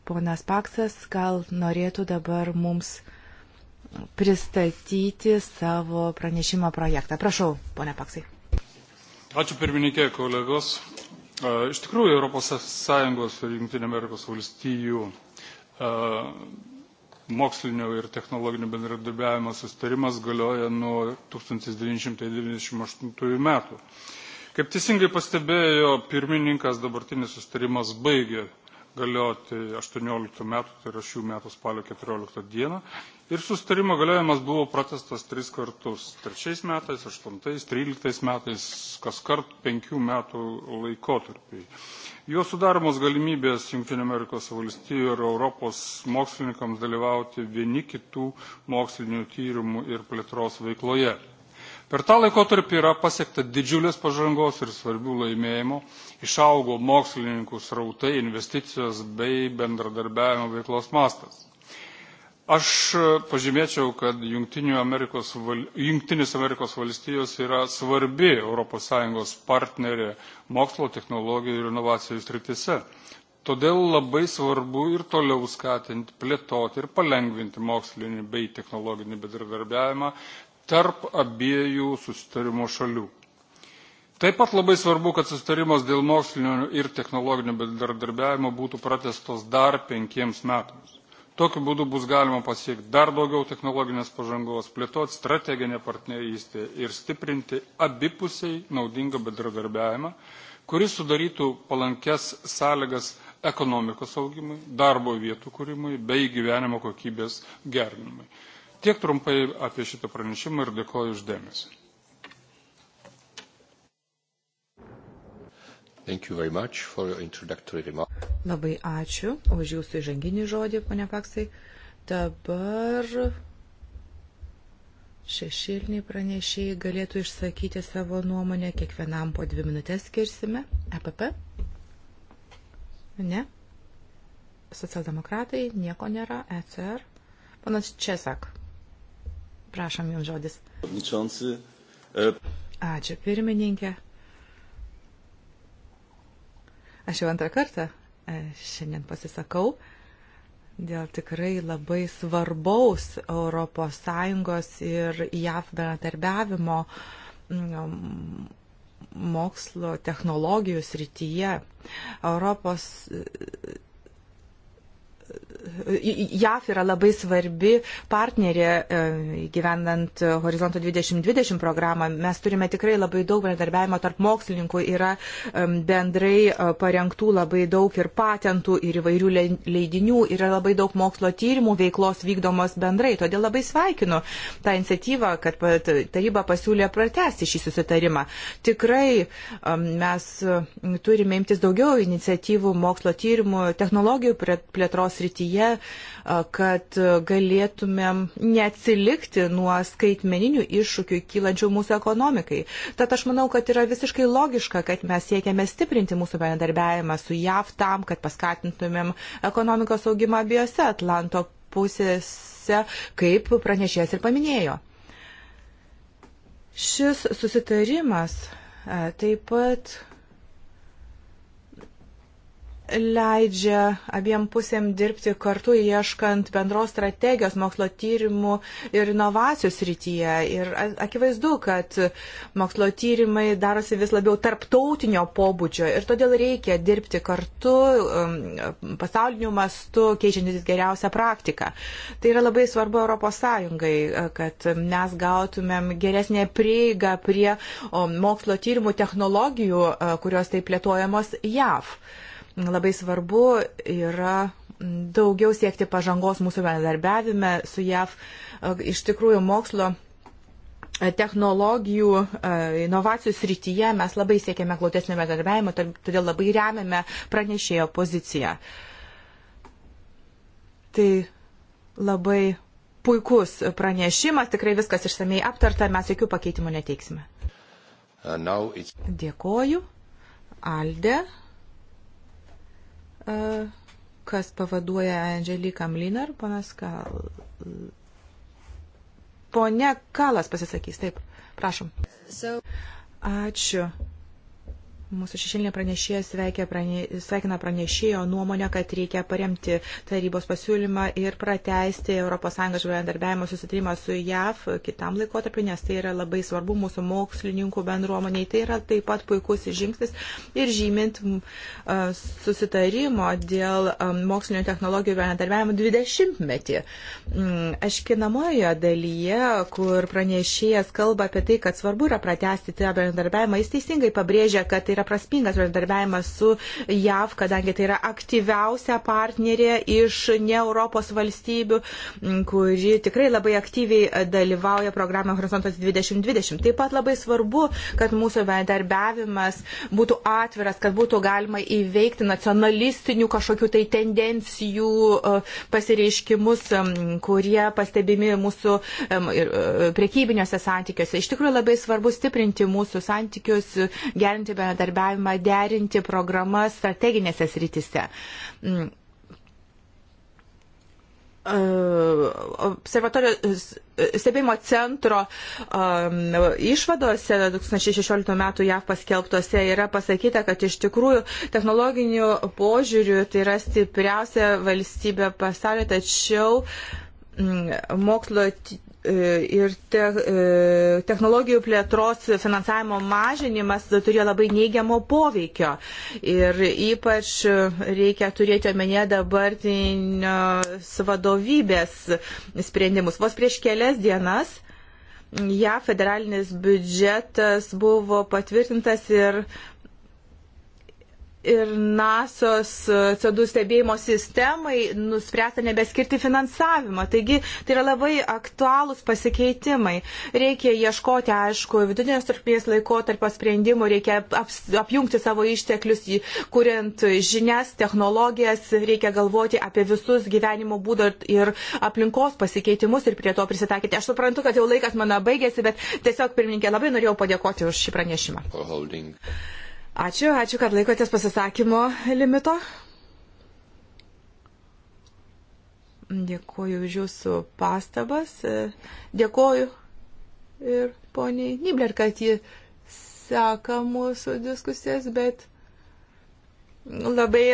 Ponas Paksas gal norėtų dabar mums pristatyti savo pranešimo projektą. Prašau, ponia Paksai. Ačiū pirmininkė, kolegos. E, iš tikrųjų, ES ir JAV e, mokslinio ir technologinio bendradarbiavimo sustarimas galioja nuo 1998 metų. Kaip teisingai pastebėjo pirmininkas, dabartinis sustarimas baigė galioti 18 metų, tai yra šių metų spalio 14 dieną. Ir sustarimo galiojimas buvo protestas tris kartus. Trečiais metais, aštuntais, tryliktais metais, kas kart penkių metų laikotarpiai. Jo sudaromos galimybės Junktinio Amerikos valstijų ir Europos mokslininkams dalyvauti vieni kitų mokslinių tyrimų ir plėtros veikloje. Per tą laikotarpį yra pasiekta didžiulės pažangos ir svarbių laimėjimų, išaugo mokslininkų srautai, investicijos bei bendradarbiavimo veiklos mastas. Aš pažymėčiau, kad Amerikos, Junktinės Amerikos valstijos yra svarbi ES partnerė mokslo, technologijų ir inovacijų sritise. Todėl labai svarbu ir toliau skatinti, plėtoti ir palengvinti mokslinį bei technologinį bedarbiavimą, tarp abiejų susitarimo šalių. Taip pat labai svarbu, kad sustarimas dėl mokslinio ir technologinio bendradarbiavimo būtų pratestos dar penkiems metams. Tokiu būdu bus galima pasiekti dar daugiau technologinės pažangos, plėtoti strateginę partnerystę ir stiprinti abipusiai naudingą bendradarbiavimą, kuris sudarytų palankes sąlygas ekonomikos augimui, darbo vietų kūrimui bei gyvenimo kokybės gerinimui. Tiek trumpai apie šitą pranešimą ir dėkoju uždėmesi. Labai ačiū už jūsų įžanginį žodį, ponia Paksai. Dabar šešilniai pranešėjai galėtų išsakyti savo nuomonę, kiekvienam po dvi minutės skirsime. EPP? Ne? Socialdemokratai, nieko nėra, ECR. Panas Česak. Prašom jums žodis. E, Ačiū pirmininkė. Aš jau antrą kartą e, šiandien pasisakau dėl tikrai labai svarbaus ES ir JAF bendradarbiavimo mm, mokslo technologijų srityje. Europos JAF yra labai svarbi partnerė e, gyvenant Horizonto 2020 programą. Mes turime tikrai labai daug bendradarbiavimo tarp mokslininkų, yra e, bendrai e, parengtų labai daug ir patentų, ir įvairių leidinių, yra labai daug mokslo tyrimų veiklos vykdomos bendrai. Todėl labai sveikinu tą iniciatyvą, kad taryba pasiūlė pratesti šį susitarimą. Tikrai mes turime imtis daugiau iniciatyvų mokslo tyrimų, technologijų plėtros srityje, kad galėtumėm neatsilikti nuo skaitmeninių iššūkių kylančių mūsų ekonomikai. Tad aš manau, kad yra visiškai logiška, kad mes siekiame stiprinti mūsų bendarbiavimą su JAV tam, kad paskatintumėm ekonomikos augimą abiejose Atlanto pusėse, kaip pranešėjas ir paminėjo. Šis susitarimas taip pat leidžia abiem pusėm dirbti kartu ieškant bendros strategijos mokslo tyrimų ir inovacijų srityje. Ir akivaizdu, kad mokslo tyrimai darosi vis labiau tarptautinio pobūdžio ir todėl reikia dirbti kartu um, pasauliniu mastu, keičiantis geriausią praktiką. Tai yra labai svarbu ES, kad mes gautumėm geresnę prieigą prie um, mokslo tyrimų technologijų, kurios taip plėtojamos JAV labai svarbu yra daugiau siekti pažangos mūsų bendarbiavime su JAV. Iš tikrųjų, mokslo e, technologijų, e, inovacijų srityje mes labai siekiame glaudesnio bendarbiavimo, todėl labai remiame pranešėjo poziciją. Tai labai puikus pranešimas, tikrai viskas išsamei aptarta, mes jokių pakeitimų neteiksime. Uh, Dėkoju. Alde, kas pavaduoja Angeliką Mlinar, ponas Kal... Pone Kalas pasisakys, taip, prašom. Ačiū. Mūsų šešėlinė pranešėja sveikina pranešėjo nuomonę, kad reikia paremti tarybos pasiūlymą ir prateisti ES žvėjandarbiavimo susitarimą su JAV kitam laikotarpiu, nes tai yra labai svarbu mūsų mokslininkų bendruomeniai. Tai yra taip pat puikus žingsnis ir žymint susitarimo dėl mokslinio technologijų žvėjandarbiavimo 20-metį. Mm, Aškinamojo dalyje, kur pranešėjas kalba apie tai, kad svarbu yra pratesti tą bendradarbiavimą, jis teisingai pabrėžia, kad tai tai yra prasmingas bendradarbiavimas su JAV, kadangi tai yra aktyviausia partnerė iš ne Europos valstybių, kuri tikrai labai aktyviai dalyvauja programą Horizontas 2020. Taip pat labai svarbu, kad mūsų bendradarbiavimas būtų atviras, kad būtų galima įveikti nacionalistinių kažkokių tai tendencijų e, pasireiškimus, kurie pastebimi mūsų e, prekybiniuose santykiuose. Iš tikrųjų labai svarbu stiprinti mūsų santykius, gerinti bendradarbiavimą bendradarbiavimą derinti programas strateginėse sritise mm. observatorijos e, stebėjimo centro um, išvadose 2016 metų JAV paskelbtose yra pasakyta, kad iš tikrųjų technologinių požiūrių tai yra stipriausia valstybė pasaulyje, tačiau mm, mokslo E, ir te, e, technologijų plėtros finansavimo mažinimas turėjo labai neigiamo poveikio. Ir ypač reikia turėti omenyje dabartinės vadovybės sprendimus. Vos prieš kelias dienas JAV federalinis biudžetas buvo patvirtintas ir ir NASOS e, CO2 stebėjimo sistemai nuspręsta nebeskirti finansavimą. Taigi tai yra labai aktualūs pasikeitimai. Reikia ieškoti, aišku, vidutinės trukmės laikotarpio sprendimų, reikia aps, apjungti savo išteklius, kuriant žinias, technologijas, reikia galvoti apie visus gyvenimo būdo ir aplinkos pasikeitimus ir prie to prisitakyti. Aš suprantu, kad jau laikas mano baigėsi, bet tiesiog pirmininkė labai norėjau padėkoti už šį pranešimą. Holding. Ačiū, ačiū, kad laikotės pasisakymo limito. Dėkuoju už jūsų pastabas. Dėkuoju ir poniai Nibler, kad ji seka mūsų diskusijas, bet labai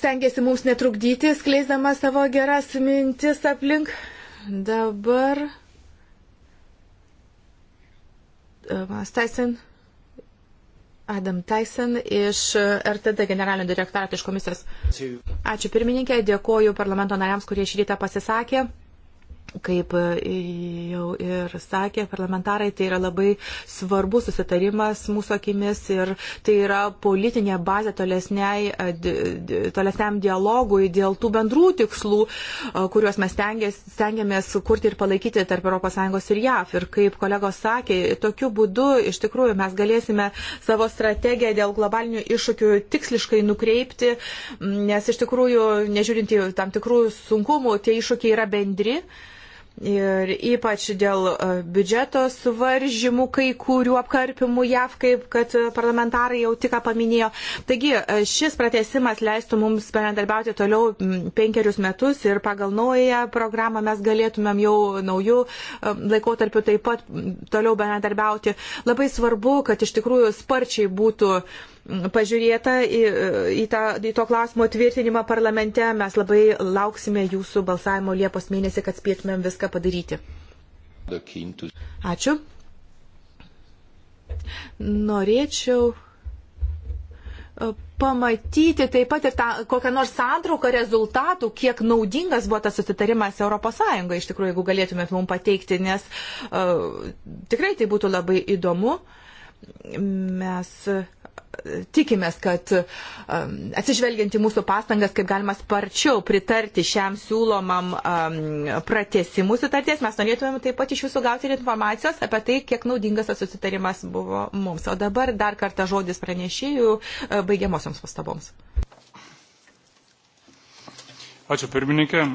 stengiasi mums netrukdyti, skleisdama savo geras mintis aplink. Dabar. E, Mastaisen. Uh, Adam Tyson iš RTD generalinio direktorato iš komisijos. Ačiū pirmininkė, dėkoju parlamento nariams, kurie šį rytą pasisakė. Kaip e, jau ir sakė parlamentarai, tai yra labai svarbus susitarimas mūsų akimis ir tai yra politinė bazė e, tolesniam dialogui dėl tų bendrų tikslų, e, kuriuos mes stengiamės kurti ir palaikyti tarp ES ir JAF. Ir kaip kolegos sakė, tokiu būdu iš tikrųjų mes galėsime savo strategiją dėl globalinių iššūkių tiksliškai nukreipti, nes iš tikrųjų, nežiūrint į tam tikrų sunkumų, tie iššūkiai yra bendri ir ypač dėl e, biudžeto suvaržymų kai kurių apkarpimų JAV, kaip kad parlamentarai jau tik paminėjo. Taigi e, šis pratesimas leistų mums bendradarbiauti toliau penkerius metus ir pagal naują programą mes galėtumėm jau naujų e, laikotarpių taip pat toliau bendradarbiauti. Labai svarbu, kad iš tikrųjų sparčiai būtų uh, pažiūrėta į, į, tą, į to klausimo tvirtinimą parlamente. Mes labai lauksime jūsų balsavimo Liepos mėnesį, kad spėtumėm viską padaryti. Ačiū. Norėčiau e, pamatyti taip pat ir tą kokią nors santrauką rezultatų, kiek naudingas buvo tas susitarimas ES, iš tikrųjų, jeigu galėtumėt mums pateikti, nes uh, tikrai tai būtų labai įdomu. Mes uh, tikimės, kad um, atsižvelgiant į mūsų pastangas, kaip galima sparčiau pritarti šiam siūlomam um, pratesimui sutarties, mes norėtumėm taip pat iš jūsų gauti ir informacijos apie tai, kiek naudingas tas susitarimas buvo mums. O dabar dar kartą žodis pranešėjų e, baigiamosioms pastaboms. Ačiū pirmininkė.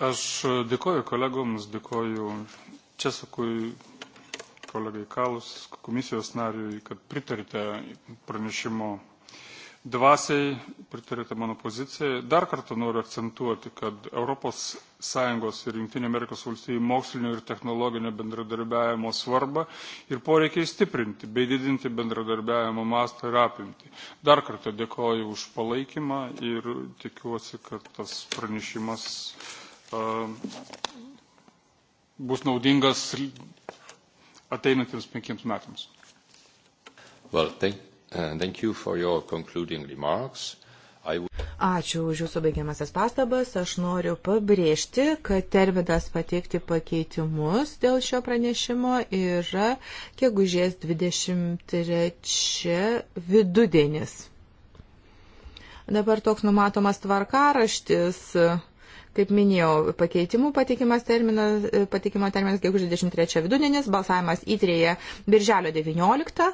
Aš dėkoju kolegoms, dėkoju Česakui kolegai Kalus, komisijos nariui, kad pritarite pranešimo dvasiai, pritarite mano pozicijai. Dar kartą noriu akcentuoti, kad ES ir JAV mokslinio ir technologinio bendradarbiavimo svarbą ir poreikiai stiprinti bei didinti bendradarbiavimo mastą ir apimti. Dar kartą dėkoju už palaikymą ir tikiuosi, kad tas pranešimas uh, bus naudingas ateinantiems penkiems metams. Well, thank, uh, thank you for your concluding remarks. Ačiū už Jūsų baigiamasias pastabas. Aš noriu pabrėžti, kad terminas pateikti pakeitimus dėl šio pranešimo yra kiekužės 23 vidudienis. Dabar toks numatomas tvarkaraštis Kaip minėjau, pakeitimų pateikimas terminas, e, pateikimo terminas gegužė 23 vidudienis, balsavimas įtrėje birželio 19,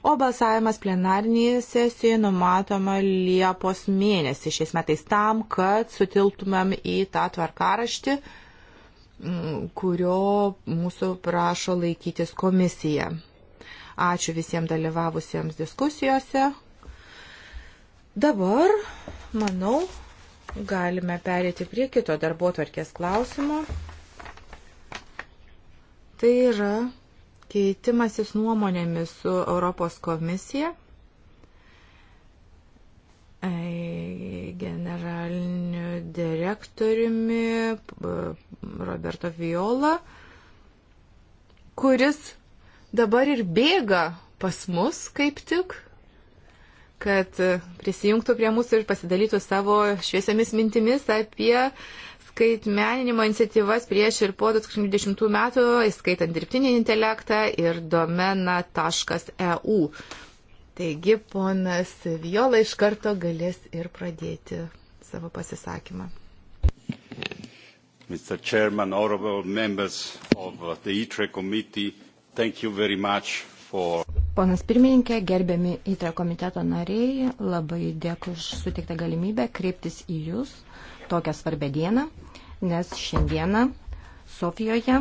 o balsavimas plenarnėje sesijoje numatoma Liepos mėnesį šiais metais tam, kad sutiltumėm į tą tvarkaraštį, kurio mūsų prašo laikytis komisija. Ačiū visiems dalyvavusiems diskusijose. Dabar, manau, Galime perėti prie kito darbo tvarkės klausimo. Tai yra keitimasis nuomonėmis su Europos komisija e, generaliniu direktoriumi Roberto Viola, kuris dabar ir bėga pas mus kaip tik kad prisijungtų prie mūsų ir pasidalytų savo šviesiamis mintimis apie skaitmeninimo iniciatyvas prieš ir po 2020 metų, įskaitant dirbtinį intelektą ir domena.eu. Taigi, ponas Viola iš karto galės ir pradėti savo pasisakymą. Mr. Chairman, honorable members of the ITRE committee, thank you very much for... Ponas pirmininkė, gerbiami įtra komiteto nariai, labai dėkui už sutiktą galimybę kreiptis į Jūs tokią svarbę dieną, nes šiandieną Sofijoje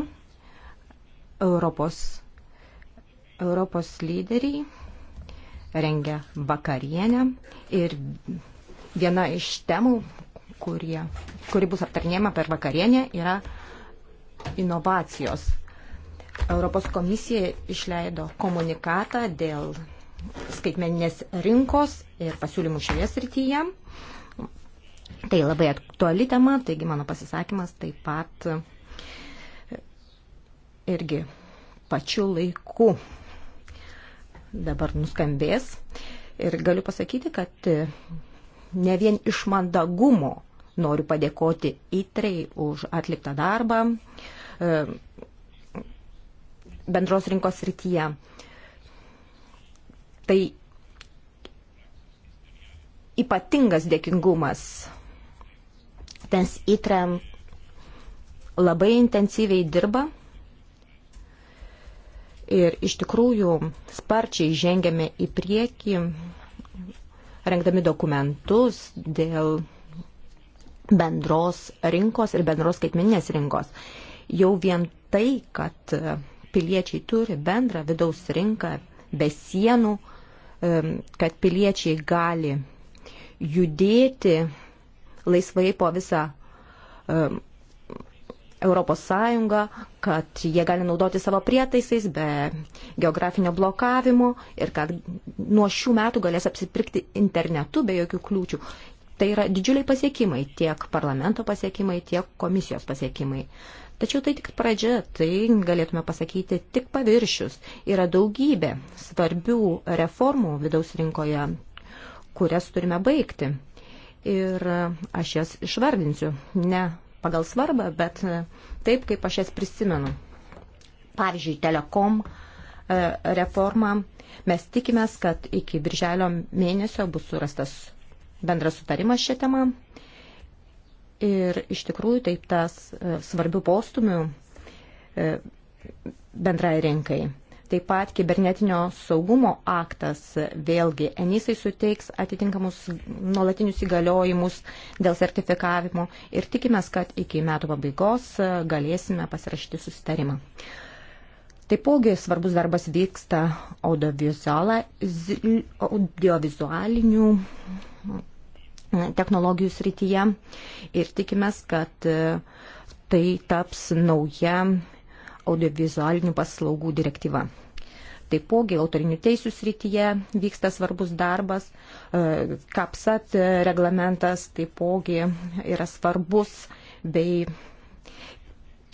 Europos, Europos lyderiai rengia vakarienę ir viena iš temų, kurie, kuri bus aptarnėjama per vakarienę, yra inovacijos Europos komisija išleido komunikatą dėl skaitmeninės rinkos ir pasiūlymų šioje srityje. Tai labai aktuali tema, taigi mano pasisakymas taip pat irgi pačiu laiku dabar nuskambės. Ir galiu pasakyti, kad ne vien iš mandagumo noriu padėkoti įtrei už atliktą darbą bendros rinkos rytyje. Tai ypatingas dėkingumas. Tens įtrem labai intensyviai dirba ir iš tikrųjų sparčiai žengėme į priekį, rengdami dokumentus dėl bendros rinkos ir bendros skaitmeninės rinkos. Jau vien tai, kad piliečiai turi bendrą vidaus rinką be sienų, kad piliečiai gali judėti laisvai po visą Europos Sąjungą, kad jie gali naudoti savo prietaisais be geografinio blokavimo ir kad nuo šių metų galės apsipirkti internetu be jokių kliūčių. Tai yra didžiuliai pasiekimai, tiek parlamento pasiekimai, tiek komisijos pasiekimai. Tačiau tai tik pradžia, tai galėtume pasakyti tik paviršius. Yra daugybė svarbių reformų vidaus rinkoje, kurias turime baigti. Ir aš jas išvardinsiu, ne pagal svarbą, bet taip, kaip aš jas prisimenu. Pavyzdžiui, telekom e, reforma. Mes tikimės, kad iki birželio mėnesio bus surastas bendras sutarimas šią temą. Ir iš tikrųjų taip tas e, svarbių postumių e, bendrai rinkai. Taip pat kibernetinio saugumo aktas vėlgi Enisai suteiks atitinkamus nuolatinius įgaliojimus dėl sertifikavimo ir tikimės, kad iki metų pabaigos e, galėsime pasirašyti susitarimą. Taipogi svarbus darbas vyksta audiovizualinių technologijų srityje ir tikimės, kad e, tai taps nauja audiovizualinių paslaugų direktyva. Taipogi autorinių teisų srityje vyksta svarbus darbas, kapsat e, reglamentas taipogi yra svarbus bei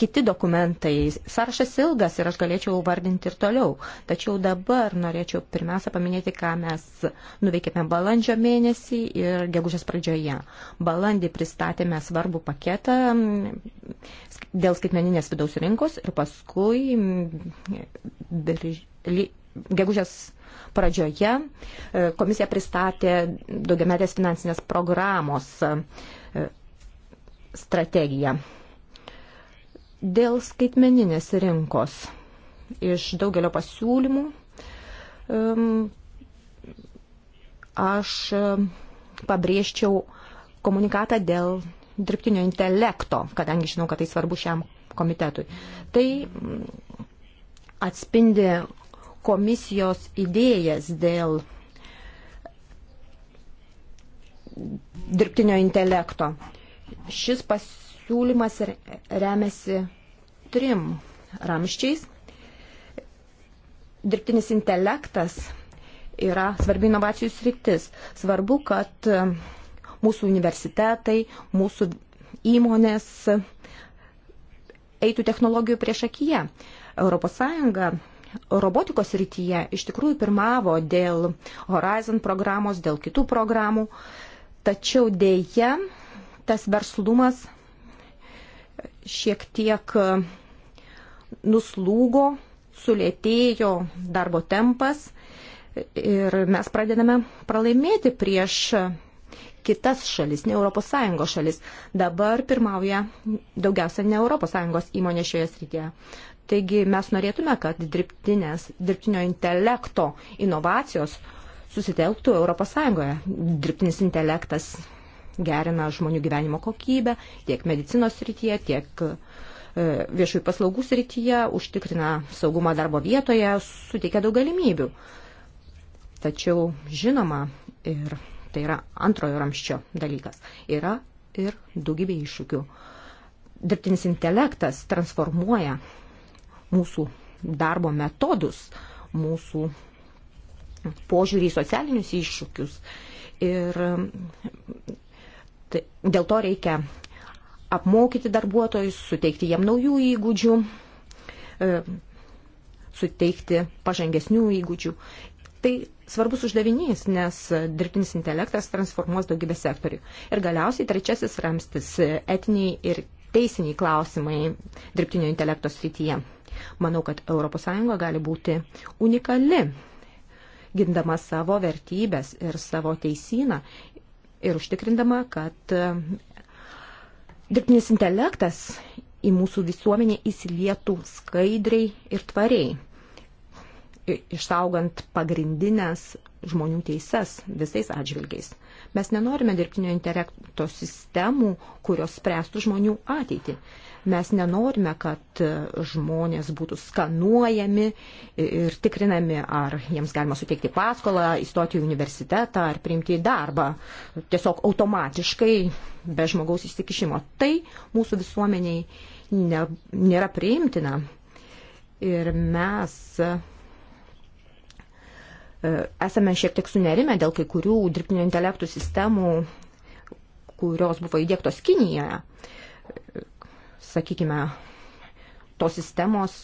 kiti dokumentai. Sąrašas ilgas ir aš galėčiau vardinti ir toliau. Tačiau dabar norėčiau pirmiausia paminėti, ką mes nuveikėme balandžio mėnesį ir gegužės pradžioje. Balandį pristatėme svarbų paketą dėl skaitmeninės vidaus rinkos ir paskui gegužės pradžioje e, komisija pristatė daugiametės finansinės programos e, strategiją. Dėl skaitmeninės rinkos iš daugelio pasiūlymų aš pabrėžčiau komunikatą dėl dirbtinio intelekto, kadangi žinau, kad tai svarbu šiam komitetui. Tai mm, atspindi komisijos idėjas dėl dirbtinio intelekto. Šis pasiūlymas siūlymas remiasi trim ramščiais. Dirbtinis intelektas yra svarbi inovacijų sritis. Svarbu, kad e, mūsų universitetai, mūsų įmonės eitų technologijų prieš akiją. ES robotikos rytyje iš tikrųjų pirmavo dėl Horizon programos, dėl kitų programų, tačiau dėje tas verslumas šiek tiek e, nuslūgo, sulėtėjo darbo tempas ir mes pradedame pralaimėti prieš kitas šalis, ne ES šalis. Dabar pirmauja daugiausia ne ES įmonė šioje srityje. Taigi mes norėtume, kad dirbtinio intelekto inovacijos susitelktų ES. Dirbtinis intelektas gerina žmonių gyvenimo kokybę tiek medicinos srityje, tiek e, viešųjų paslaugų srityje, užtikrina saugumą darbo vietoje, suteikia daug galimybių. Tačiau, žinoma, ir tai yra antrojo ramščio dalykas, yra ir daugybė iššūkių. Dirbtinis intelektas transformuoja mūsų darbo metodus, mūsų požiūrį į socialinius iššūkius. Ir Tai dėl to reikia apmokyti darbuotojus, suteikti jiem naujų įgūdžių, e, suteikti pažangesnių įgūdžių. Tai svarbus uždavinys, nes dirbtinis intelektas transformuos daugybę sektorių. Ir galiausiai trečiasis ramstis - etiniai ir teisiniai klausimai dirbtinio intelekto srityje. Manau, kad ES gali būti unikali, gindama savo vertybės ir savo teisyną ir užtikrindama, kad e, dirbtinis intelektas į mūsų visuomenę įsilietų skaidriai ir tvariai, išsaugant pagrindinės žmonių teises visais atžvilgiais. Mes nenorime dirbtinio intelekto sistemų, kurios spręstų žmonių ateitį. Mes nenorime, kad žmonės būtų skanuojami ir tikrinami, ar jiems galima suteikti paskolą, įstoti į universitetą ar priimti į darbą tiesiog automatiškai be žmogaus įsikišimo. Tai mūsų visuomeniai ne, nėra priimtina. Ir mes e, esame šiek tiek sunerime dėl kai kurių dirbtinio intelektų sistemų, kurios buvo įdėktos Kinijoje sakykime, tos sistemos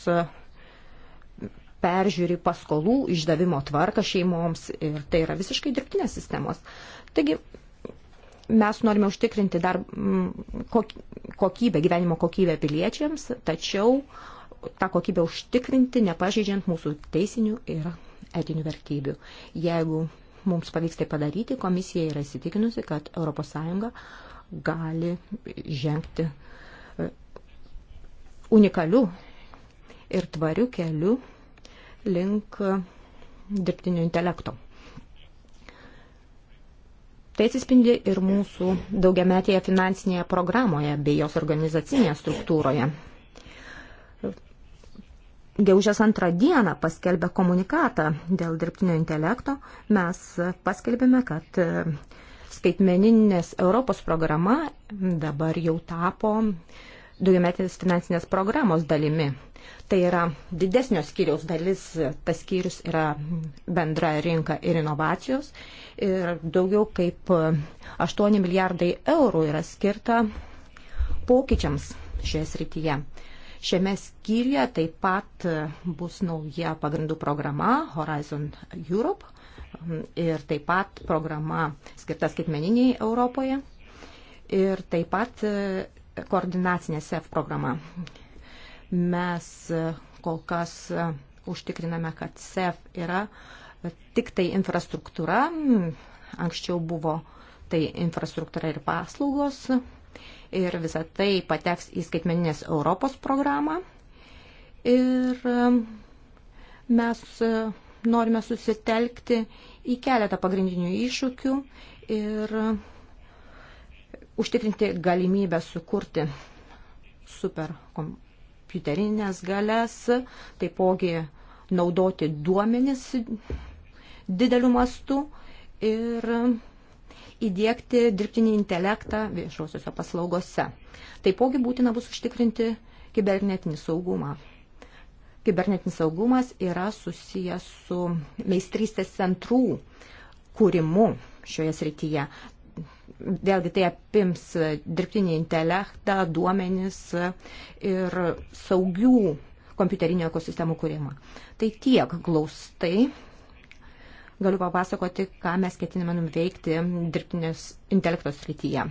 peržiūri paskolų išdavimo tvarką šeimoms ir tai yra visiškai dirbtinės sistemos. Taigi mes norime užtikrinti dar mm, kokybę, gyvenimo kokybę piliečiams, tačiau tą kokybę užtikrinti, nepažeidžiant mūsų teisinių ir etinių vertybių. Jeigu mums pavyks tai padaryti, komisija yra įsitikinusi, kad ES gali žengti unikaliu ir tvariu keliu link dirbtinio intelekto. Tai atsispindi ir mūsų daugiametėje finansinėje programoje bei jos organizacinėje struktūroje. Gegužės antrą dieną paskelbę komunikatą dėl dirbtinio intelekto, mes paskelbėme, kad e, skaitmeninės Europos programa dabar jau tapo uh, daugiametės finansinės programos dalimi. Tai yra didesnio skyriaus dalis, tas skyrius yra bendra rinka ir inovacijos. Ir daugiau kaip 8 milijardai eurų yra skirta pokyčiams šioje srityje. Šiame skyriuje taip pat bus nauja pagrindų programa Horizon Europe ir taip pat programa skirta skaitmeniniai Europoje. Ir taip pat koordinacinė SEF programa. Mes e, kol kas e, užtikriname, kad SEF yra tik tai infrastruktūra. Anksčiau buvo tai infrastruktūra ir paslaugos. Ir visa tai pateks į skaitmeninės Europos programą. Ir e, mes norime susitelkti į keletą pagrindinių iššūkių ir užtikrinti galimybę sukurti superkompiuterinės galės, taipogi naudoti duomenis dideliu mastu ir įdėkti dirbtinį intelektą viešuosiuose paslaugose. Taipogi būtina bus užtikrinti kibernetinį saugumą. Kibernetinis saugumas yra susijęs su meistrystės centrų kūrimu šioje srityje vėlgi tai apims dirbtinį intelektą, duomenis ir saugių kompiuterinio ekosistemų kūrimą. Tai tiek glaustai. Galiu papasakoti, ką mes ketiname nuveikti dirbtinės intelektos srityje.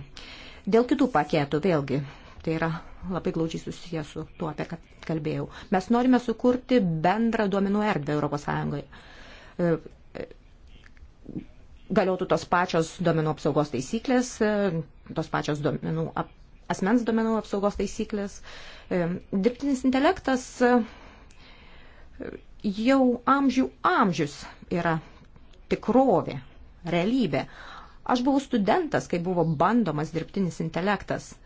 Dėl kitų paketų vėlgi tai yra labai glaudžiai susijęs su tuo, apie ką kalbėjau. Mes norime sukurti bendrą duomenų erdvę ES galiotų tos pačios duomenų apsaugos taisyklės, e, tos pačios duomenų, asmens duomenų apsaugos taisyklės. E, dirbtinis intelektas e, jau amžių amžius yra tikrovė, realybė. Aš buvau studentas, kai buvo bandomas dirbtinis intelektas –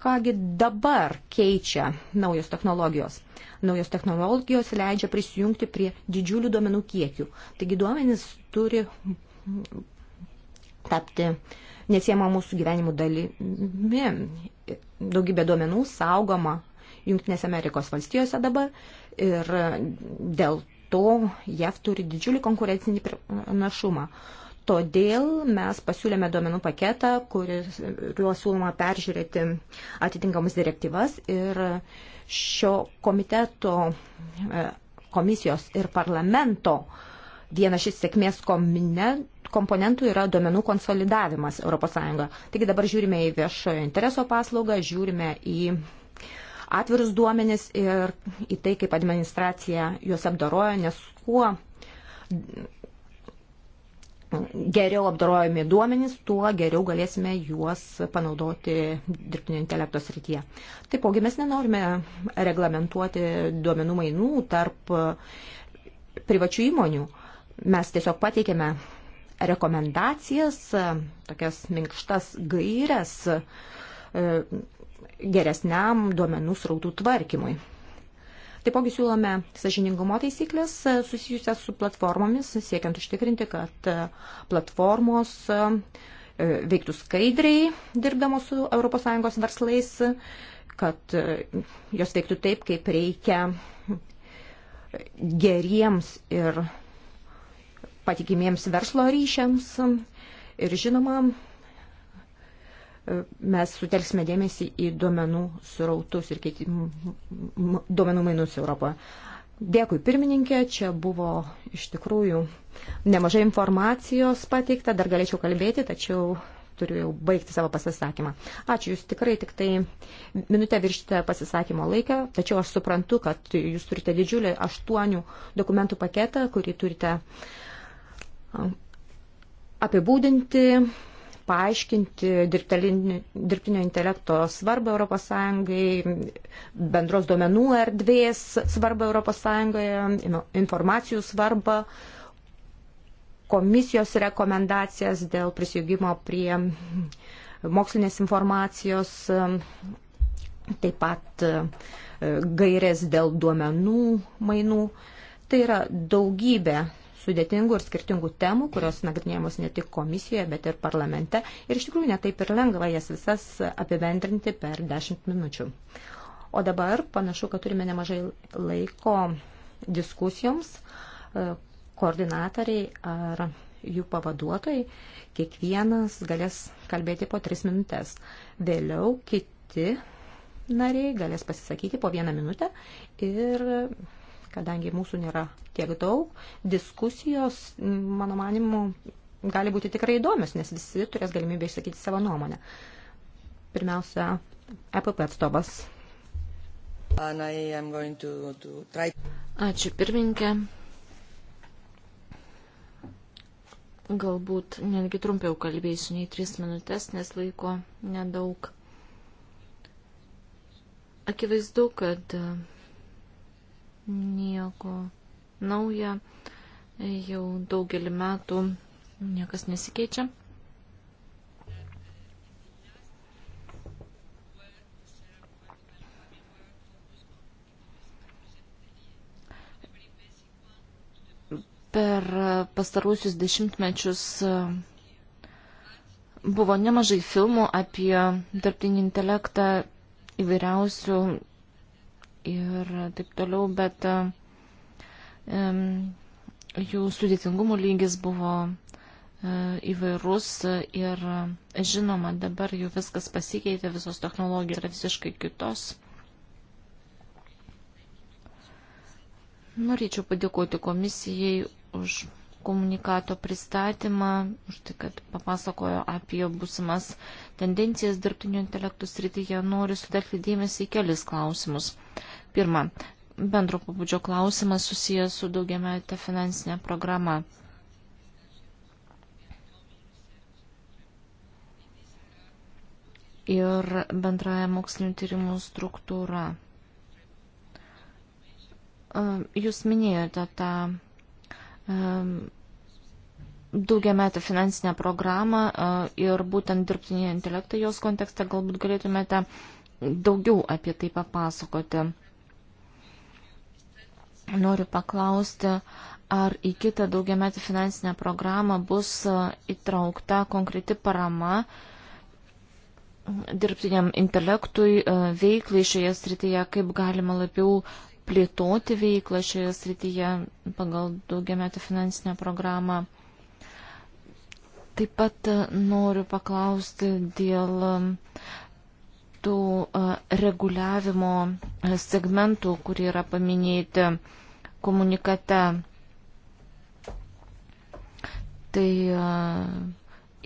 Kągi dabar keičia naujos technologijos? Naujos technologijos leidžia prisijungti prie didžiulių duomenų kiekių. Taigi duomenys turi tapti neatsiema mūsų gyvenimų dalimi. Daugybė duomenų saugoma Junktinėse Amerikos valstijose dabar ir dėl to JAV turi didžiulį konkurencinį našumą. Todėl mes pasiūlėme duomenų paketą, kuriuo siūloma peržiūrėti atitinkamas direktyvas ir šio komiteto e, komisijos ir parlamento vienas šis sėkmės komponentų yra duomenų konsolidavimas ES. Taigi dabar žiūrime į viešojo intereso paslaugą, žiūrime į atvirus duomenis ir į tai, kaip administracija juos apdaroja, nes kuo geriau apdarojami duomenys, tuo geriau galėsime juos panaudoti dirbtinio intelekto srityje. Taipogi mes nenorime reglamentuoti duomenų mainų tarp privačių įmonių. Mes tiesiog pateikėme rekomendacijas, tokias minkštas gairias e, geresniam duomenų srautų tvarkymui. Taipogi siūlome sažiningumo taisyklės e, susijusias su platformomis, siekiant užtikrinti, kad e, platformos e, veiktų skaidriai dirbdamos su ES verslais, kad jos veiktų taip, kaip reikia geriems ir patikimiems verslo ryšiams. Ir žinoma, mes sutelksime dėmesį į duomenų srautus ir duomenų mainus Europoje. Dėkui pirmininkė, čia buvo iš tikrųjų nemažai informacijos pateikta, dar galėčiau kalbėti, tačiau turiu jau baigti savo pasisakymą. Ačiū, jūs tikrai tik tai minutę viršite pasisakymo laiką, tačiau aš suprantu, kad jūs turite didžiulį aštuonių dokumentų paketą, kurį turite um, apibūdinti, paaiškinti dirbtinio intelekto svarbą ES, bendros duomenų erdvės svarbą ES, informacijų svarbą, komisijos rekomendacijas dėl prisijungimo prie mokslinės informacijos, taip pat e, gairės dėl duomenų mainų. Tai yra daugybė sudėtingų ir skirtingų temų, kurios nagrinėjamos ne tik komisijoje, bet ir parlamente. Ir iš tikrųjų netaip ir lengva jas visas apibendrinti per 10 minučių. O dabar panašu, kad turime nemažai laiko diskusijoms. E, koordinatoriai ar jų pavaduotojai, kiekvienas galės kalbėti po tris minutės. Vėliau kiti nariai galės pasisakyti po vieną minutę ir kadangi mūsų nėra tiek daug, diskusijos, mano manimu, gali būti tikrai įdomios, nes visi turės galimybę išsakyti savo nuomonę. Pirmiausia, EPP atstovas. To, to try... Ačiū pirmininkė. Galbūt netgi trumpiau kalbėsiu nei tris minutės, nes laiko nedaug. Akivaizdu, kad nieko nauja, jau daugelį metų niekas nesikeičia. per pastarusius dešimtmečius e, buvo nemažai filmų apie dirbtinį intelektą įvairiausių ir taip toliau, bet jų sudėtingumo lygis buvo e, įvairus ir žinoma, dabar jau viskas pasikeitė, visos technologijos yra visiškai kitos. Norėčiau padėkoti komisijai už komunikato pristatymą, už tai, kad papasakojo apie būsimas tendencijas dirbtinio intelektų srityje, noriu sutelkti dėmesį į kelis klausimus. Pirma, bendro pabudžio klausimas susijęs su daugiametė finansinė programa. Ir bendraja mokslinių tyrimų struktūra. Jūs minėjote tą daugiametę finansinę programą e, ir būtent dirbtinį intelektą jos kontekste galbūt galėtumėte daugiau apie tai papasakoti. Noriu paklausti, ar į kitą daugiametį finansinę programą bus e, įtraukta konkreti parama dirbtiniam intelektui, e, veiklai šioje srityje, kaip galima labiau plėtoti veiklą šioje srityje pagal daugiametę finansinę programą. Taip pat e, noriu paklausti dėl tų e, reguliavimo e, segmentų, kurie yra paminėti komunikate. Tai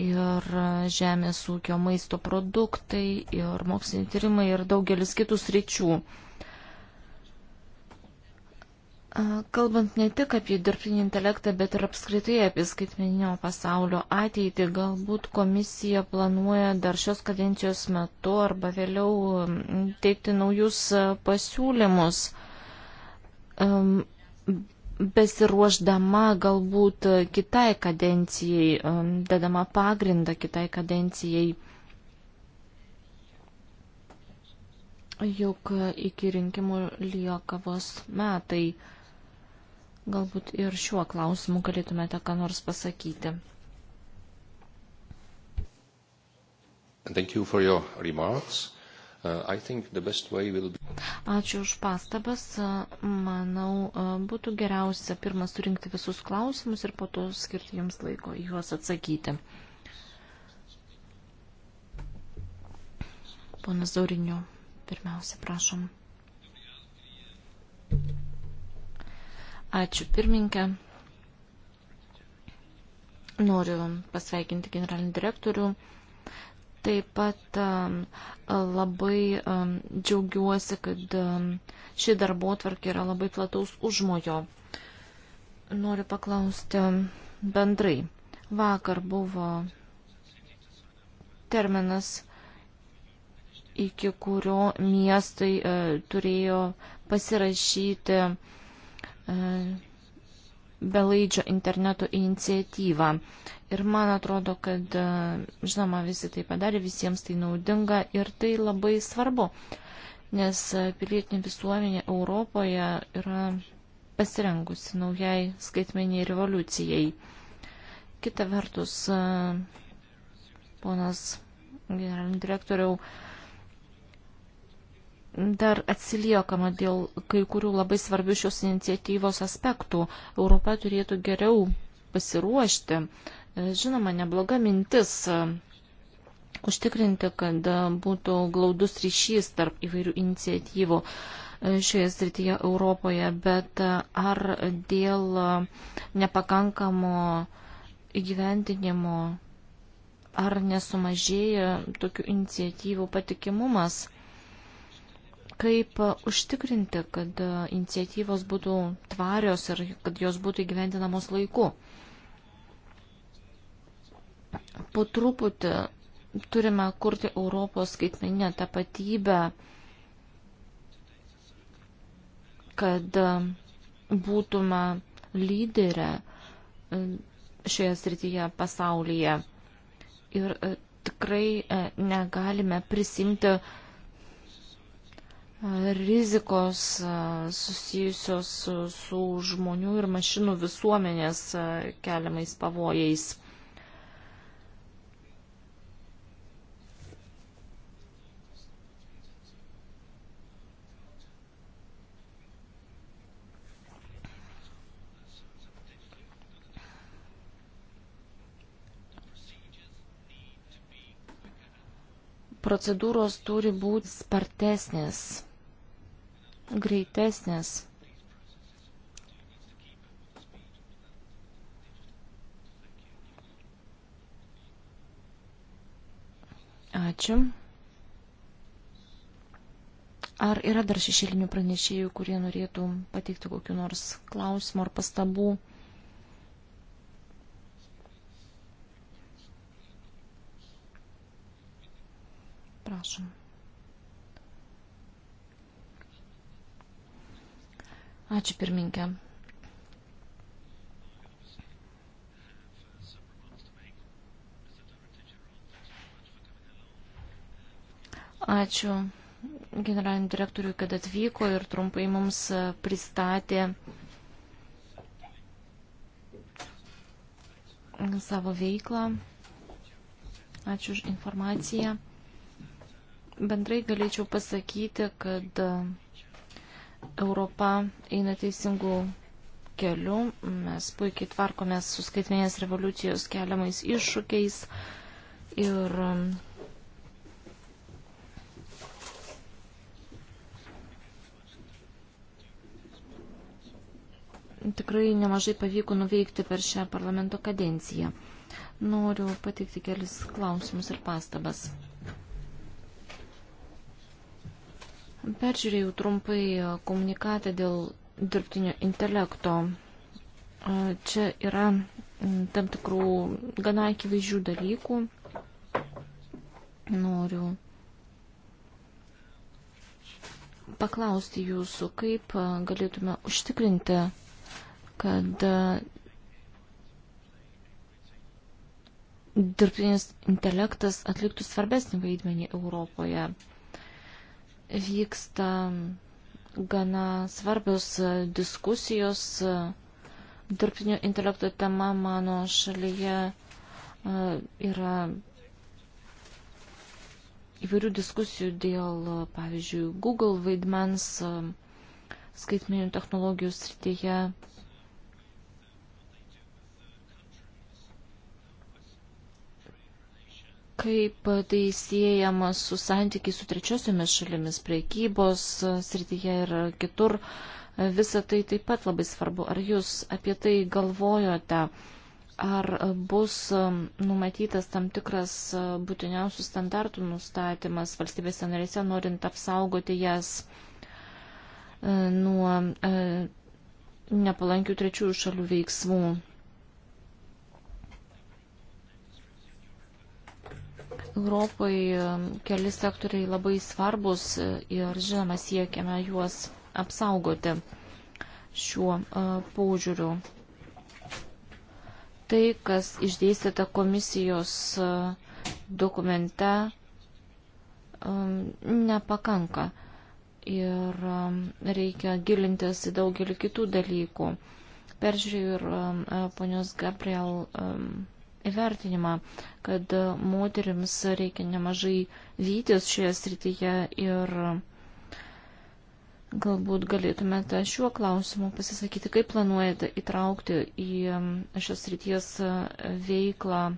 ir žemės ūkio maisto produktai, ir moksliniai tyrimai, ir daugelis kitų sričių. Kalbant ne tik apie dirbtinį intelektą, bet ir apskritai apie skaitmeninio pasaulio ateitį, galbūt komisija planuoja dar šios kadencijos metu arba vėliau teikti naujus pasiūlymus, besiruoždama galbūt kitai kadencijai, dedama pagrindą kitai kadencijai. Juk iki rinkimų lieka vos metai. Galbūt ir šiuo klausimu galėtumėte ką nors pasakyti. You uh, be... Ačiū už pastabas. Uh, manau, uh, būtų geriausia pirmą surinkti visus klausimus ir po to skirti jums laiko juos atsakyti. Ponas Zauriniu, pirmiausia, prašom. Thank you. Ačiū pirmininkė. Noriu pasveikinti generalinį direktorių. Taip pat um, labai um, džiaugiuosi, kad um, ši darbo tvarkė yra labai plataus užmojo. Noriu paklausti bendrai. Vakar buvo terminas, iki kurio miestai e, turėjo pasirašyti E, belaidžio interneto iniciatyvą. Ir man atrodo, kad, e, žinoma, visi tai padarė, visiems tai naudinga ir tai labai svarbu, nes pilietinė visuomenė Europoje yra pasirengusi naujai skaitmeniai revoliucijai. Kita vertus, e, ponas generalinį direktoriau, dar atsiliekama dėl kai kurių labai svarbių šios iniciatyvos aspektų. Europa turėtų geriau pasiruošti. Žinoma, nebloga mintis e, užtikrinti, kad būtų glaudus ryšys tarp įvairių iniciatyvų e, šioje srityje Europoje, bet e, ar dėl nepakankamo įgyvendinimo, ar nesumažėja tokių iniciatyvų patikimumas? kaip e, užtikrinti, kad e, iniciatyvos būtų tvarios ir kad jos būtų įgyvendinamos laiku. Po truputį turime kurti Europos skaitmeninę tapatybę, kad e, būtume lyderę šioje srityje pasaulyje. Ir tikrai negalime prisimti rizikos susijusios su žmonių ir mašinų visuomenės keliamais pavojais. Procedūros turi būti spartesnės greitesnės. Ačiū. Ar yra dar šešėlinių pranešėjų, kurie norėtų pateikti kokiu nors klausimu ar pastabų? Prašom. Ačiū pirminkė. Ačiū generaliniam direktoriui, kad atvyko ir trumpai mums pristatė savo veiklą. Ačiū už informaciją. Bendrai galėčiau pasakyti, kad Europa eina teisingų kelių, mes puikiai tvarkomės su skaitmenės revoliucijos keliamais iššūkiais ir um, tikrai nemažai pavyko nuveikti per šią parlamento kadenciją. Noriu pateikti kelis klausimus ir pastabas. Peržiūrėjau trumpai e, komunikatą dėl dirbtinio intelekto. E, čia yra tam tikrų gana akivaizdžių dalykų. Noriu paklausti jūsų, kaip e, galėtume užtikrinti, kad dirbtinis intelektas atliktų svarbesnį vaidmenį Europoje vyksta gana svarbios diskusijos dirbtinio intelekto tema mano šalyje e, yra įvairių diskusijų dėl, pavyzdžiui, Google vaidmens e, skaitmeninių technologijų srityje Kaip tai siejama su santykiai su trečiosiomis šalimis, prekybos e, srityje ir kitur, e, visa tai taip pat labai svarbu. Ar jūs apie tai galvojote, ar bus e, numatytas tam tikras būtiniausių standartų nustatymas valstybėse narėse, norint apsaugoti jas nuo nepalankių trečiųjų šalių veiksmų? Europai keli sektoriai labai svarbus e, ir žinoma siekiame juos apsaugoti šiuo e, paužiūriu. Tai, kas išdėstyta komisijos e, dokumente, nepakanka ir reikia gilintis į daugelį kitų dalykų. Peržiūrėjau ir ponios Gabriel įvertinimą, kad moteriams reikia nemažai vytis šioje srityje ir galbūt galėtumėte šiuo klausimu pasisakyti, kaip planuojate įtraukti į šios srities e, veiklą e,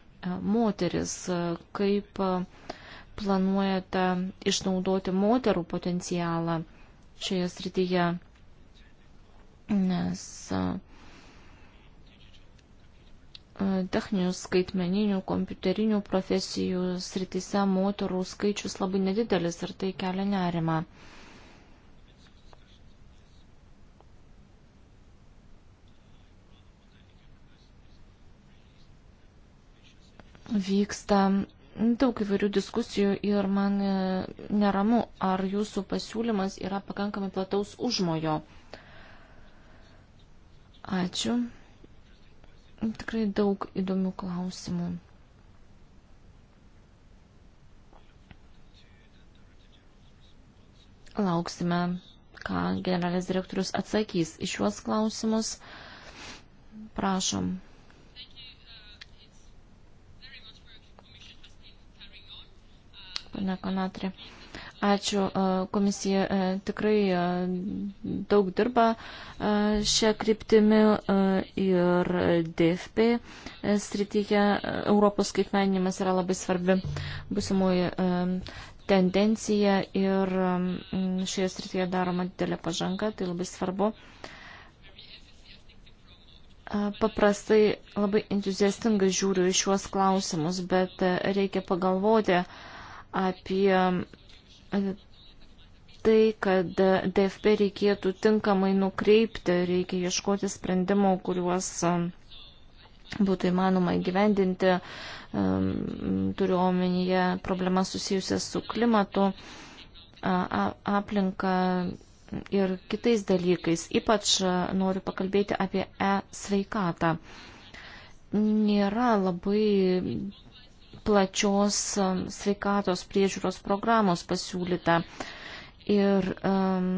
moteris, e, kaip planuojate išnaudoti moterų potencialą šioje srityje, nes uh, techninių skaitmeninių, kompiuterinių profesijų sritise moterų skaičius labai nedidelis ir tai kelia nerima. Vyksta daug įvairių diskusijų ir man e, neramu, ar jūsų pasiūlymas yra pakankamai plataus užmojo. Ačiū. Tikrai daug įdomių klausimų. Lauksime, ką generalinis direktorius atsakys iš juos klausimus. Prašom. Pane Konatri. Ačiū. Komisija tikrai daug dirba šią kryptimį ir DFP srityje Europos skaitmeninimas yra labai svarbi busimųjų tendencija ir šioje srityje daroma didelė pažanga, tai labai svarbu. Paprastai labai entuziastingai žiūriu į šiuos klausimus, bet reikia pagalvoti apie tai, kad DFP reikėtų tinkamai nukreipti, reikia ieškoti sprendimų, kuriuos um, būtų įmanoma įgyvendinti, um, turiu omenyje problemas susijusias su klimatu, aplinka ir kitais dalykais. Ypač noriu pakalbėti apie e-sveikatą. Nėra labai plačios um, sveikatos priežiūros programos pasiūlyta. Ir um,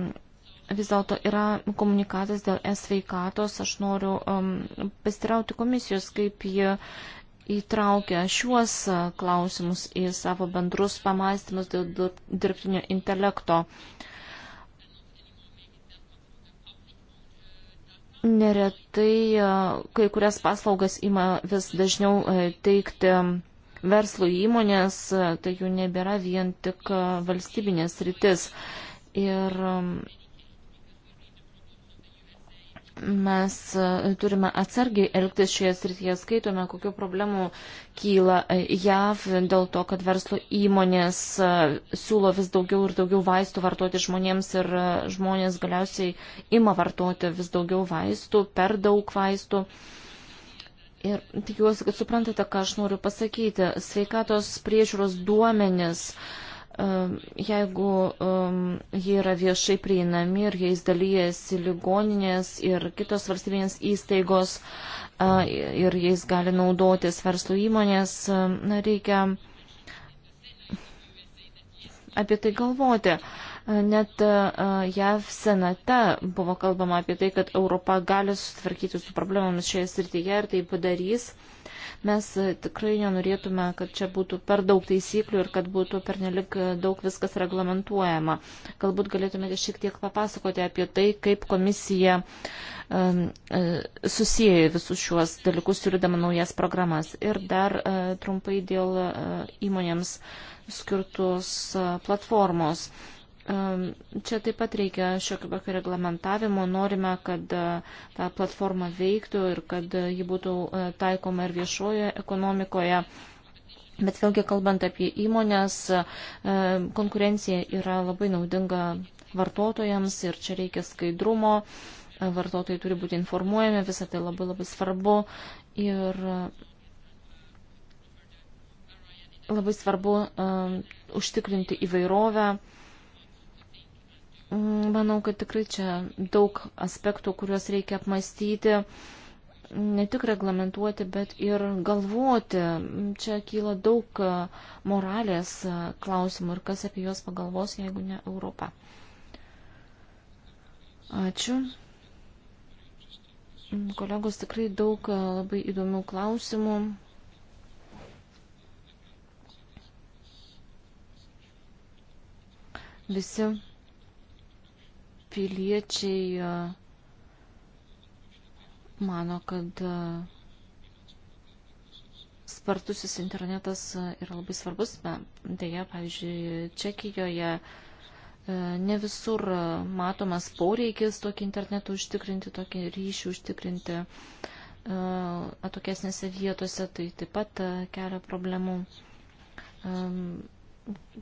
vis dėlto yra komunikatas dėl e-sveikatos. Aš noriu um, pastirauti komisijos, kaip jie įtraukia šiuos uh, klausimus į savo bendrus pamastymus dėl dirbtinio intelekto. Neretai uh, kai kurias paslaugas ima vis dažniau uh, teikti um, verslo įmonės, tai jų nebėra vien tik e, valstybinės rytis. Ir e, mes e, turime atsargiai elgtis šioje srityje, skaitome, kokiu problemu kyla JAV dėl to, kad verslo įmonės siūlo vis daugiau ir daugiau vaistų vartoti žmonėms ir žmonės galiausiai ima vartoti vis daugiau vaistų, per daug vaistų. Uh, Ir tikiuosi, kad suprantate, ką aš noriu pasakyti. Sveikatos priežiūros duomenis, um, jeigu um, jie yra viešai prieinami ir jais dalyjasi ligoninės ir kitos valstybinės įstaigos ir jais gali naudotis verslo įmonės, reikia apie tai galvoti. Net e, JAV senate buvo kalbama apie tai, kad Europa gali susitvarkyti su problemomis šioje srityje ir tai padarys. Mes e, tikrai nenorėtume, kad čia būtų per daug taisyklių ir kad būtų pernelik daug viskas reglamentuojama. Galbūt galėtumėte šiek tiek papasakoti apie tai, kaip komisija e, susiję visus šiuos dalykus, siūlydama naujas programas. Ir dar trumpai dėl įmonėms skirtus platformos. Čia taip pat reikia šiokio tokio reglamentavimo. Norime, kad e, ta platforma veiktų ir kad e, ji būtų e, taikoma ir viešoje ekonomikoje. Bet vėlgi kalbant apie įmonės, konkurencija yra labai naudinga vartotojams ir čia reikia skaidrumo. Vartotojai turi būti informuojami, visą tai labai labai svarbu. Ir labai svarbu um, užtikrinti įvairovę. Uh, Mm, manau, kad tikrai čia daug aspektų, kuriuos reikia apmastyti, ne tik reglamentuoti, bet ir galvoti. Čia kyla daug e, moralės e, klausimų ir kas apie juos pagalvos, jeigu ne Europa. Ačiū. Mm, kolegos tikrai daug e, labai įdomių klausimų. Visi piliečiai mano, kad spartusis internetas yra labai svarbus. Deja, pavyzdžiui, Čekijoje ne visur matomas poreikis tokį internetą užtikrinti, tokį ryšį užtikrinti atokesnėse vietose, tai taip pat kelia problemų.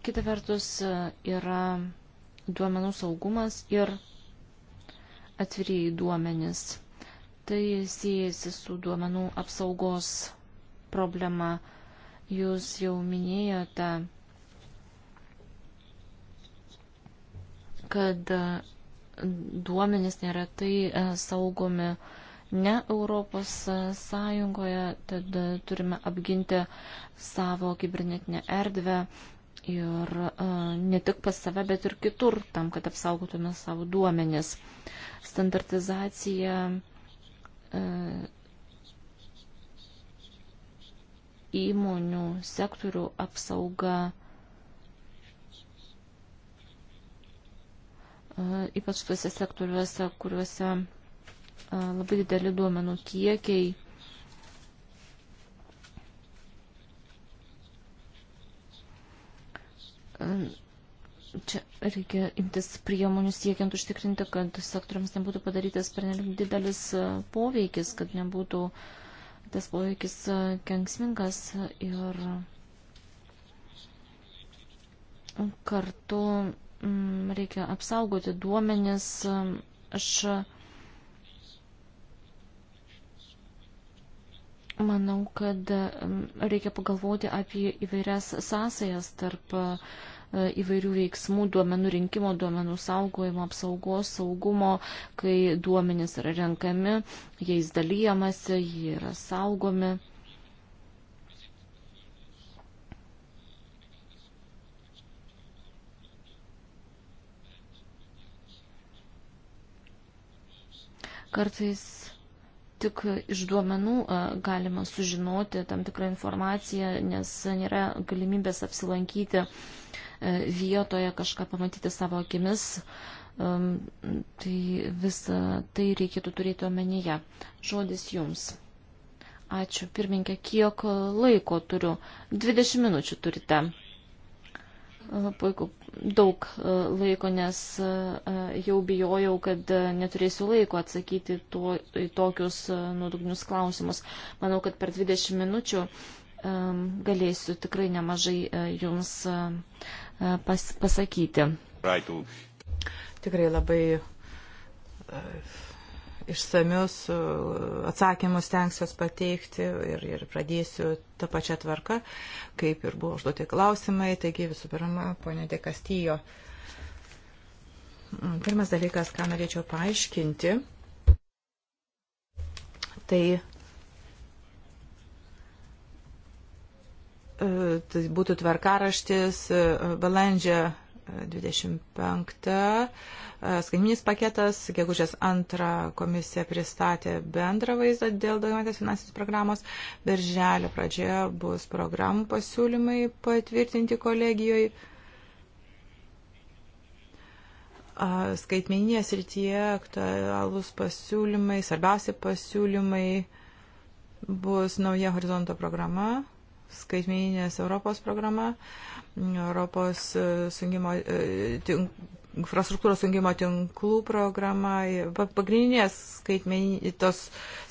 Kita vertus yra duomenų saugumas ir atvirieji duomenys. Tai siejasi su duomenų apsaugos problema. Jūs jau minėjote, kad e, duomenys neretai e, saugomi ne Europos e, Sąjungoje, tad turime apginti savo kibernetinę erdvę ir e, ne tik pas save, bet ir kitur, tam, kad apsaugotume savo duomenis. Standartizacija e, įmonių sektorių apsauga e, ypač tuose sektoriuose, kuriuose labai dideli duomenų kiekiai Čia reikia imtis priemonių siekiant užtikrinti, kad sektoriams nebūtų padarytas pernelik didelis e, poveikis, kad nebūtų tas poveikis e, kenksmingas ir kartu mm, reikia apsaugoti duomenis. Aš Manau, kad reikia pagalvoti apie įvairias sąsajas tarp e, įvairių veiksmų, duomenų rinkimo, duomenų saugojimo, apsaugos, saugumo, kai duomenys yra renkami, jais dalyjamasi, jie yra saugomi. Kartais tik iš duomenų galima sužinoti tam tikrą informaciją, nes nėra galimybės apsilankyti e, vietoje, kažką pamatyti savo akimis. Tai visą tai reikėtų turėti omenyje. Žodis jums. Ačiū, pirmininkė, kiek laiko turiu? 20 minučių turite puiku daug e, laiko, nes e, e, jau bijojau, kad neturėsiu laiko atsakyti tuo, į tokius nuodugnius klausimus. Manau, kad per 20 minučių galėsiu tikrai nemažai jums pas, pasakyti. Tikrai labai išsamius e, atsakymus tenksiuos pateikti ir, ir pradėsiu tą pačią tvarką, kaip ir buvo užduoti klausimai. Taigi visų pirma, ponė Dekastijo. Mm, pirmas dalykas, ką norėčiau paaiškinti, tai e, tai būtų tvarkaraštis e, balandžio 25. Skaitminis paketas, gegužės antrą komisija pristatė bendrą vaizdą dėl daugiametės finansinės programos. Birželio pradžioje bus programų pasiūlymai patvirtinti kolegijoje. Skaitmeninėje srityje aktualūs pasiūlymai, svarbiausi pasiūlymai bus nauja horizonto programa skaitmeninės Europos programa, Europos e, sungimo, e, tink, infrastruktūros sungimo tinklų programa, pagrindinės skaitmeninės,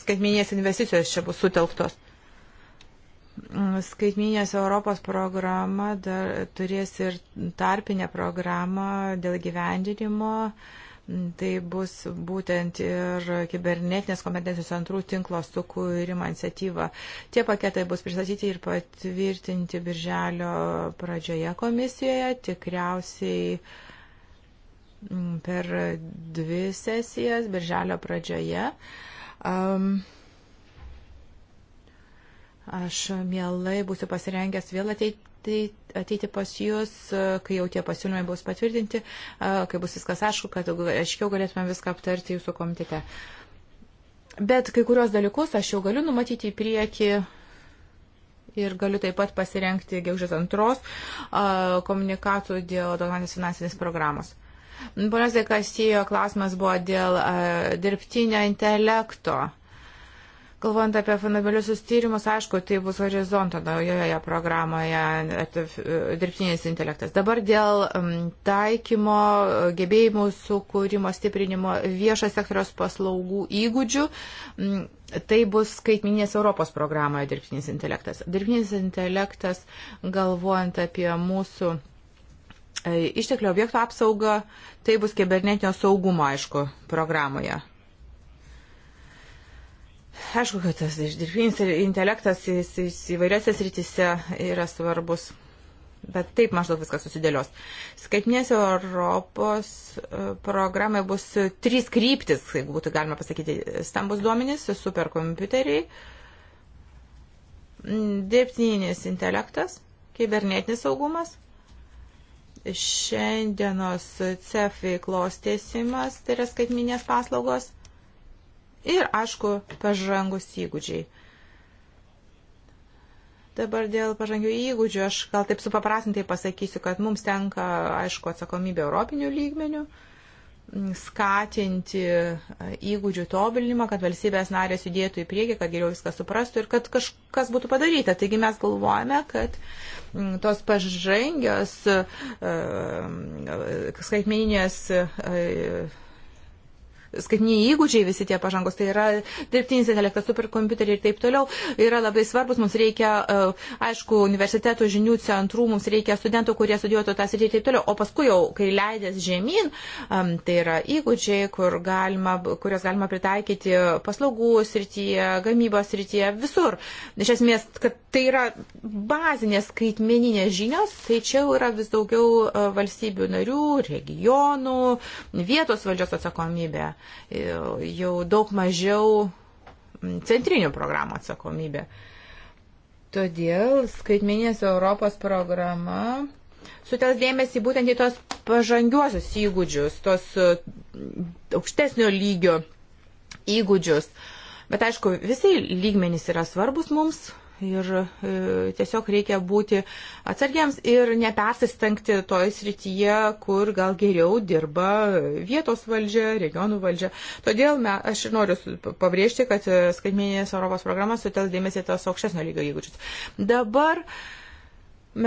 skaitmeninės investicijos čia bus sutelktos. Mm, Skaitminės Europos programa dar turės ir tarpinę programą dėl gyvendinimo. Uh, Tai bus būtent ir kibernetinės kompetencijos antrų tinklo sukūrimo iniciatyva. Tie paketai bus pristatyti ir patvirtinti birželio pradžioje komisijoje, tikriausiai mm, per dvi sesijas birželio pradžioje. Um, Aš mielai būsiu pasirengęs vėl ateiti Tai ateiti pas jūs, e, kai jau tie pasiūlymai bus patvirtinti, e, kai bus viskas aišku, kad aiškiau galėtume viską aptarti jūsų komitete. Bet kai kurios dalykus aš jau galiu numatyti į priekį ir galiu taip pat pasirenkti gegužės antros e, komunikatų dėl donatinės finansinės programos. Ponas Dekasijo klausimas buvo dėl dirbtinio intelekto. Kalbant apie fenomenaliusius tyrimus, aišku, tai bus horizonto naujoje programoje dirbtinis intelektas. Dabar dėl taikymo, gebėjimų sukūrimo, stiprinimo viešo sektoriaus paslaugų įgūdžių, tai bus skaitminės Europos programoje dirbtinis intelektas. Dirbtinis intelektas, galvojant apie mūsų e, išteklių objektų apsaugą, tai bus kibernetinio saugumo, aišku, programoje Aišku, kad tas dirbtinis intelektas jis, jis įvairiose srityse yra svarbus, bet taip maždaug viskas susidėlios. Skaitminės Europos e, programai bus trys kryptis, jeigu būtų galima pasakyti, stambus duomenys, superkompiuteriai, dirbtinis intelektas, kibernetinis saugumas šiandienos CEF veiklos tiesimas, tai yra skaitminės paslaugos ir, aišku, pažangus įgūdžiai. Dabar dėl pažangių įgūdžių aš gal taip supaprastintai pasakysiu, kad mums tenka, aišku, atsakomybė europinių lygmenių skatinti e, įgūdžių tobulinimą, kad valstybės narės judėtų į priekį, kad geriau viską suprastų ir kad kažkas būtų padaryta. Taigi mes galvojame, kad tos pažangios e, e, skaitmeninės skaitiniai įgūdžiai, visi tie pažangos, tai yra dirbtinis intelektas, superkompiuteriai ir taip toliau, yra labai svarbus. Mums reikia, e, aišku, universitetų žinių centrų, mums reikia studentų, kurie studijuotų tą sritį ir taip toliau. O paskui jau, kai leidės žemyn, tai yra įgūdžiai, kur galima, kurios galima pritaikyti paslaugų srityje, gamybos srityje, visur. Iš esmės, kad tai yra bazinės skaitmeninės žinios, tai čia jau yra vis daugiau e, valstybių narių, regionų, vietos valdžios atsakomybė jau daug mažiau centrinių programų atsakomybė. Todėl skaitmeninės Europos programa sutels dėmesį būtent į tos pažangiuosius įgūdžius, tos e, aukštesnio lygio įgūdžius. Bet aišku, visi lygmenys yra svarbus mums, Ir e, tiesiog reikia būti atsargiams ir nepersistengti toje srityje, kur gal geriau dirba vietos valdžia, regionų valdžia. Todėl me, aš ir noriu pabrėžti, kad e, skaitmeninės Europos programas sutel dėmesį tas aukštesnio lygio įgūdžius. Dabar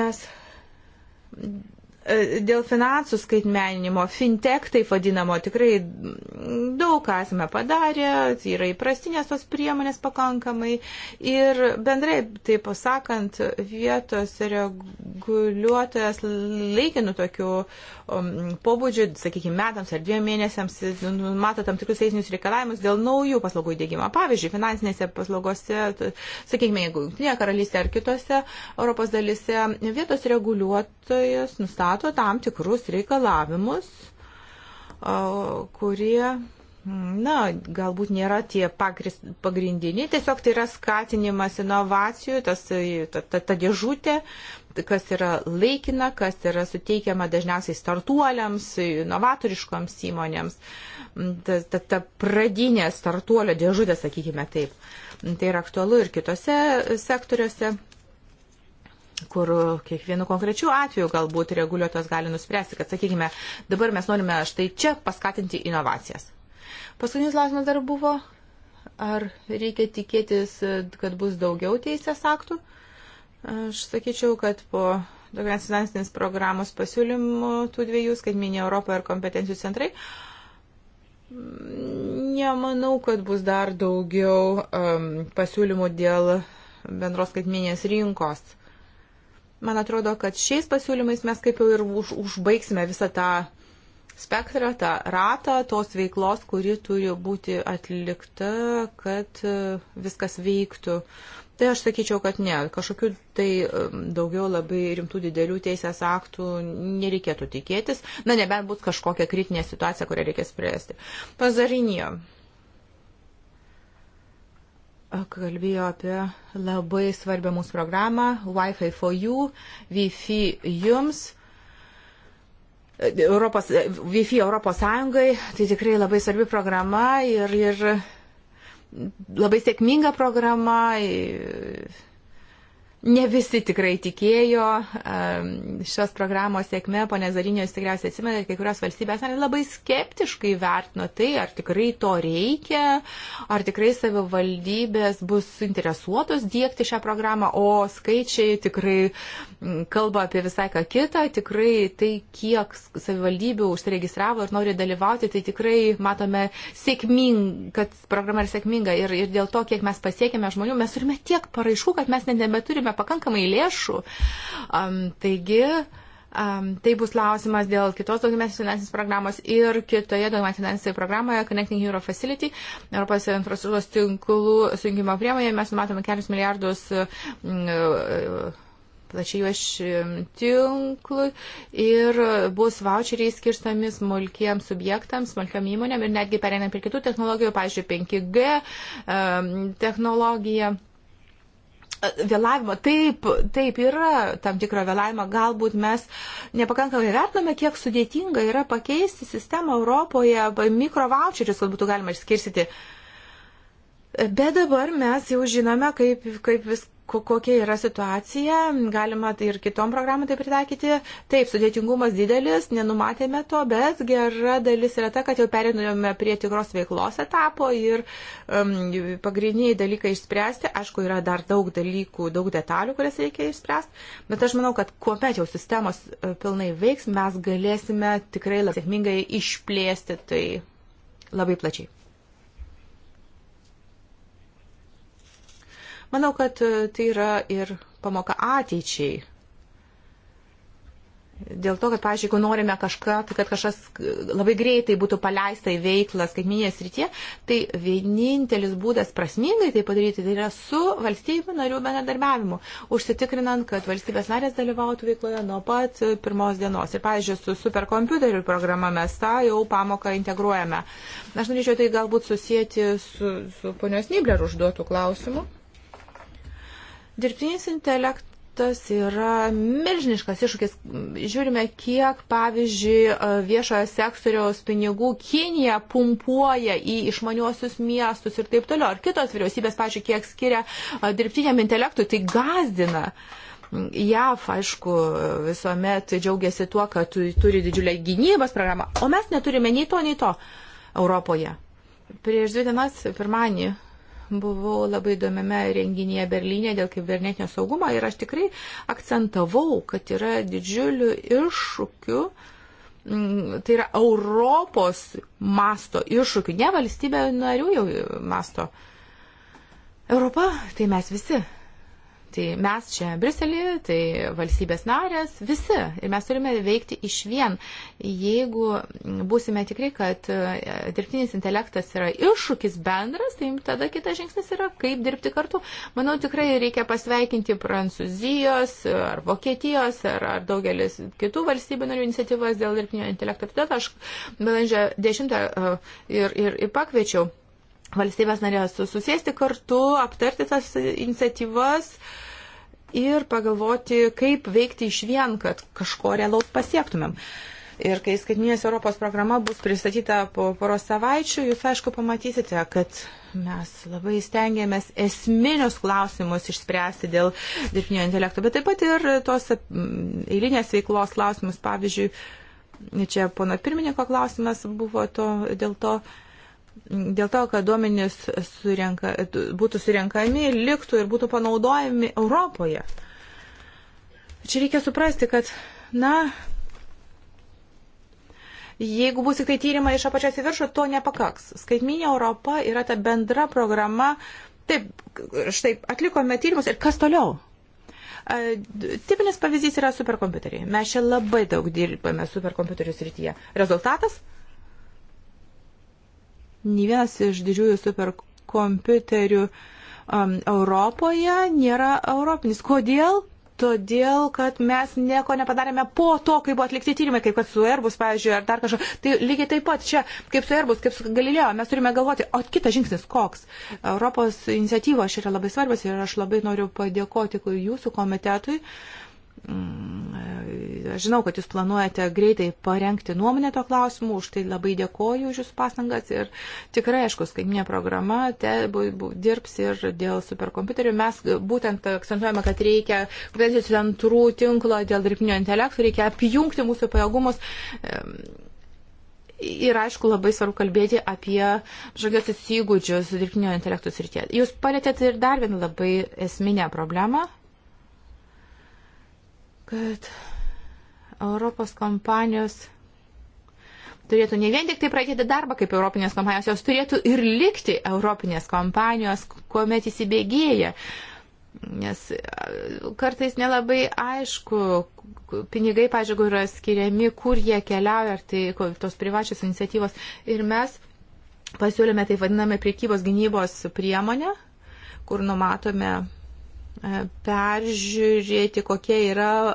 mes E, dėl finansų skaitmeninimo, fintech taip vadinamo, tikrai daug esame padarę, yra įprastinės tos priemonės pakankamai ir bendrai, taip pasakant, vietos reguliuotojas laikinų tokių um, pobūdžių, sakykime, metams ar dviem mėnesiams numato tam tikrus teisinius reikalavimus dėl naujų paslaugų įdėgymo. Pavyzdžiui, finansinėse paslaugose, sakykime, jeigu Junktinėje karalystėje ar kitose Europos dalise vietos reguliuotojas nustato nustato tam tikrus reikalavimus, kurie na, galbūt nėra tie pagrindiniai, tiesiog tai yra skatinimas inovacijų, tas, ta, ta, ta dėžutė, kas yra laikina, kas yra suteikiama dažniausiai startuoliams, inovatoriškoms įmonėms, ta, ta, ta pradinė startuolio dėžutė, sakykime taip. Tai yra aktualu ir kitose sektoriuose kur kiekvienu konkrečiu atveju galbūt reguliuotojas gali nuspręsti, kad, sakykime, dabar mes norime štai čia paskatinti inovacijas. Paskutinis klausimas dar buvo, ar reikia tikėtis, kad bus daugiau teisės aktų. Aš sakyčiau, kad po finansinės programos pasiūlymų tų dviejų, skaitminė Europa ir kompetencijų centrai, nemanau, kad bus dar daugiau um, pasiūlymų dėl bendros skaitminės rinkos. Man atrodo, kad šiais pasiūlymais mes kaip jau ir už, užbaigsime visą tą spektrą, tą ratą tos veiklos, kuri turi būti atlikta, kad e, viskas veiktų. Tai aš sakyčiau, kad ne, kažkokių tai e, daugiau labai rimtų didelių teisės aktų nereikėtų tikėtis, na nebent bus kažkokia kritinė situacija, kurią reikės spręsti. Pazarinijo kalbėjo apie labai svarbią mūsų programą Wi-Fi for you, Wi-Fi jums. Europos, Wi-Fi Europos Sąjungai, tai tikrai labai svarbi programa ir, ir labai sėkminga programa. Ir Ne visi tikrai tikėjo šios programos sėkme, ponė Zarinio, jūs tikriausiai atsimenate, kai kurios valstybės labai skeptiškai vertino tai, ar tikrai to reikia, ar tikrai savivaldybės bus suinteresuotos dėkti šią programą, o skaičiai tikrai kalba apie visai ką kitą, tikrai tai, kiek savivaldybių užsiregistravo ir nori dalyvauti, tai tikrai matome, sėkming, kad programa yra sėkminga ir, ir dėl to, kiek mes pasiekėme žmonių, mes turime tiek paraiškų, kad mes net nebeturime turime pakankamai lėšų. Um, taigi, Um, tai bus klausimas dėl kitos daugiametės finansinės programos ir kitoje daugiametės finansinėje programoje Connecting Euro Facility, Europos infrastruktūros tinklų sujungimo priemonėje, mes numatome kelius milijardus mm, e, plačiai juos tinklui ir bus voucheriai skirstami smulkiems subjektams, smulkiam įmonėm ir netgi pereinant prie kitų technologijų, pavyzdžiui, 5G um, technologiją Vėlavimo, taip, taip yra tam tikro vėlavimo, galbūt mes nepakankamai vertiname, kiek sudėtinga yra pakeisti sistemą Europoje, mikrovaučerius, kad būtų galima išskirstyti. Bet dabar mes jau žinome, kaip, kaip vis, kokia yra situacija, galima tai ir kitom programom tai pritaikyti. Taip, sudėtingumas didelis, nenumatėme to, bet gera dalis yra ta, kad jau perinėjome prie tikros veiklos etapo ir um, pagrindiniai dalykai išspręsti. Aišku, yra dar daug dalykų, daug detalių, kurias reikia išspręsti, bet aš manau, kad kuomet jau sistemos e, pilnai veiks, mes galėsime tikrai labai sėkmingai išplėsti tai labai plačiai. Manau, kad e, tai yra ir pamoka ateičiai. Dėl to, kad, pavyzdžiui, jeigu norime kažką, tai kad kažkas e, labai greitai būtų paleista į veiklą skaitminės rytie, tai vienintelis būdas prasmingai tai padaryti tai yra su valstybių narių bendradarbiavimu, užsitikrinant, kad valstybės narės dalyvautų veikloje nuo pat e, pirmos dienos. Ir, pavyzdžiui, su superkompiuterių programa mes tą jau pamoką integruojame. Aš norėčiau tai galbūt susijęti su, su ponios Nibler užduotų klausimų. Dirbtinis intelektas tas yra milžiniškas iššūkis. Žiūrime, kiek, pavyzdžiui, viešojo sektoriaus pinigų Kinija pumpuoja į išmaniuosius miestus ir taip toliau. Ar kitos vyriausybės, pavyzdžiui, kiek skiria dirbtiniam intelektui, tai gazdina. JAV, aišku, visuomet džiaugiasi tuo, kad turi didžiulę gynybos programą, o mes neturime nei to, nei to Europoje. Prieš dvi dienas, pirmąjį, buvau labai įdomiame renginyje Berlyne dėl kibernetinio saugumo ir aš tikrai akcentavau, kad yra didžiulių iššūkių, mm, tai yra Europos masto iššūkių, ne valstybė narių jau masto. Europa, tai mes visi Tai mes čia Briuselėje, tai valstybės narės, visi. Ir mes turime veikti iš vien. Jeigu būsime tikri, kad e, dirbtinis intelektas yra iššūkis bendras, tai tada kitas žingsnis yra, kaip dirbti kartu. Manau, tikrai reikia pasveikinti Prancūzijos e, ar Vokietijos ar, ar daugelis kitų valstybių narių iniciatyvas dėl dirbtinio intelekto. Todėl aš balandžio 10 e, ir, ir, ir pakviečiau valstybės narės susėsti kartu, aptarti tas iniciatyvas ir pagalvoti, kaip veikti iš vien, kad kažko realaus pasiektumėm. Ir kai skaitminės Europos programa bus pristatyta po poros savaičių, jūs aišku pamatysite, kad mes labai stengiamės esminius klausimus išspręsti dėl dirbtinio intelekto, bet taip pat ir tos mm, eilinės veiklos klausimus. Pavyzdžiui, čia pono pirmininko klausimas buvo to, dėl to, dėl to, kad duomenys surenka, būtų surenkami, liktų ir būtų panaudojami Europoje. Čia reikia suprasti, kad, na, jeigu bus tik tai tyrimai iš apačios į viršų, to nepakaks. Skaitminė Europa yra ta bendra programa. Taip, štai atlikome tyrimus ir kas toliau? Tipinis pavyzdys yra superkompiuteriai. Mes čia labai daug dirbame superkompiuterių srityje. Rezultatas? Nė vienas iš didžiųjų superkompiuterių um, Europoje nėra europinis. Kodėl? Todėl, kad mes nieko nepadarėme po to, kai buvo atlikti tyrimai, kaip kad su Airbus, pavyzdžiui, ar dar kažko. Tai lygiai taip pat čia, kaip su Airbus, kaip su Galileo, mes turime galvoti, o kitas žingsnis koks. Europos iniciatyvos yra labai svarbios ir aš labai noriu padėkoti jūsų komitetui. Uh, Mm, aš žinau, kad jūs planuojate greitai parengti nuomonę to klausimu, už tai labai dėkoju už jūsų pastangas ir tikrai, aišku, skaitinė programa te dirbs ir dėl superkompiuterių. Mes būtent akcentuojame, kad reikia kompetencijų centrų tinklo dėl dirbtinio intelektų, reikia apjungti mūsų pajėgumus. Ir aišku, labai svarbu kalbėti apie žagiosius įgūdžius dirbtinio intelektų srityje. Jūs palėtėte ir dar vieną labai esminę problemą, kad Europos kompanijos turėtų ne vien tik tai pradėti darbą kaip Europinės kompanijos, jos turėtų ir likti Europinės kompanijos, kuomet įsibėgėja. Nes e, kartais nelabai aišku, pinigai, pažiūrėjau, yra skiriami, kur jie keliauja, ar tai tos privačios iniciatyvos. Ir mes pasiūlėme tai vadiname priekybos gynybos priemonę, kur numatome E, peržiūrėti, kokie yra e,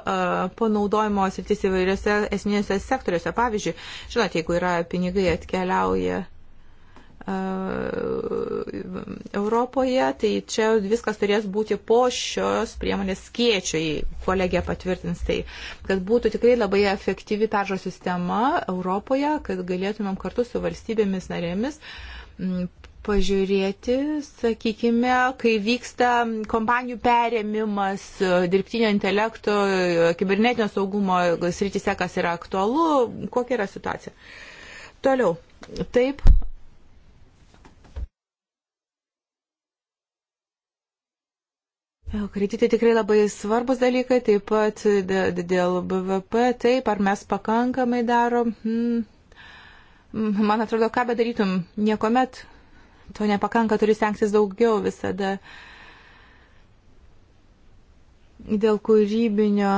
panaudojimo sritis įvairiose esminėse sektoriuose. Pavyzdžiui, žinot, jeigu yra pinigai atkeliauja e, Europoje, tai čia viskas turės būti po šios priemonės skiečio, jei kolegija patvirtins tai, kad būtų tikrai labai efektyvi peržo sistema Europoje, kad galėtumėm kartu su valstybėmis narėmis pažiūrėti, sakykime, kai vyksta kompanijų perėmimas e, dirbtinio intelekto, e, kibernetinio saugumo srityse, kas yra aktualu, kokia yra situacija. Toliau. Taip, e, Kreditai tikrai labai svarbus dalykai, taip pat dėl BVP, taip, ar mes pakankamai darom. Hmm. Hmm, man atrodo, ką bedarytum, niekuomet to nepakanka, turi stengtis daugiau visada dėl kūrybinio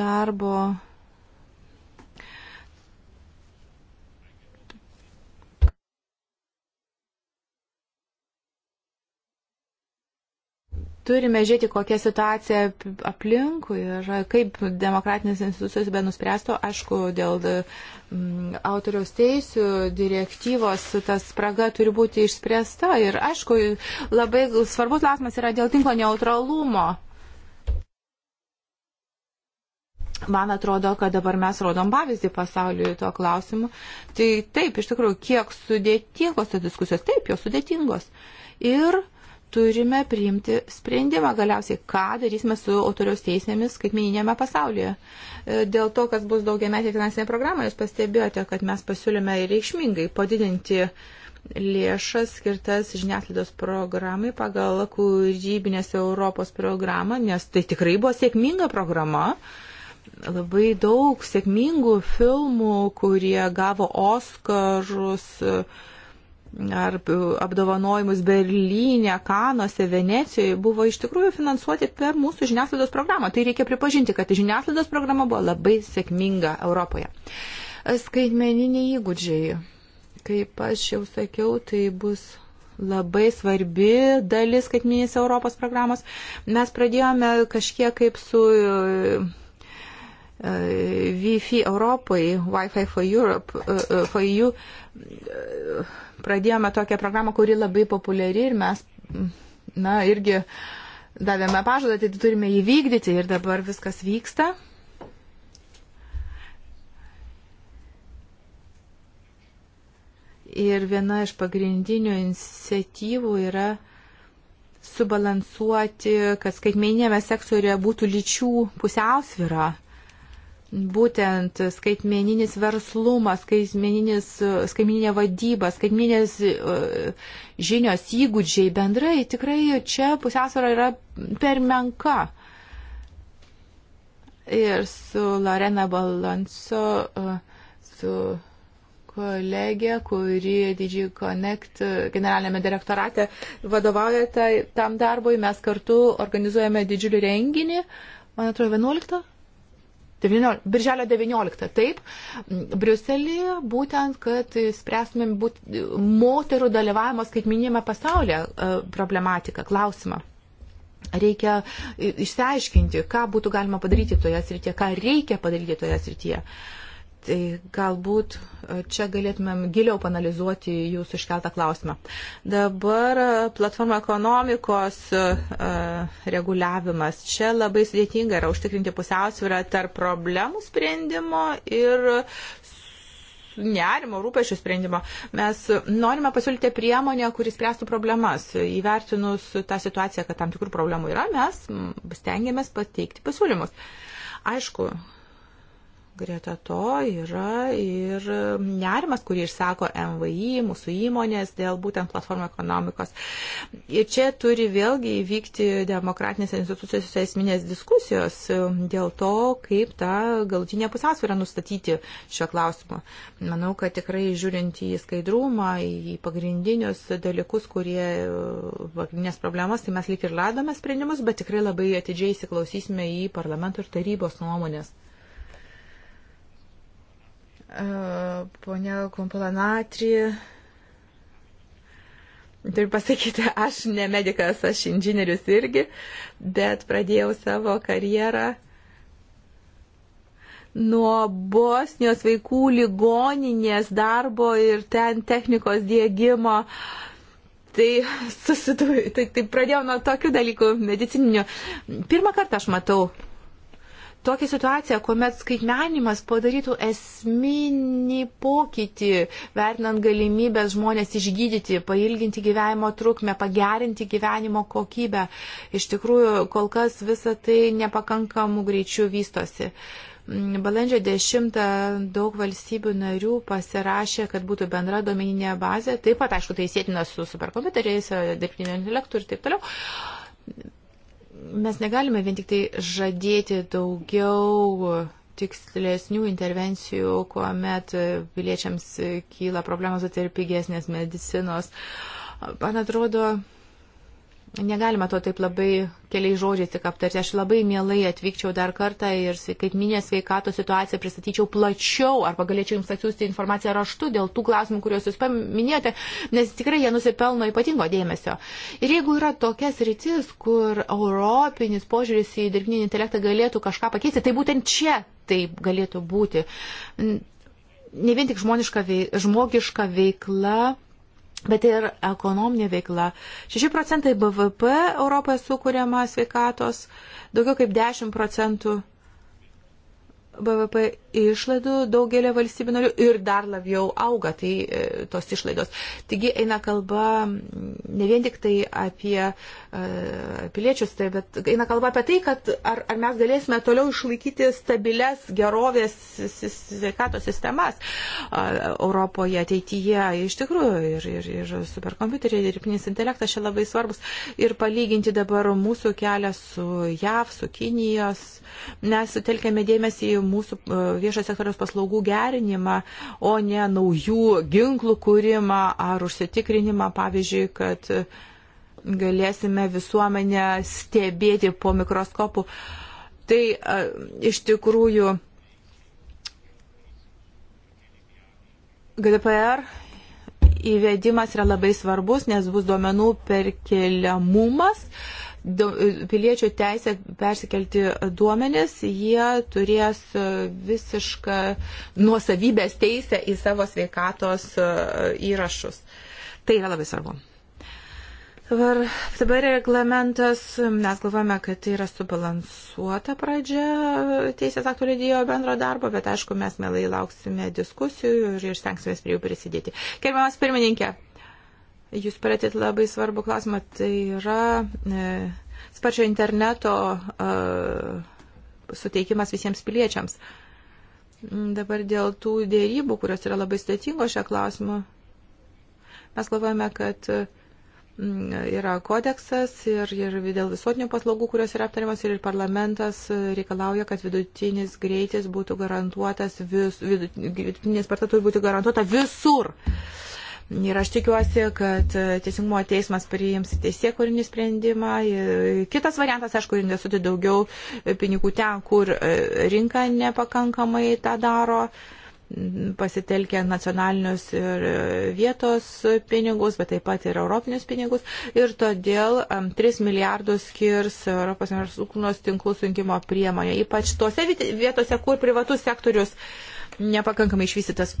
darbo turime žiūrėti, kokia situacija aplinkui ir kaip demokratinės institucijos be nuspręsto, aišku, dėl mm, autoriaus teisų direktyvos tas spraga turi būti išspręsta ir, aišku, labai svarbus klausimas yra dėl tinklo neutralumo. Man atrodo, kad dabar mes rodom pavyzdį pasauliui tuo klausimu. Tai taip, iš tikrųjų, kiek sudėtingos tos diskusijos, taip, jos sudėtingos. Ir uh, turime priimti sprendimą galiausiai, ką darysime su autoriaus teisėmis skaitmininėme pasaulyje. E, dėl to, kas bus daugiametė finansinė programa, jūs pastebėjote, kad mes pasiūlėme reikšmingai padidinti lėšas skirtas žiniasklaidos programai pagal kūrybinės Europos programą, nes tai tikrai buvo sėkminga programa labai daug sėkmingų filmų, kurie gavo Oskarus, ar apdovanojimus Berlyne, Kanose, Venecijoje buvo iš tikrųjų finansuoti per mūsų žiniasklaidos programą. Tai reikia pripažinti, kad žiniasklaidos programa buvo labai sėkminga Europoje. Skaitmeniniai įgūdžiai. Kaip aš jau sakiau, tai bus labai svarbi dalis skaitmeninės Europos programos. Mes pradėjome kažkiek kaip su Uh, Wi-Fi Europai, Wi-Fi for Europe, uh, uh, for EU, pradėjome tokią programą, kuri labai populiari ir mes, mm, na, irgi davėme pažadą, tai turime įvykdyti ir dabar viskas vyksta. Ir viena iš pagrindinių iniciatyvų yra subalansuoti, kad skaitmeninėme sektorėje būtų lyčių pusiausvyra būtent skaitmeninis verslumas, skaitmeninė vadyba, skaitmeninės e, žinios, įgūdžiai bendrai, tikrai čia pusiausvara yra per menka. Ir su Lorena Balanso, e, su kolegė, kuri Didžiai Connect generalinėme direktorate vadovauja tai, tam darbui, mes kartu organizuojame didžiulį renginį, man atrodo, 11 19, birželio 19, taip, Briuselį, būtent, kad spręstumėm būt, moterų dalyvavimo skaitminėme pasaulyje e, problematiką, klausimą. Reikia e, išsiaiškinti, ką būtų galima padaryti toje srityje, ką reikia padaryti toje srityje. Uh, Tai galbūt e, čia galėtumėm giliau panalizuoti jūsų iškeltą klausimą. Dabar e, platformų ekonomikos e, reguliavimas. Čia labai sudėtinga yra užtikrinti pusiausvyrą tarp problemų sprendimo ir nerimo, rūpešio sprendimo. Mes norime pasiūlyti priemonę, kuris spręstų problemas. Įvertinus tą situaciją, kad tam tikrų problemų yra, mes stengiamės pateikti pasiūlymus. Aišku, Greta to yra ir nerimas, kurį išsako MVI, mūsų įmonės dėl būtent platformų ekonomikos. Ir čia turi vėlgi įvykti demokratinės institucijos esminės diskusijos dėl to, kaip tą galutinę pusiausvyrą nustatyti šio klausimu. Manau, kad tikrai žiūrint į skaidrumą, į pagrindinius dalykus, kurie pagrindinės problemas, tai mes lik ir ladome sprendimus, bet tikrai labai atidžiai įsiklausysime į parlamento ir tarybos nuomonės. Pone Kumpulanatri, Turiu pasakyti, aš ne medicas, aš inžinierius irgi, bet pradėjau savo karjerą nuo Bosnijos vaikų ligoninės darbo ir ten technikos dėgymo. Tai, susidu, tai, tai pradėjau nuo tokių dalykų medicininių. Pirmą kartą aš matau tokią situaciją, kuomet skaitmenimas padarytų esminį pokytį, vertinant galimybės žmonės išgydyti, pailginti gyvenimo trukmę, pagerinti gyvenimo kokybę. Iš tikrųjų, kol kas visa tai nepakankamų greičių vystosi. Mm, balandžio 10 daug valstybių narių pasirašė, kad būtų bendra domeninė bazė. Taip pat, aišku, tai sėtina su superkompiuteriais, dirbtinio intelektu ir taip toliau mes negalime vien tik tai žadėti daugiau tikslesnių intervencijų, kuomet piliečiams kyla problemos atėjo pigesnės medicinos. Man atrodo, Negalima to taip labai keliai žodžiais tik aptarti. Aš labai mielai atvykčiau dar kartą ir kaip minė sveikato situaciją pristatyčiau plačiau arba galėčiau jums atsiųsti informaciją raštu dėl tų klausimų, kuriuos jūs paminėjote, nes tikrai jie nusipelno ypatingo dėmesio. Ir jeigu yra tokias rytis, kur europinis požiūris į dirbtinį intelektą galėtų kažką pakeisti, tai būtent čia taip galėtų būti. Ne vien tik žmogiška veikla bet ir ekonominė veikla. 6 procentai BVP Europoje sukūriama sveikatos, daugiau kaip 10 procentų BVP išlaidų daugelio valstybių narių ir dar labiau auga tai, e, tos išlaidos. Taigi eina kalba ne vien tik tai apie uh, piliečius, tai, bet eina kalba apie tai, kad ar, ar mes galėsime toliau išlaikyti stabiles gerovės sveikatos sistemas uh, Europoje ateityje. Iš tikrųjų, ir, ir, ir superkompiuteriai, dirbtinis intelektas čia labai svarbus. Ir palyginti dabar mūsų kelią su JAV, su Kinijos. Mes sutelkėme dėmesį į mūsų e, viešo sektoriaus paslaugų gerinimą, o ne naujų ginklų kūrimą ar užsitikrinimą, pavyzdžiui, kad galėsime visuomenę stebėti po mikroskopu. Tai e, iš tikrųjų GDPR įvedimas yra labai svarbus, nes bus duomenų perkeliamumas. Uh, piliečio teisę persikelti duomenis, jie turės e, visišką nuosavybės teisę į savo sveikatos e, įrašus. Tai yra labai svarbu. Dabar, dabar reglamentas, mes galvojame, kad tai yra subalansuota pradžia teisės aktų leidėjo bendro darbo, bet aišku, mes mielai lauksime diskusijų ir, ir stengsime prie jų prisidėti. Gerbiamas pirmininkė, Jūs palėtėt labai svarbų klausimą, tai yra e, sparčio interneto e, suteikimas visiems piliečiams. Mm, dabar dėl tų dėrybų, kurios yra labai sudėtingos šią klausimą, mes galvojame, kad e, mm, yra kodeksas ir, ir dėl visuotinių paslaugų, kurios yra aptariamas ir parlamentas e, reikalauja, kad vidutinis greitis būtų garantuotas, vis, vidutinė sparta turi būti garantuota visur. E, Ir aš tikiuosi, kad e, Teisingumo teismas priims teisėkurinį sprendimą. E, kitas variantas, aišku, investuoti daugiau e, pinigų ten, kur rinka nepakankamai tą daro pasitelkę nacionalinius ir vietos pinigus, bet taip pat ir europinius pinigus. Ir todėl 3 milijardus skirs Europos infrastruktūros tinklų sunkimo priemonė, ypač tuose vietose, kur privatus sektorius nepakankamai išvystytas.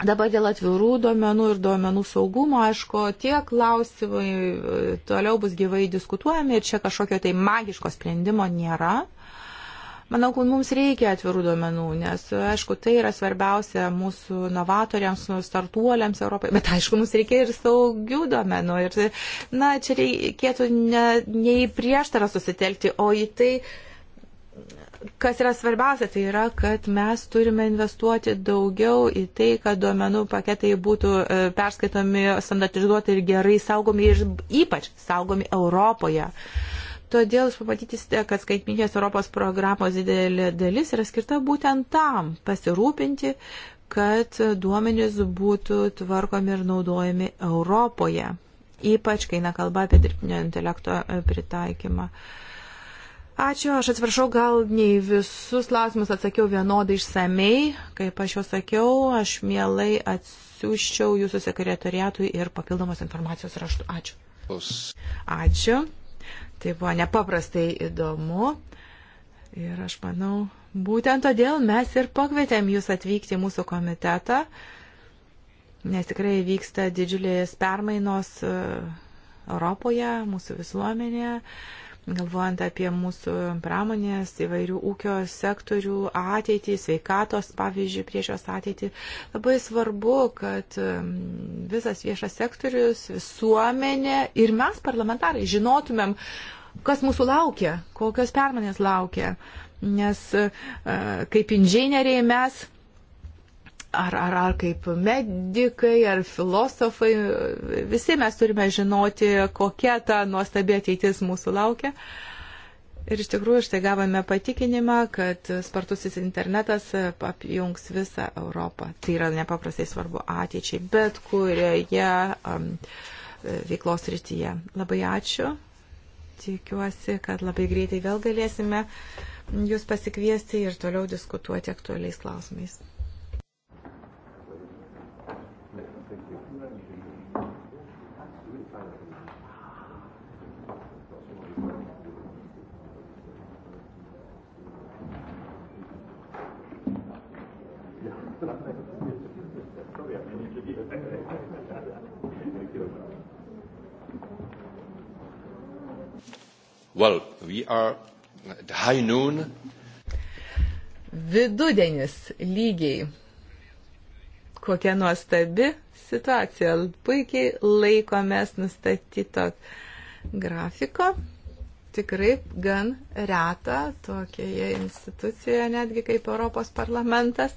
Dabar dėl atvirų duomenų ir duomenų saugumo, aišku, tie klausimai e, toliau bus gyvai diskutuojami ir čia kažkokio tai magiško sprendimo nėra. Manau, kad mums reikia atvirų duomenų, nes, aišku, tai yra svarbiausia mūsų novatoriams, startuoliams Europoje, bet, aišku, mums reikia ir saugių duomenų. Ir, na, čia reikėtų ne, ne į prieštarą susitelkti, o į tai, uh, kas yra svarbiausia, tai yra, kad mes turime investuoti daugiau į tai, kad duomenų paketai būtų e, perskaitomi, standartizuoti ir gerai saugomi ir ypač saugomi Europoje. Todėl jūs pamatysite, kad skaitminės Europos programos didelė dalis yra skirta būtent tam pasirūpinti, kad duomenys būtų tvarkomi ir naudojami Europoje. Ypač, kai nekalba apie dirbtinio intelekto e, pritaikymą. Uh, Ačiū, aš atsiprašau, gal ne visus klausimus atsakiau vienodai išsamei, kaip aš jau sakiau, aš mielai atsiųščiau jūsų sekretoriatui ir papildomos informacijos raštu. Ačiū. Ačiū. Tai buvo nepaprastai įdomu. Ir aš manau, būtent todėl mes ir pakvietėm jūs atvykti į mūsų komitetą, nes tikrai vyksta didžiulės permainos e, Europoje, mūsų visuomenėje galvojant apie mūsų pramonės įvairių ūkio sektorių ateitį, sveikatos, pavyzdžiui, prieš jos ateitį. Labai svarbu, kad um, visas viešas sektorius, visuomenė ir mes, parlamentarai, žinotumėm, kas mūsų laukia, kokios permanės laukia. Nes uh, kaip inžinieriai mes ar, ar, ar kaip medikai, ar filosofai, visi mes turime žinoti, kokia ta nuostabi ateitis mūsų laukia. Ir iš tikrųjų štai gavome patikinimą, kad spartusis internetas apjungs visą Europą. Tai yra nepaprastai svarbu ateičiai, bet kurioje um, veiklos rytyje. Labai ačiū. Tikiuosi, kad labai greitai vėl galėsime jūs pasikviesti ir toliau diskutuoti aktualiais klausimais. Well, we are at high noon. Vidudienis lygiai. Kokia nuostabi situacija. Puikiai laikomės nustatyto grafiko tikrai gan reta tokioje institucijoje, netgi kaip Europos parlamentas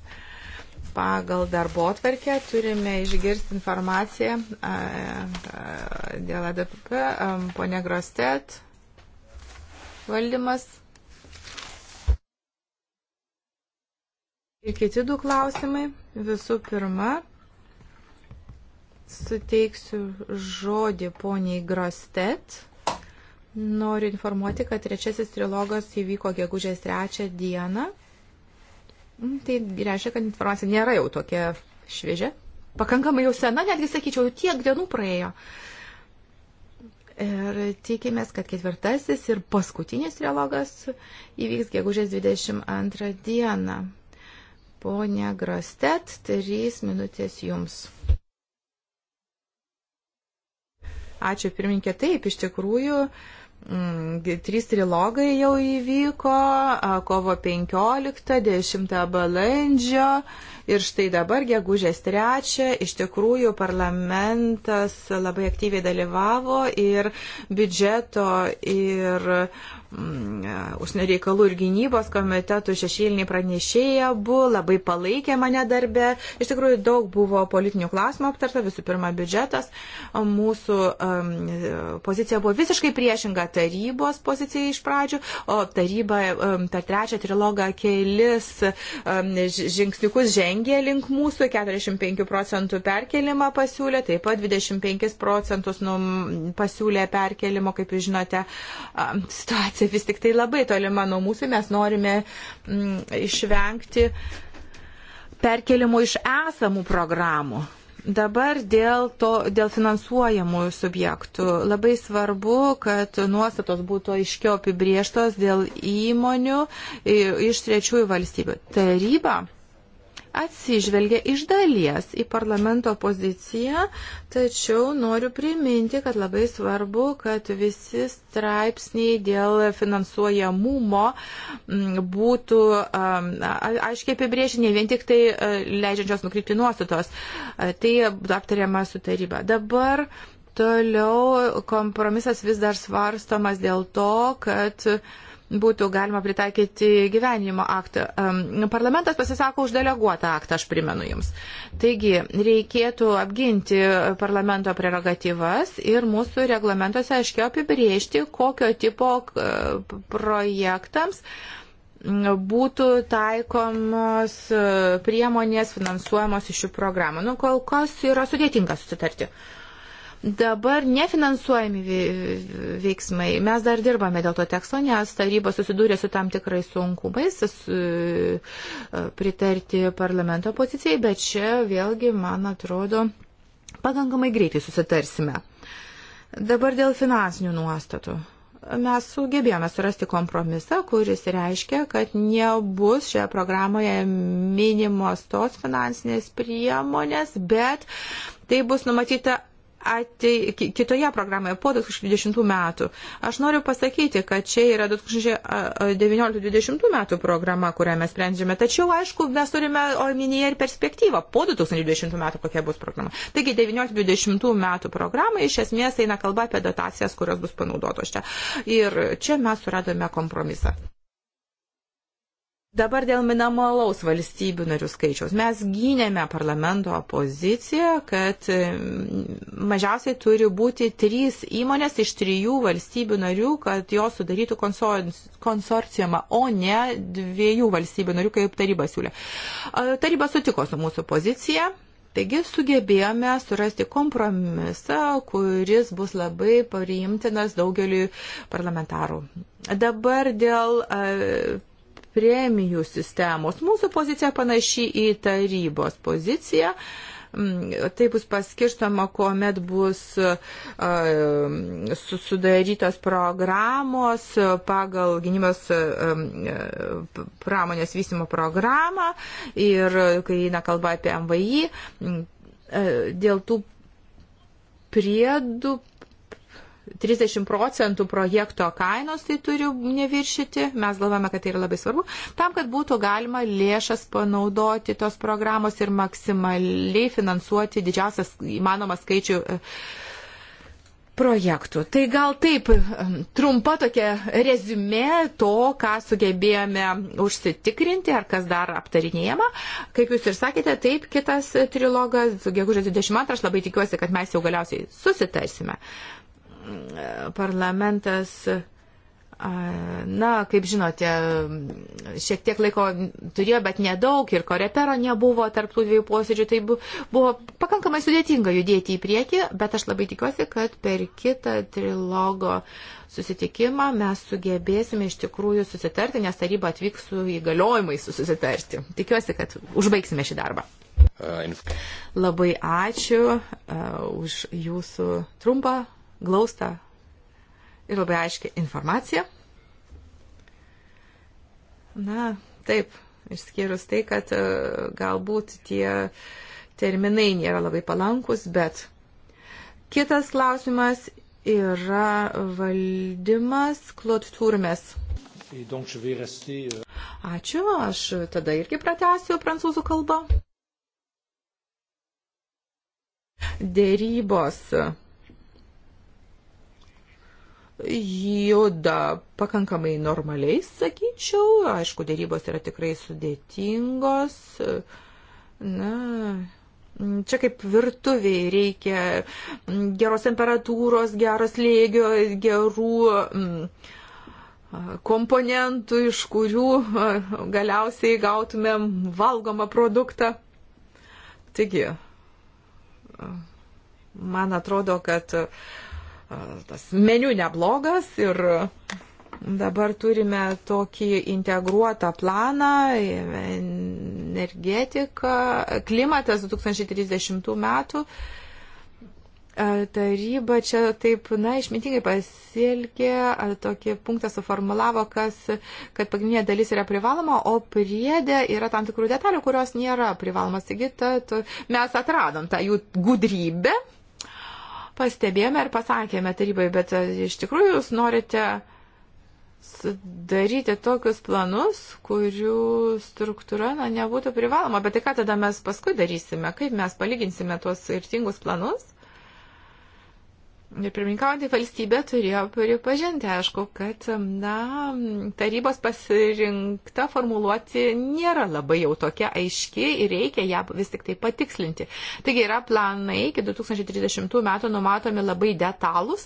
pagal darbo atverkę turime išgirsti informaciją dėl ADPP, ponė Grostet, valdymas. Ir kiti du klausimai. Visų pirma, suteiksiu žodį poniai Grostet. Noriu informuoti, kad trečiasis trilogas įvyko gegužės trečią dieną Mm, tai reiškia, kad informacija nėra jau tokia šviežia, pakankamai jau sena, netgi sakyčiau, tiek dienų praėjo. Ir tikimės, kad ketvirtasis ir paskutinis trilogas įvyks gegužės 22 dieną. Pone Grostet, 3 minutės jums. Ačiū pirminkė, taip, iš tikrųjų. Uh, Mm, trys trilogai jau įvyko, kovo 15, 10 balandžio ir štai dabar, gegužės 3, iš tikrųjų parlamentas labai aktyviai dalyvavo ir biudžeto ir užsienio mm, reikalų ir gynybos komitetų šešėliniai pranešėja buvo, labai palaikė mane darbę. Iš tikrųjų, daug buvo politinių klausimų aptarta, visų pirma, biudžetas. Mūsų um, pozicija buvo visiškai priešinga tarybos pozicijai iš pradžių, o taryba um, per trečią trilogą kelis um, žingsniukus žengė link mūsų, 45 procentų perkelimą pasiūlė, taip pat 25 procentus nu, pasiūlė perkelimo, kaip jūs žinote, um, situacija Tai vis tik tai labai tolima nuo mūsų, mes norime m, mm, išvengti perkelimo iš esamų programų. Dabar dėl, to, dėl finansuojamųjų subjektų labai svarbu, kad nuostatos būtų aiškiau apibrieštos dėl įmonių iš trečiųjų valstybių. Taryba atsižvelgia iš dalies į parlamento poziciją, tačiau noriu priminti, kad labai svarbu, kad visi straipsniai dėl finansuojamumo mm, būtų aiškiai apibrėžinė, vien tik tai e, leidžiančios nukrypti nuostatos. E, tai aptariama su taryba. Dabar toliau kompromisas vis dar svarstomas dėl to, kad uh, būtų galima pritaikyti gyvenimo aktą. Parlamentas pasisako už deleguotą aktą, aš primenu jums. Taigi, reikėtų apginti parlamento prerogatyvas ir mūsų reglamentuose aiškiau apibriežti, kokio tipo e, projektams būtų taikomos e, priemonės finansuojamos iš šių programų. Nu, kol kas yra sudėtinga susitarti. Uh, Dabar nefinansuojami veiksmai. Mes dar dirbame dėl to teksto, nes taryba susidūrė su tam tikrais sunkumais e, pritarti parlamento pozicijai, bet čia vėlgi, man atrodo, pakankamai greitai susitarsime. Dabar dėl finansinių nuostatų mes sugebėjome surasti kompromisą, kuris reiškia, kad nebus šioje programoje minimos tos finansinės priemonės, bet tai bus numatyta atei, kitoje programoje po 2020 metų. Aš noriu pasakyti, kad čia yra 2019-2020 metų programa, kurią mes sprendžiame. Tačiau, aišku, mes turime omenyje ir perspektyvą po 2020 metų, kokia bus programa. Taigi, 19-20 metų programa iš esmės eina kalba apie dotacijas, kurios bus panaudotos čia. Ir čia mes suradome kompromisą. Dabar dėl minimalaus valstybių narių skaičiaus. Mes gynėme parlamento poziciją, kad mm, mažiausiai turi būti trys įmonės iš trijų valstybių narių, kad jos sudarytų konsorciumą, o ne dviejų valstybių narių, kaip taryba siūlė. Taryba sutiko su mūsų pozicija. Taigi sugebėjome surasti kompromisą, kuris bus labai priimtinas daugeliu parlamentarų. Dabar dėl premijų sistemos. Mūsų pozicija panaši į tarybos poziciją. Mm, tai bus paskirstoma, kuomet bus sudarytos programos pagal gynybos pramonės vystimo programą ir kai eina kalba apie MVI, mm, dėl tų priedų 30 procentų projekto kainos tai turi neviršyti, mes galvojame, kad tai yra labai svarbu, tam, kad būtų galima lėšas panaudoti tos programos ir maksimaliai finansuoti didžiausias įmanomas skaičių e, projektų. Tai gal taip e, trumpa tokia rezumė to, ką sugebėjome užsitikrinti ar kas dar aptarinėjama. Kaip jūs ir sakėte, taip kitas trilogas, gegužės 22, aš labai tikiuosi, kad mes jau galiausiai susitarsime. Uh, parlamentas, na, kaip žinote, šiek tiek laiko turėjo, bet nedaug ir korepero nebuvo tarptų dviejų posėdžių, tai buvo pakankamai sudėtinga judėti į priekį, bet aš labai tikiuosi, kad per kitą trilogo susitikimą mes sugebėsime iš tikrųjų susitarti, nes taryba atvyks su įgaliojimais susitarti. Tikiuosi, kad užbaigsime šį darbą. Uh, labai ačiū uh, už jūsų trumpą glaustą ir labai aiškę informaciją. Na, taip, išskyrus tai, kad e, galbūt tie terminai nėra labai palankus, bet kitas klausimas yra valdymas klotūrmės. Euh, Ačiū, aš tada irgi pratęsiu prancūzų kalbą. Dėrybos juda pakankamai normaliai, sakyčiau. Aišku, dėrybos yra tikrai sudėtingos. Na, čia kaip virtuviai reikia geros temperatūros, geros lėgio, gerų mm, komponentų, iš kurių mm, galiausiai gautumėm valgomą produktą. Taigi, mm, man atrodo, kad uh, tas meniu neblogas ir dabar turime tokį integruotą planą energetika, klimatas 2030 metų taryba čia taip, na, išmintingai pasielgė, tokį punktą suformulavo, kas, kad pagrindinė dalis yra privaloma, o priedė yra tam tikrų detalių, kurios nėra privalomas. Taigi, ta, ta, mes atradom tą jų gudrybę, pastebėjome ir pasakėme tarybai, bet e, iš tikrųjų jūs norite daryti tokius planus, kurių struktūra na, nebūtų privaloma. Bet tai ką tada mes paskui darysime? Kaip mes palyginsime tuos skirtingus planus? Ir pirmininkaujantį valstybę turėjo pripažinti, aišku, kad na, tarybos pasirinkta formuluoti nėra labai jau tokia aiški ir reikia ją vis tik tai patikslinti. Taigi yra planai iki 2030 metų numatomi labai detalus.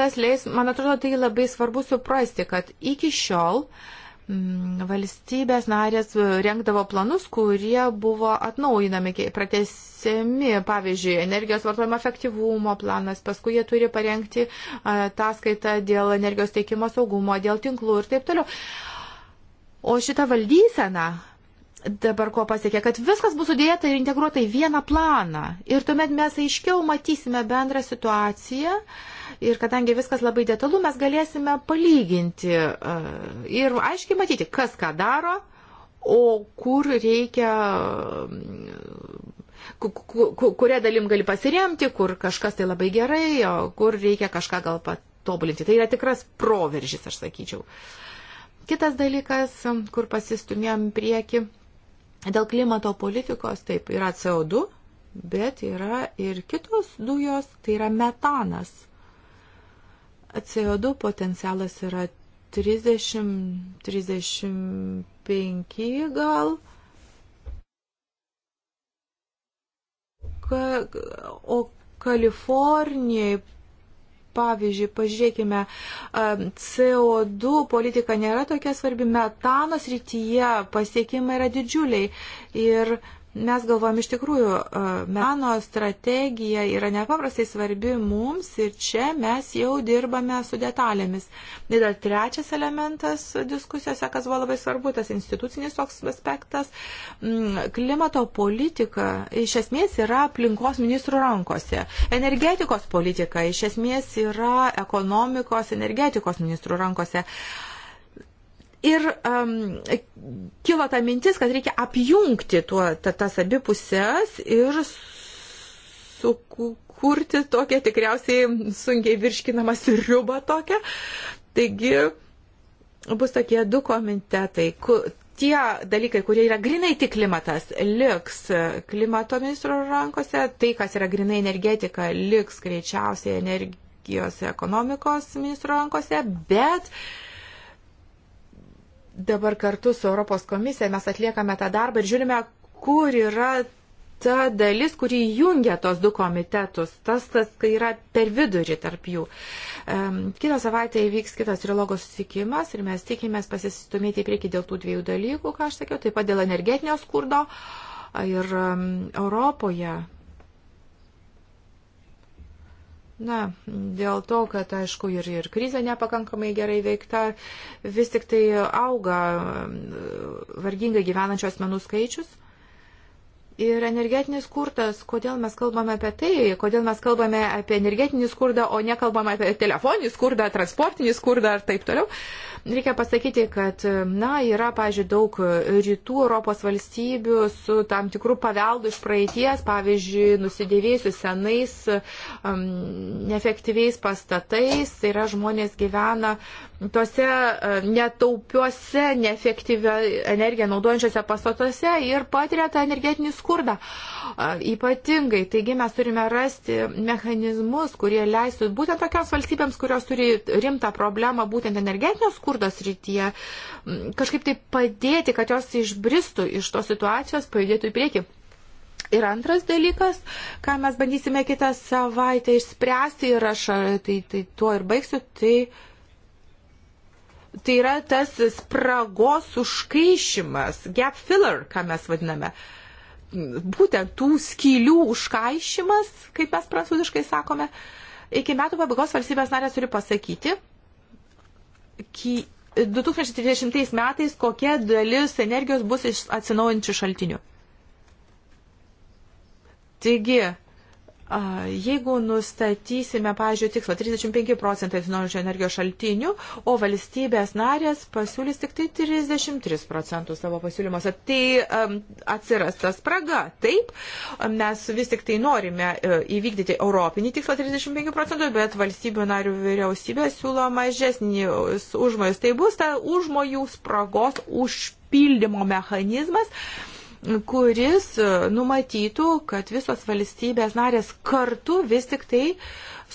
Tas leis, man atrodo, tai labai svarbu suprasti, kad iki šiol uh, Mm, valstybės narės e, rengdavo planus, kurie buvo atnaujinami, pratesiami, pavyzdžiui, energijos vartojimo efektyvumo planas, paskui jie turi parengti e, ataskaitą dėl energijos teikimo saugumo, dėl tinklų ir taip toliau. O šita valdysena dabar ko pasiekė, kad viskas bus sudėta ir integruota į vieną planą. Ir tuomet mes aiškiau matysime bendrą situaciją. Uh, ir kadangi viskas labai detalu, mes galėsime palyginti e, ir aiškiai matyti, kas ką daro, o kur reikia kuria dalim gali pasiremti, kur kažkas tai labai gerai, o kur reikia kažką gal patobulinti. Tai yra tikras proveržis, aš sakyčiau. Kitas dalykas, kur pasistumėm prieki, dėl klimato politikos, taip, yra CO2, bet yra ir kitos dujos, tai yra metanas. CO2 potencialas yra 30-35 gal. Ka, o Kalifornijai, pavyzdžiui, pažiūrėkime, CO2 politika nėra tokia svarbi, metanos rytyje pasiekimai yra didžiuliai. Ir uh, Mes galvojam iš tikrųjų, e, meno strategija yra nepaprastai svarbi mums ir čia mes jau dirbame su detalėmis. Ir dar trečias elementas diskusijose, kas buvo labai svarbu, tas institucinis toks aspektas. Mm, klimato politika iš esmės yra aplinkos ministrų rankose. Energetikos politika iš esmės yra ekonomikos, energetikos ministrų rankose. Ir um, kilo ta mintis, kad reikia apjungti tuo, ta, tas abi pusės ir sukurti tokią tikriausiai sunkiai virškinamą sriubą tokią. Taigi bus tokie du komitetai. Ku, tie dalykai, kurie yra grinai tik klimatas, liks klimato ministro rankose, tai, kas yra grinai energetika, liks greičiausiai energijos ekonomikos ministro rankose, bet uh, dabar kartu su Europos komisija mes atliekame tą darbą ir žiūrime, kur yra ta dalis, kuri jungia tos du komitetus, tas, tas kai yra per vidurį tarp jų. Um, kitą savaitę įvyks kitas trilogos susitikimas ir mes tikimės pasistumėti į priekį dėl tų dviejų dalykų, ką aš sakiau, taip pat dėl energetinio skurdo. Ir um, Europoje Na, dėl to, kad, aišku, ir, ir krizė nepakankamai gerai veikta, vis tik tai auga mm, vargingai gyvenančios asmenų skaičius. Ir energetinis skurdas, kodėl mes kalbame apie tai, kodėl mes kalbame apie energetinį skurdą, o nekalbame apie telefoninį skurdą, transportinį skurdą ar taip toliau. Uh, Reikia pasakyti, kad, na, yra, pažiūrėjau, daug rytų Europos valstybių su tam tikrų paveldų iš praeities, pavyzdžiui, nusidėvėjusių senais, um, neefektyviais pastatais, tai yra žmonės gyvena tose uh, netaupiuose, neefektyvią energiją naudojančiose pastatuose ir patiria tą energetinį skurdą. Uh, ypatingai, taigi mes turime rasti mechanizmus, kurie leistų būtent tokios valstybėms, kurios turi rimtą problemą būtent energetinio skurdo skurdos rytyje, kažkaip tai padėti, kad jos išbristų iš tos situacijos, pajudėtų į priekį. Ir antras dalykas, ką mes bandysime kitą savaitę išspręsti ir aš tai, tai tuo ir baigsiu, tai, tai yra tas spragos užkaišimas, gap filler, ką mes vadiname. Būtent tų skylių užkaišimas, kaip mes prancūziškai sakome, iki metų pabaigos valstybės narės turi pasakyti, 2030 metais kokia dalis energijos bus iš atsinaujančių šaltinių. Taigi, Jeigu nustatysime, pavyzdžiui, tikslą 35 procentai atsinaujinančių energijos šaltinių, o valstybės narės pasiūlys tik tai 33 procentus savo pasiūlymuose, tai um, atsiras ta spraga. Taip, mes vis tik tai norime e, įvykdyti europinį tikslą 35 procentų, bet valstybių narių vyriausybė siūlo mažesnį užmojus. Tai bus ta užmojų spragos užpildymo mechanizmas kuris e, numatytų, kad visos valstybės narės kartu vis tik tai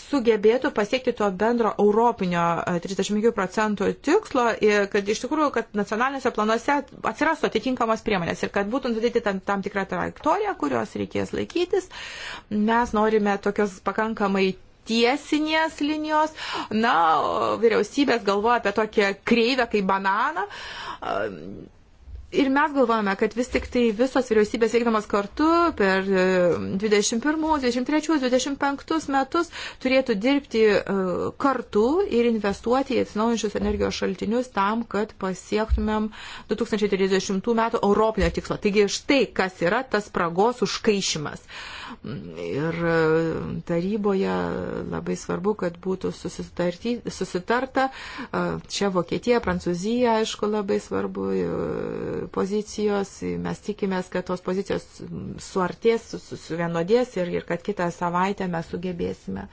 sugebėtų pasiekti to bendro europinio 35 e, procentų tikslo ir e, kad iš tikrųjų, kad nacionaliniuose planuose atsirastų atitinkamos priemonės ir kad būtų nustatyti tam, tam tikrą trajektoriją, kurios reikės laikytis. Mes norime tokios pakankamai tiesinės linijos. Na, vyriausybės galvoja apie tokią kreivę kaip bananą. Ir mes galvojame, kad vis tik tai visos vyriausybės veikdamas kartu per 21, 23, 25 metus turėtų dirbti e, kartu ir investuoti į atsinaujančius energijos šaltinius tam, kad pasiektumėm 2030 metų Europinio tikslo. Taigi štai kas yra tas spragos užkaišimas. Uh, Ir e, taryboje labai svarbu, kad būtų susitarta. E, čia Vokietija, Prancūzija, aišku, labai svarbu e, pozicijos. Mes tikimės, kad tos pozicijos suartės, suvienodės ir, ir kad kitą savaitę mes sugebėsime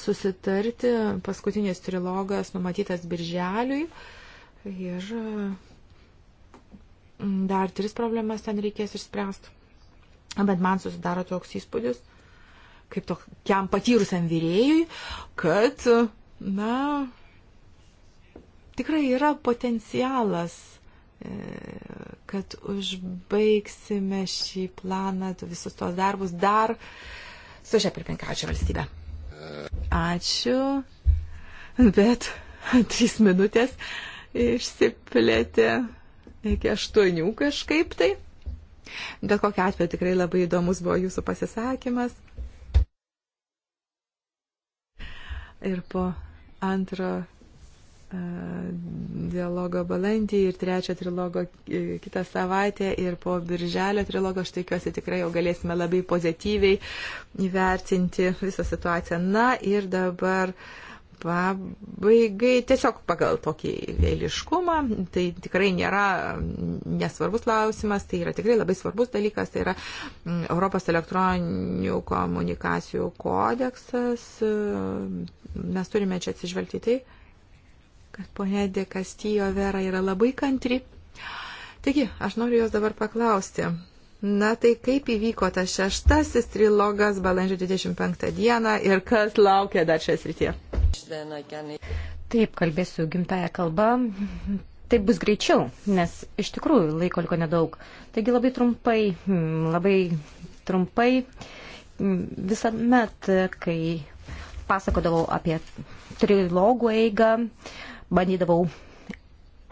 susitarti. Paskutinis trilogas numatytas birželiui. Ir dar tris problemas ten reikės išspręsti. Bet man susidaro toks įspūdis, kaip tokiam patyrusiam vyrėjui, kad, na, tikrai yra potencialas e, kad užbaigsime šį planą, visus tos darbus dar su šia pirmininkaučia valstybė. Ačiū, bet *laughs* trys minutės išsiplėtė iki aštuonių kažkaip tai. Bet kokia atveju tikrai labai įdomus buvo jūsų pasisakymas. Ir po antro e, dialogo balandį ir trečią trilogo e, kitą savaitę ir po birželio trilogo aš tikiuosi tikrai jau galėsime labai pozityviai įvertinti visą situaciją. Na ir dabar uh, pabaigai, tiesiog pagal tokį eiliškumą, tai tikrai nėra nesvarbus klausimas, tai yra tikrai labai svarbus dalykas, tai yra mm, Europos elektroninių komunikacijų kodeksas. Mes turime čia atsižvelgti tai, kad ponė Dekastijo Vera yra labai kantri. Taigi, aš noriu jos dabar paklausti. Na tai kaip įvyko tas šeštasis trilogas balandžio 25 dieną ir kas laukia dar šią srityje? Taip, kalbėsiu gimtają kalbą. Taip bus greičiau, nes iš tikrųjų laiko liko nedaug. Taigi labai trumpai, labai trumpai visuomet, kai pasakodavau apie trilogų eigą, bandydavau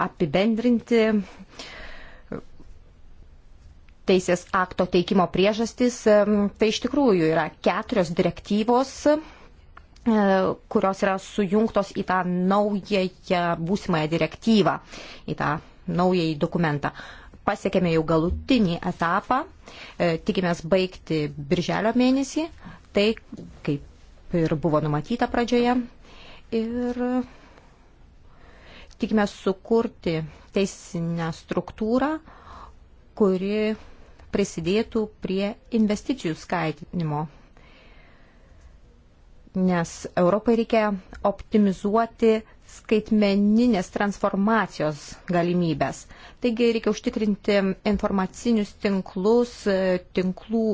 apibendrinti uh, teisės akto teikimo priežastys, tai iš tikrųjų yra keturios direktyvos e, kurios yra sujungtos į tą naująją būsimąją direktyvą, į tą naująjį dokumentą. Pasiekėme jau galutinį etapą, e, tikimės baigti birželio mėnesį, tai kaip ir buvo numatyta pradžioje. Ir tikimės sukurti teisinę struktūrą, kuri prisidėtų prie investicijų skaitinimo. Nes Europai reikia optimizuoti skaitmeninės transformacijos galimybės. Taigi reikia užtikrinti informacinius tinklus, tinklų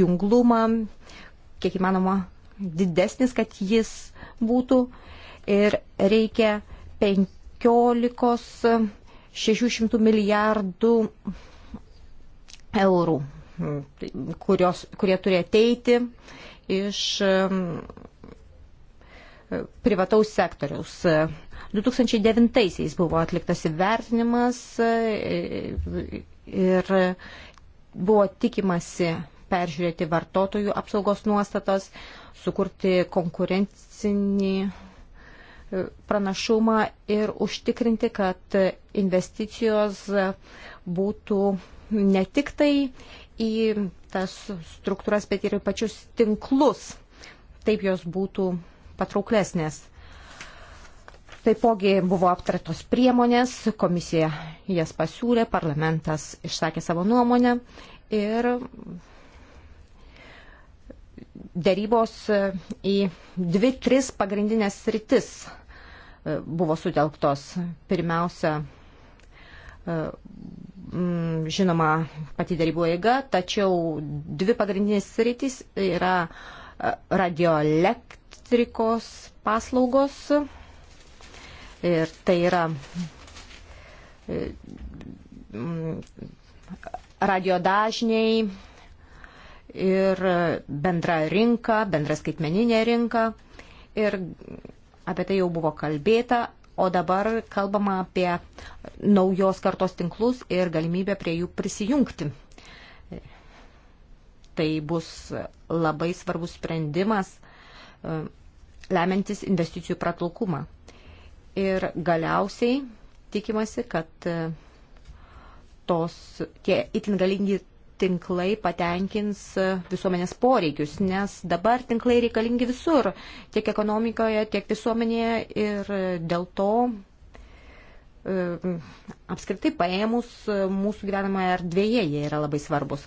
junglumą, kiek įmanoma didesnis, kad jis būtų. Ir reikia 15 600 milijardų eurų, tai, kurios, kurie turi ateiti iš privataus sektoriaus. 2009-aisiais buvo atliktas įvertinimas e, ir buvo tikimasi peržiūrėti vartotojų apsaugos nuostatas, sukurti konkurencinį e, pranašumą ir užtikrinti, kad investicijos būtų ne tik tai į tas struktūras, bet ir į pačius tinklus. Taip jos būtų patrauklesnės. Taipogi buvo aptartos priemonės, komisija jas pasiūlė, parlamentas išsakė savo nuomonę ir dėrybos į dvi, tris pagrindinės sritis buvo sutelktos. Pirmiausia, Mm, žinoma, pati darybų eiga, tačiau dvi pagrindinės sritys yra e, radioelektrikos paslaugos ir tai yra e, mm, radiodažniai ir bendra rinka, bendra skaitmeninė rinka. Ir apie tai jau buvo kalbėta, O dabar kalbama apie naujos kartos tinklus ir galimybę prie jų prisijungti. Tai bus labai svarbus sprendimas e, lemiantis investicijų pratlaukumą. Ir galiausiai tikimasi, kad e, tos tie itin galingi tinklai patenkins visuomenės poreikius, nes dabar tinklai reikalingi visur, tiek ekonomikoje, tiek visuomenėje ir dėl to apskritai paėmus mūsų gyvenamoje erdvėje jie yra labai svarbus.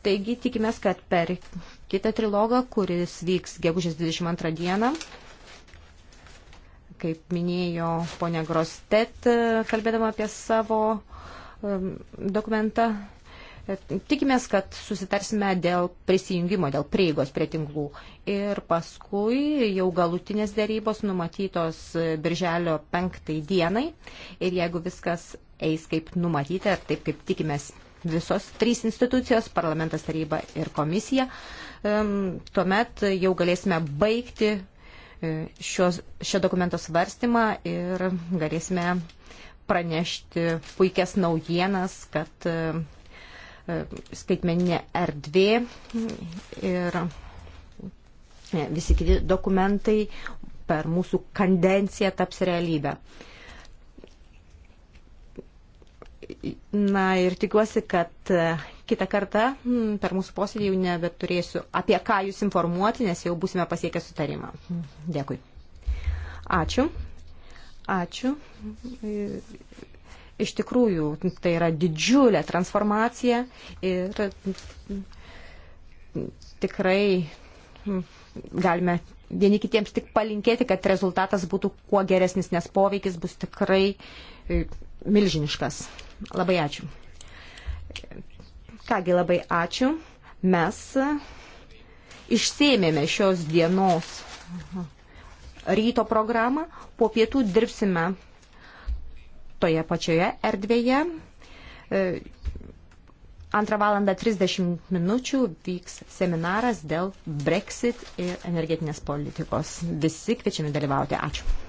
Taigi tikimės, kad per kitą trilogą, kuris vyks gegužės 22 dieną, kaip minėjo ponia Grostet, kalbėdama apie savo dokumentą, Tikimės, kad susitarsime dėl prisijungimo, dėl prieigos prie tinklų. Ir paskui jau galutinės dėrybos numatytos birželio penktai dienai. Ir jeigu viskas eis kaip numatyta, taip kaip tikimės visos trys institucijos - parlamentas, taryba ir komisija, tuomet jau galėsime baigti e, šios, šio dokumento svarstymą ir galėsime pranešti puikias naujienas, kad e, E, skaitmeninė erdvė ir visi kiti dokumentai per mūsų kandenciją taps realybę. Na ir tikiuosi, kad kitą kartą per mūsų posėdį jau nebeturėsiu apie ką jūs informuoti, nes jau būsime pasiekę sutarimą. Dėkui. Ačiū. Ačiū. Iš tikrųjų, tai yra didžiulė transformacija ir tikrai hm, galime vieni kitiems tik palinkėti, kad rezultatas būtų kuo geresnis, nes poveikis bus tikrai e, milžiniškas. Labai ačiū. Kągi labai ačiū. Mes išsėmėme šios dienos ryto programą, po pietų dirbsime toje pačioje erdvėje. 2 val. 30 minučių vyks seminaras dėl Brexit ir energetinės politikos. Visi kviečiami dalyvauti. Ačiū.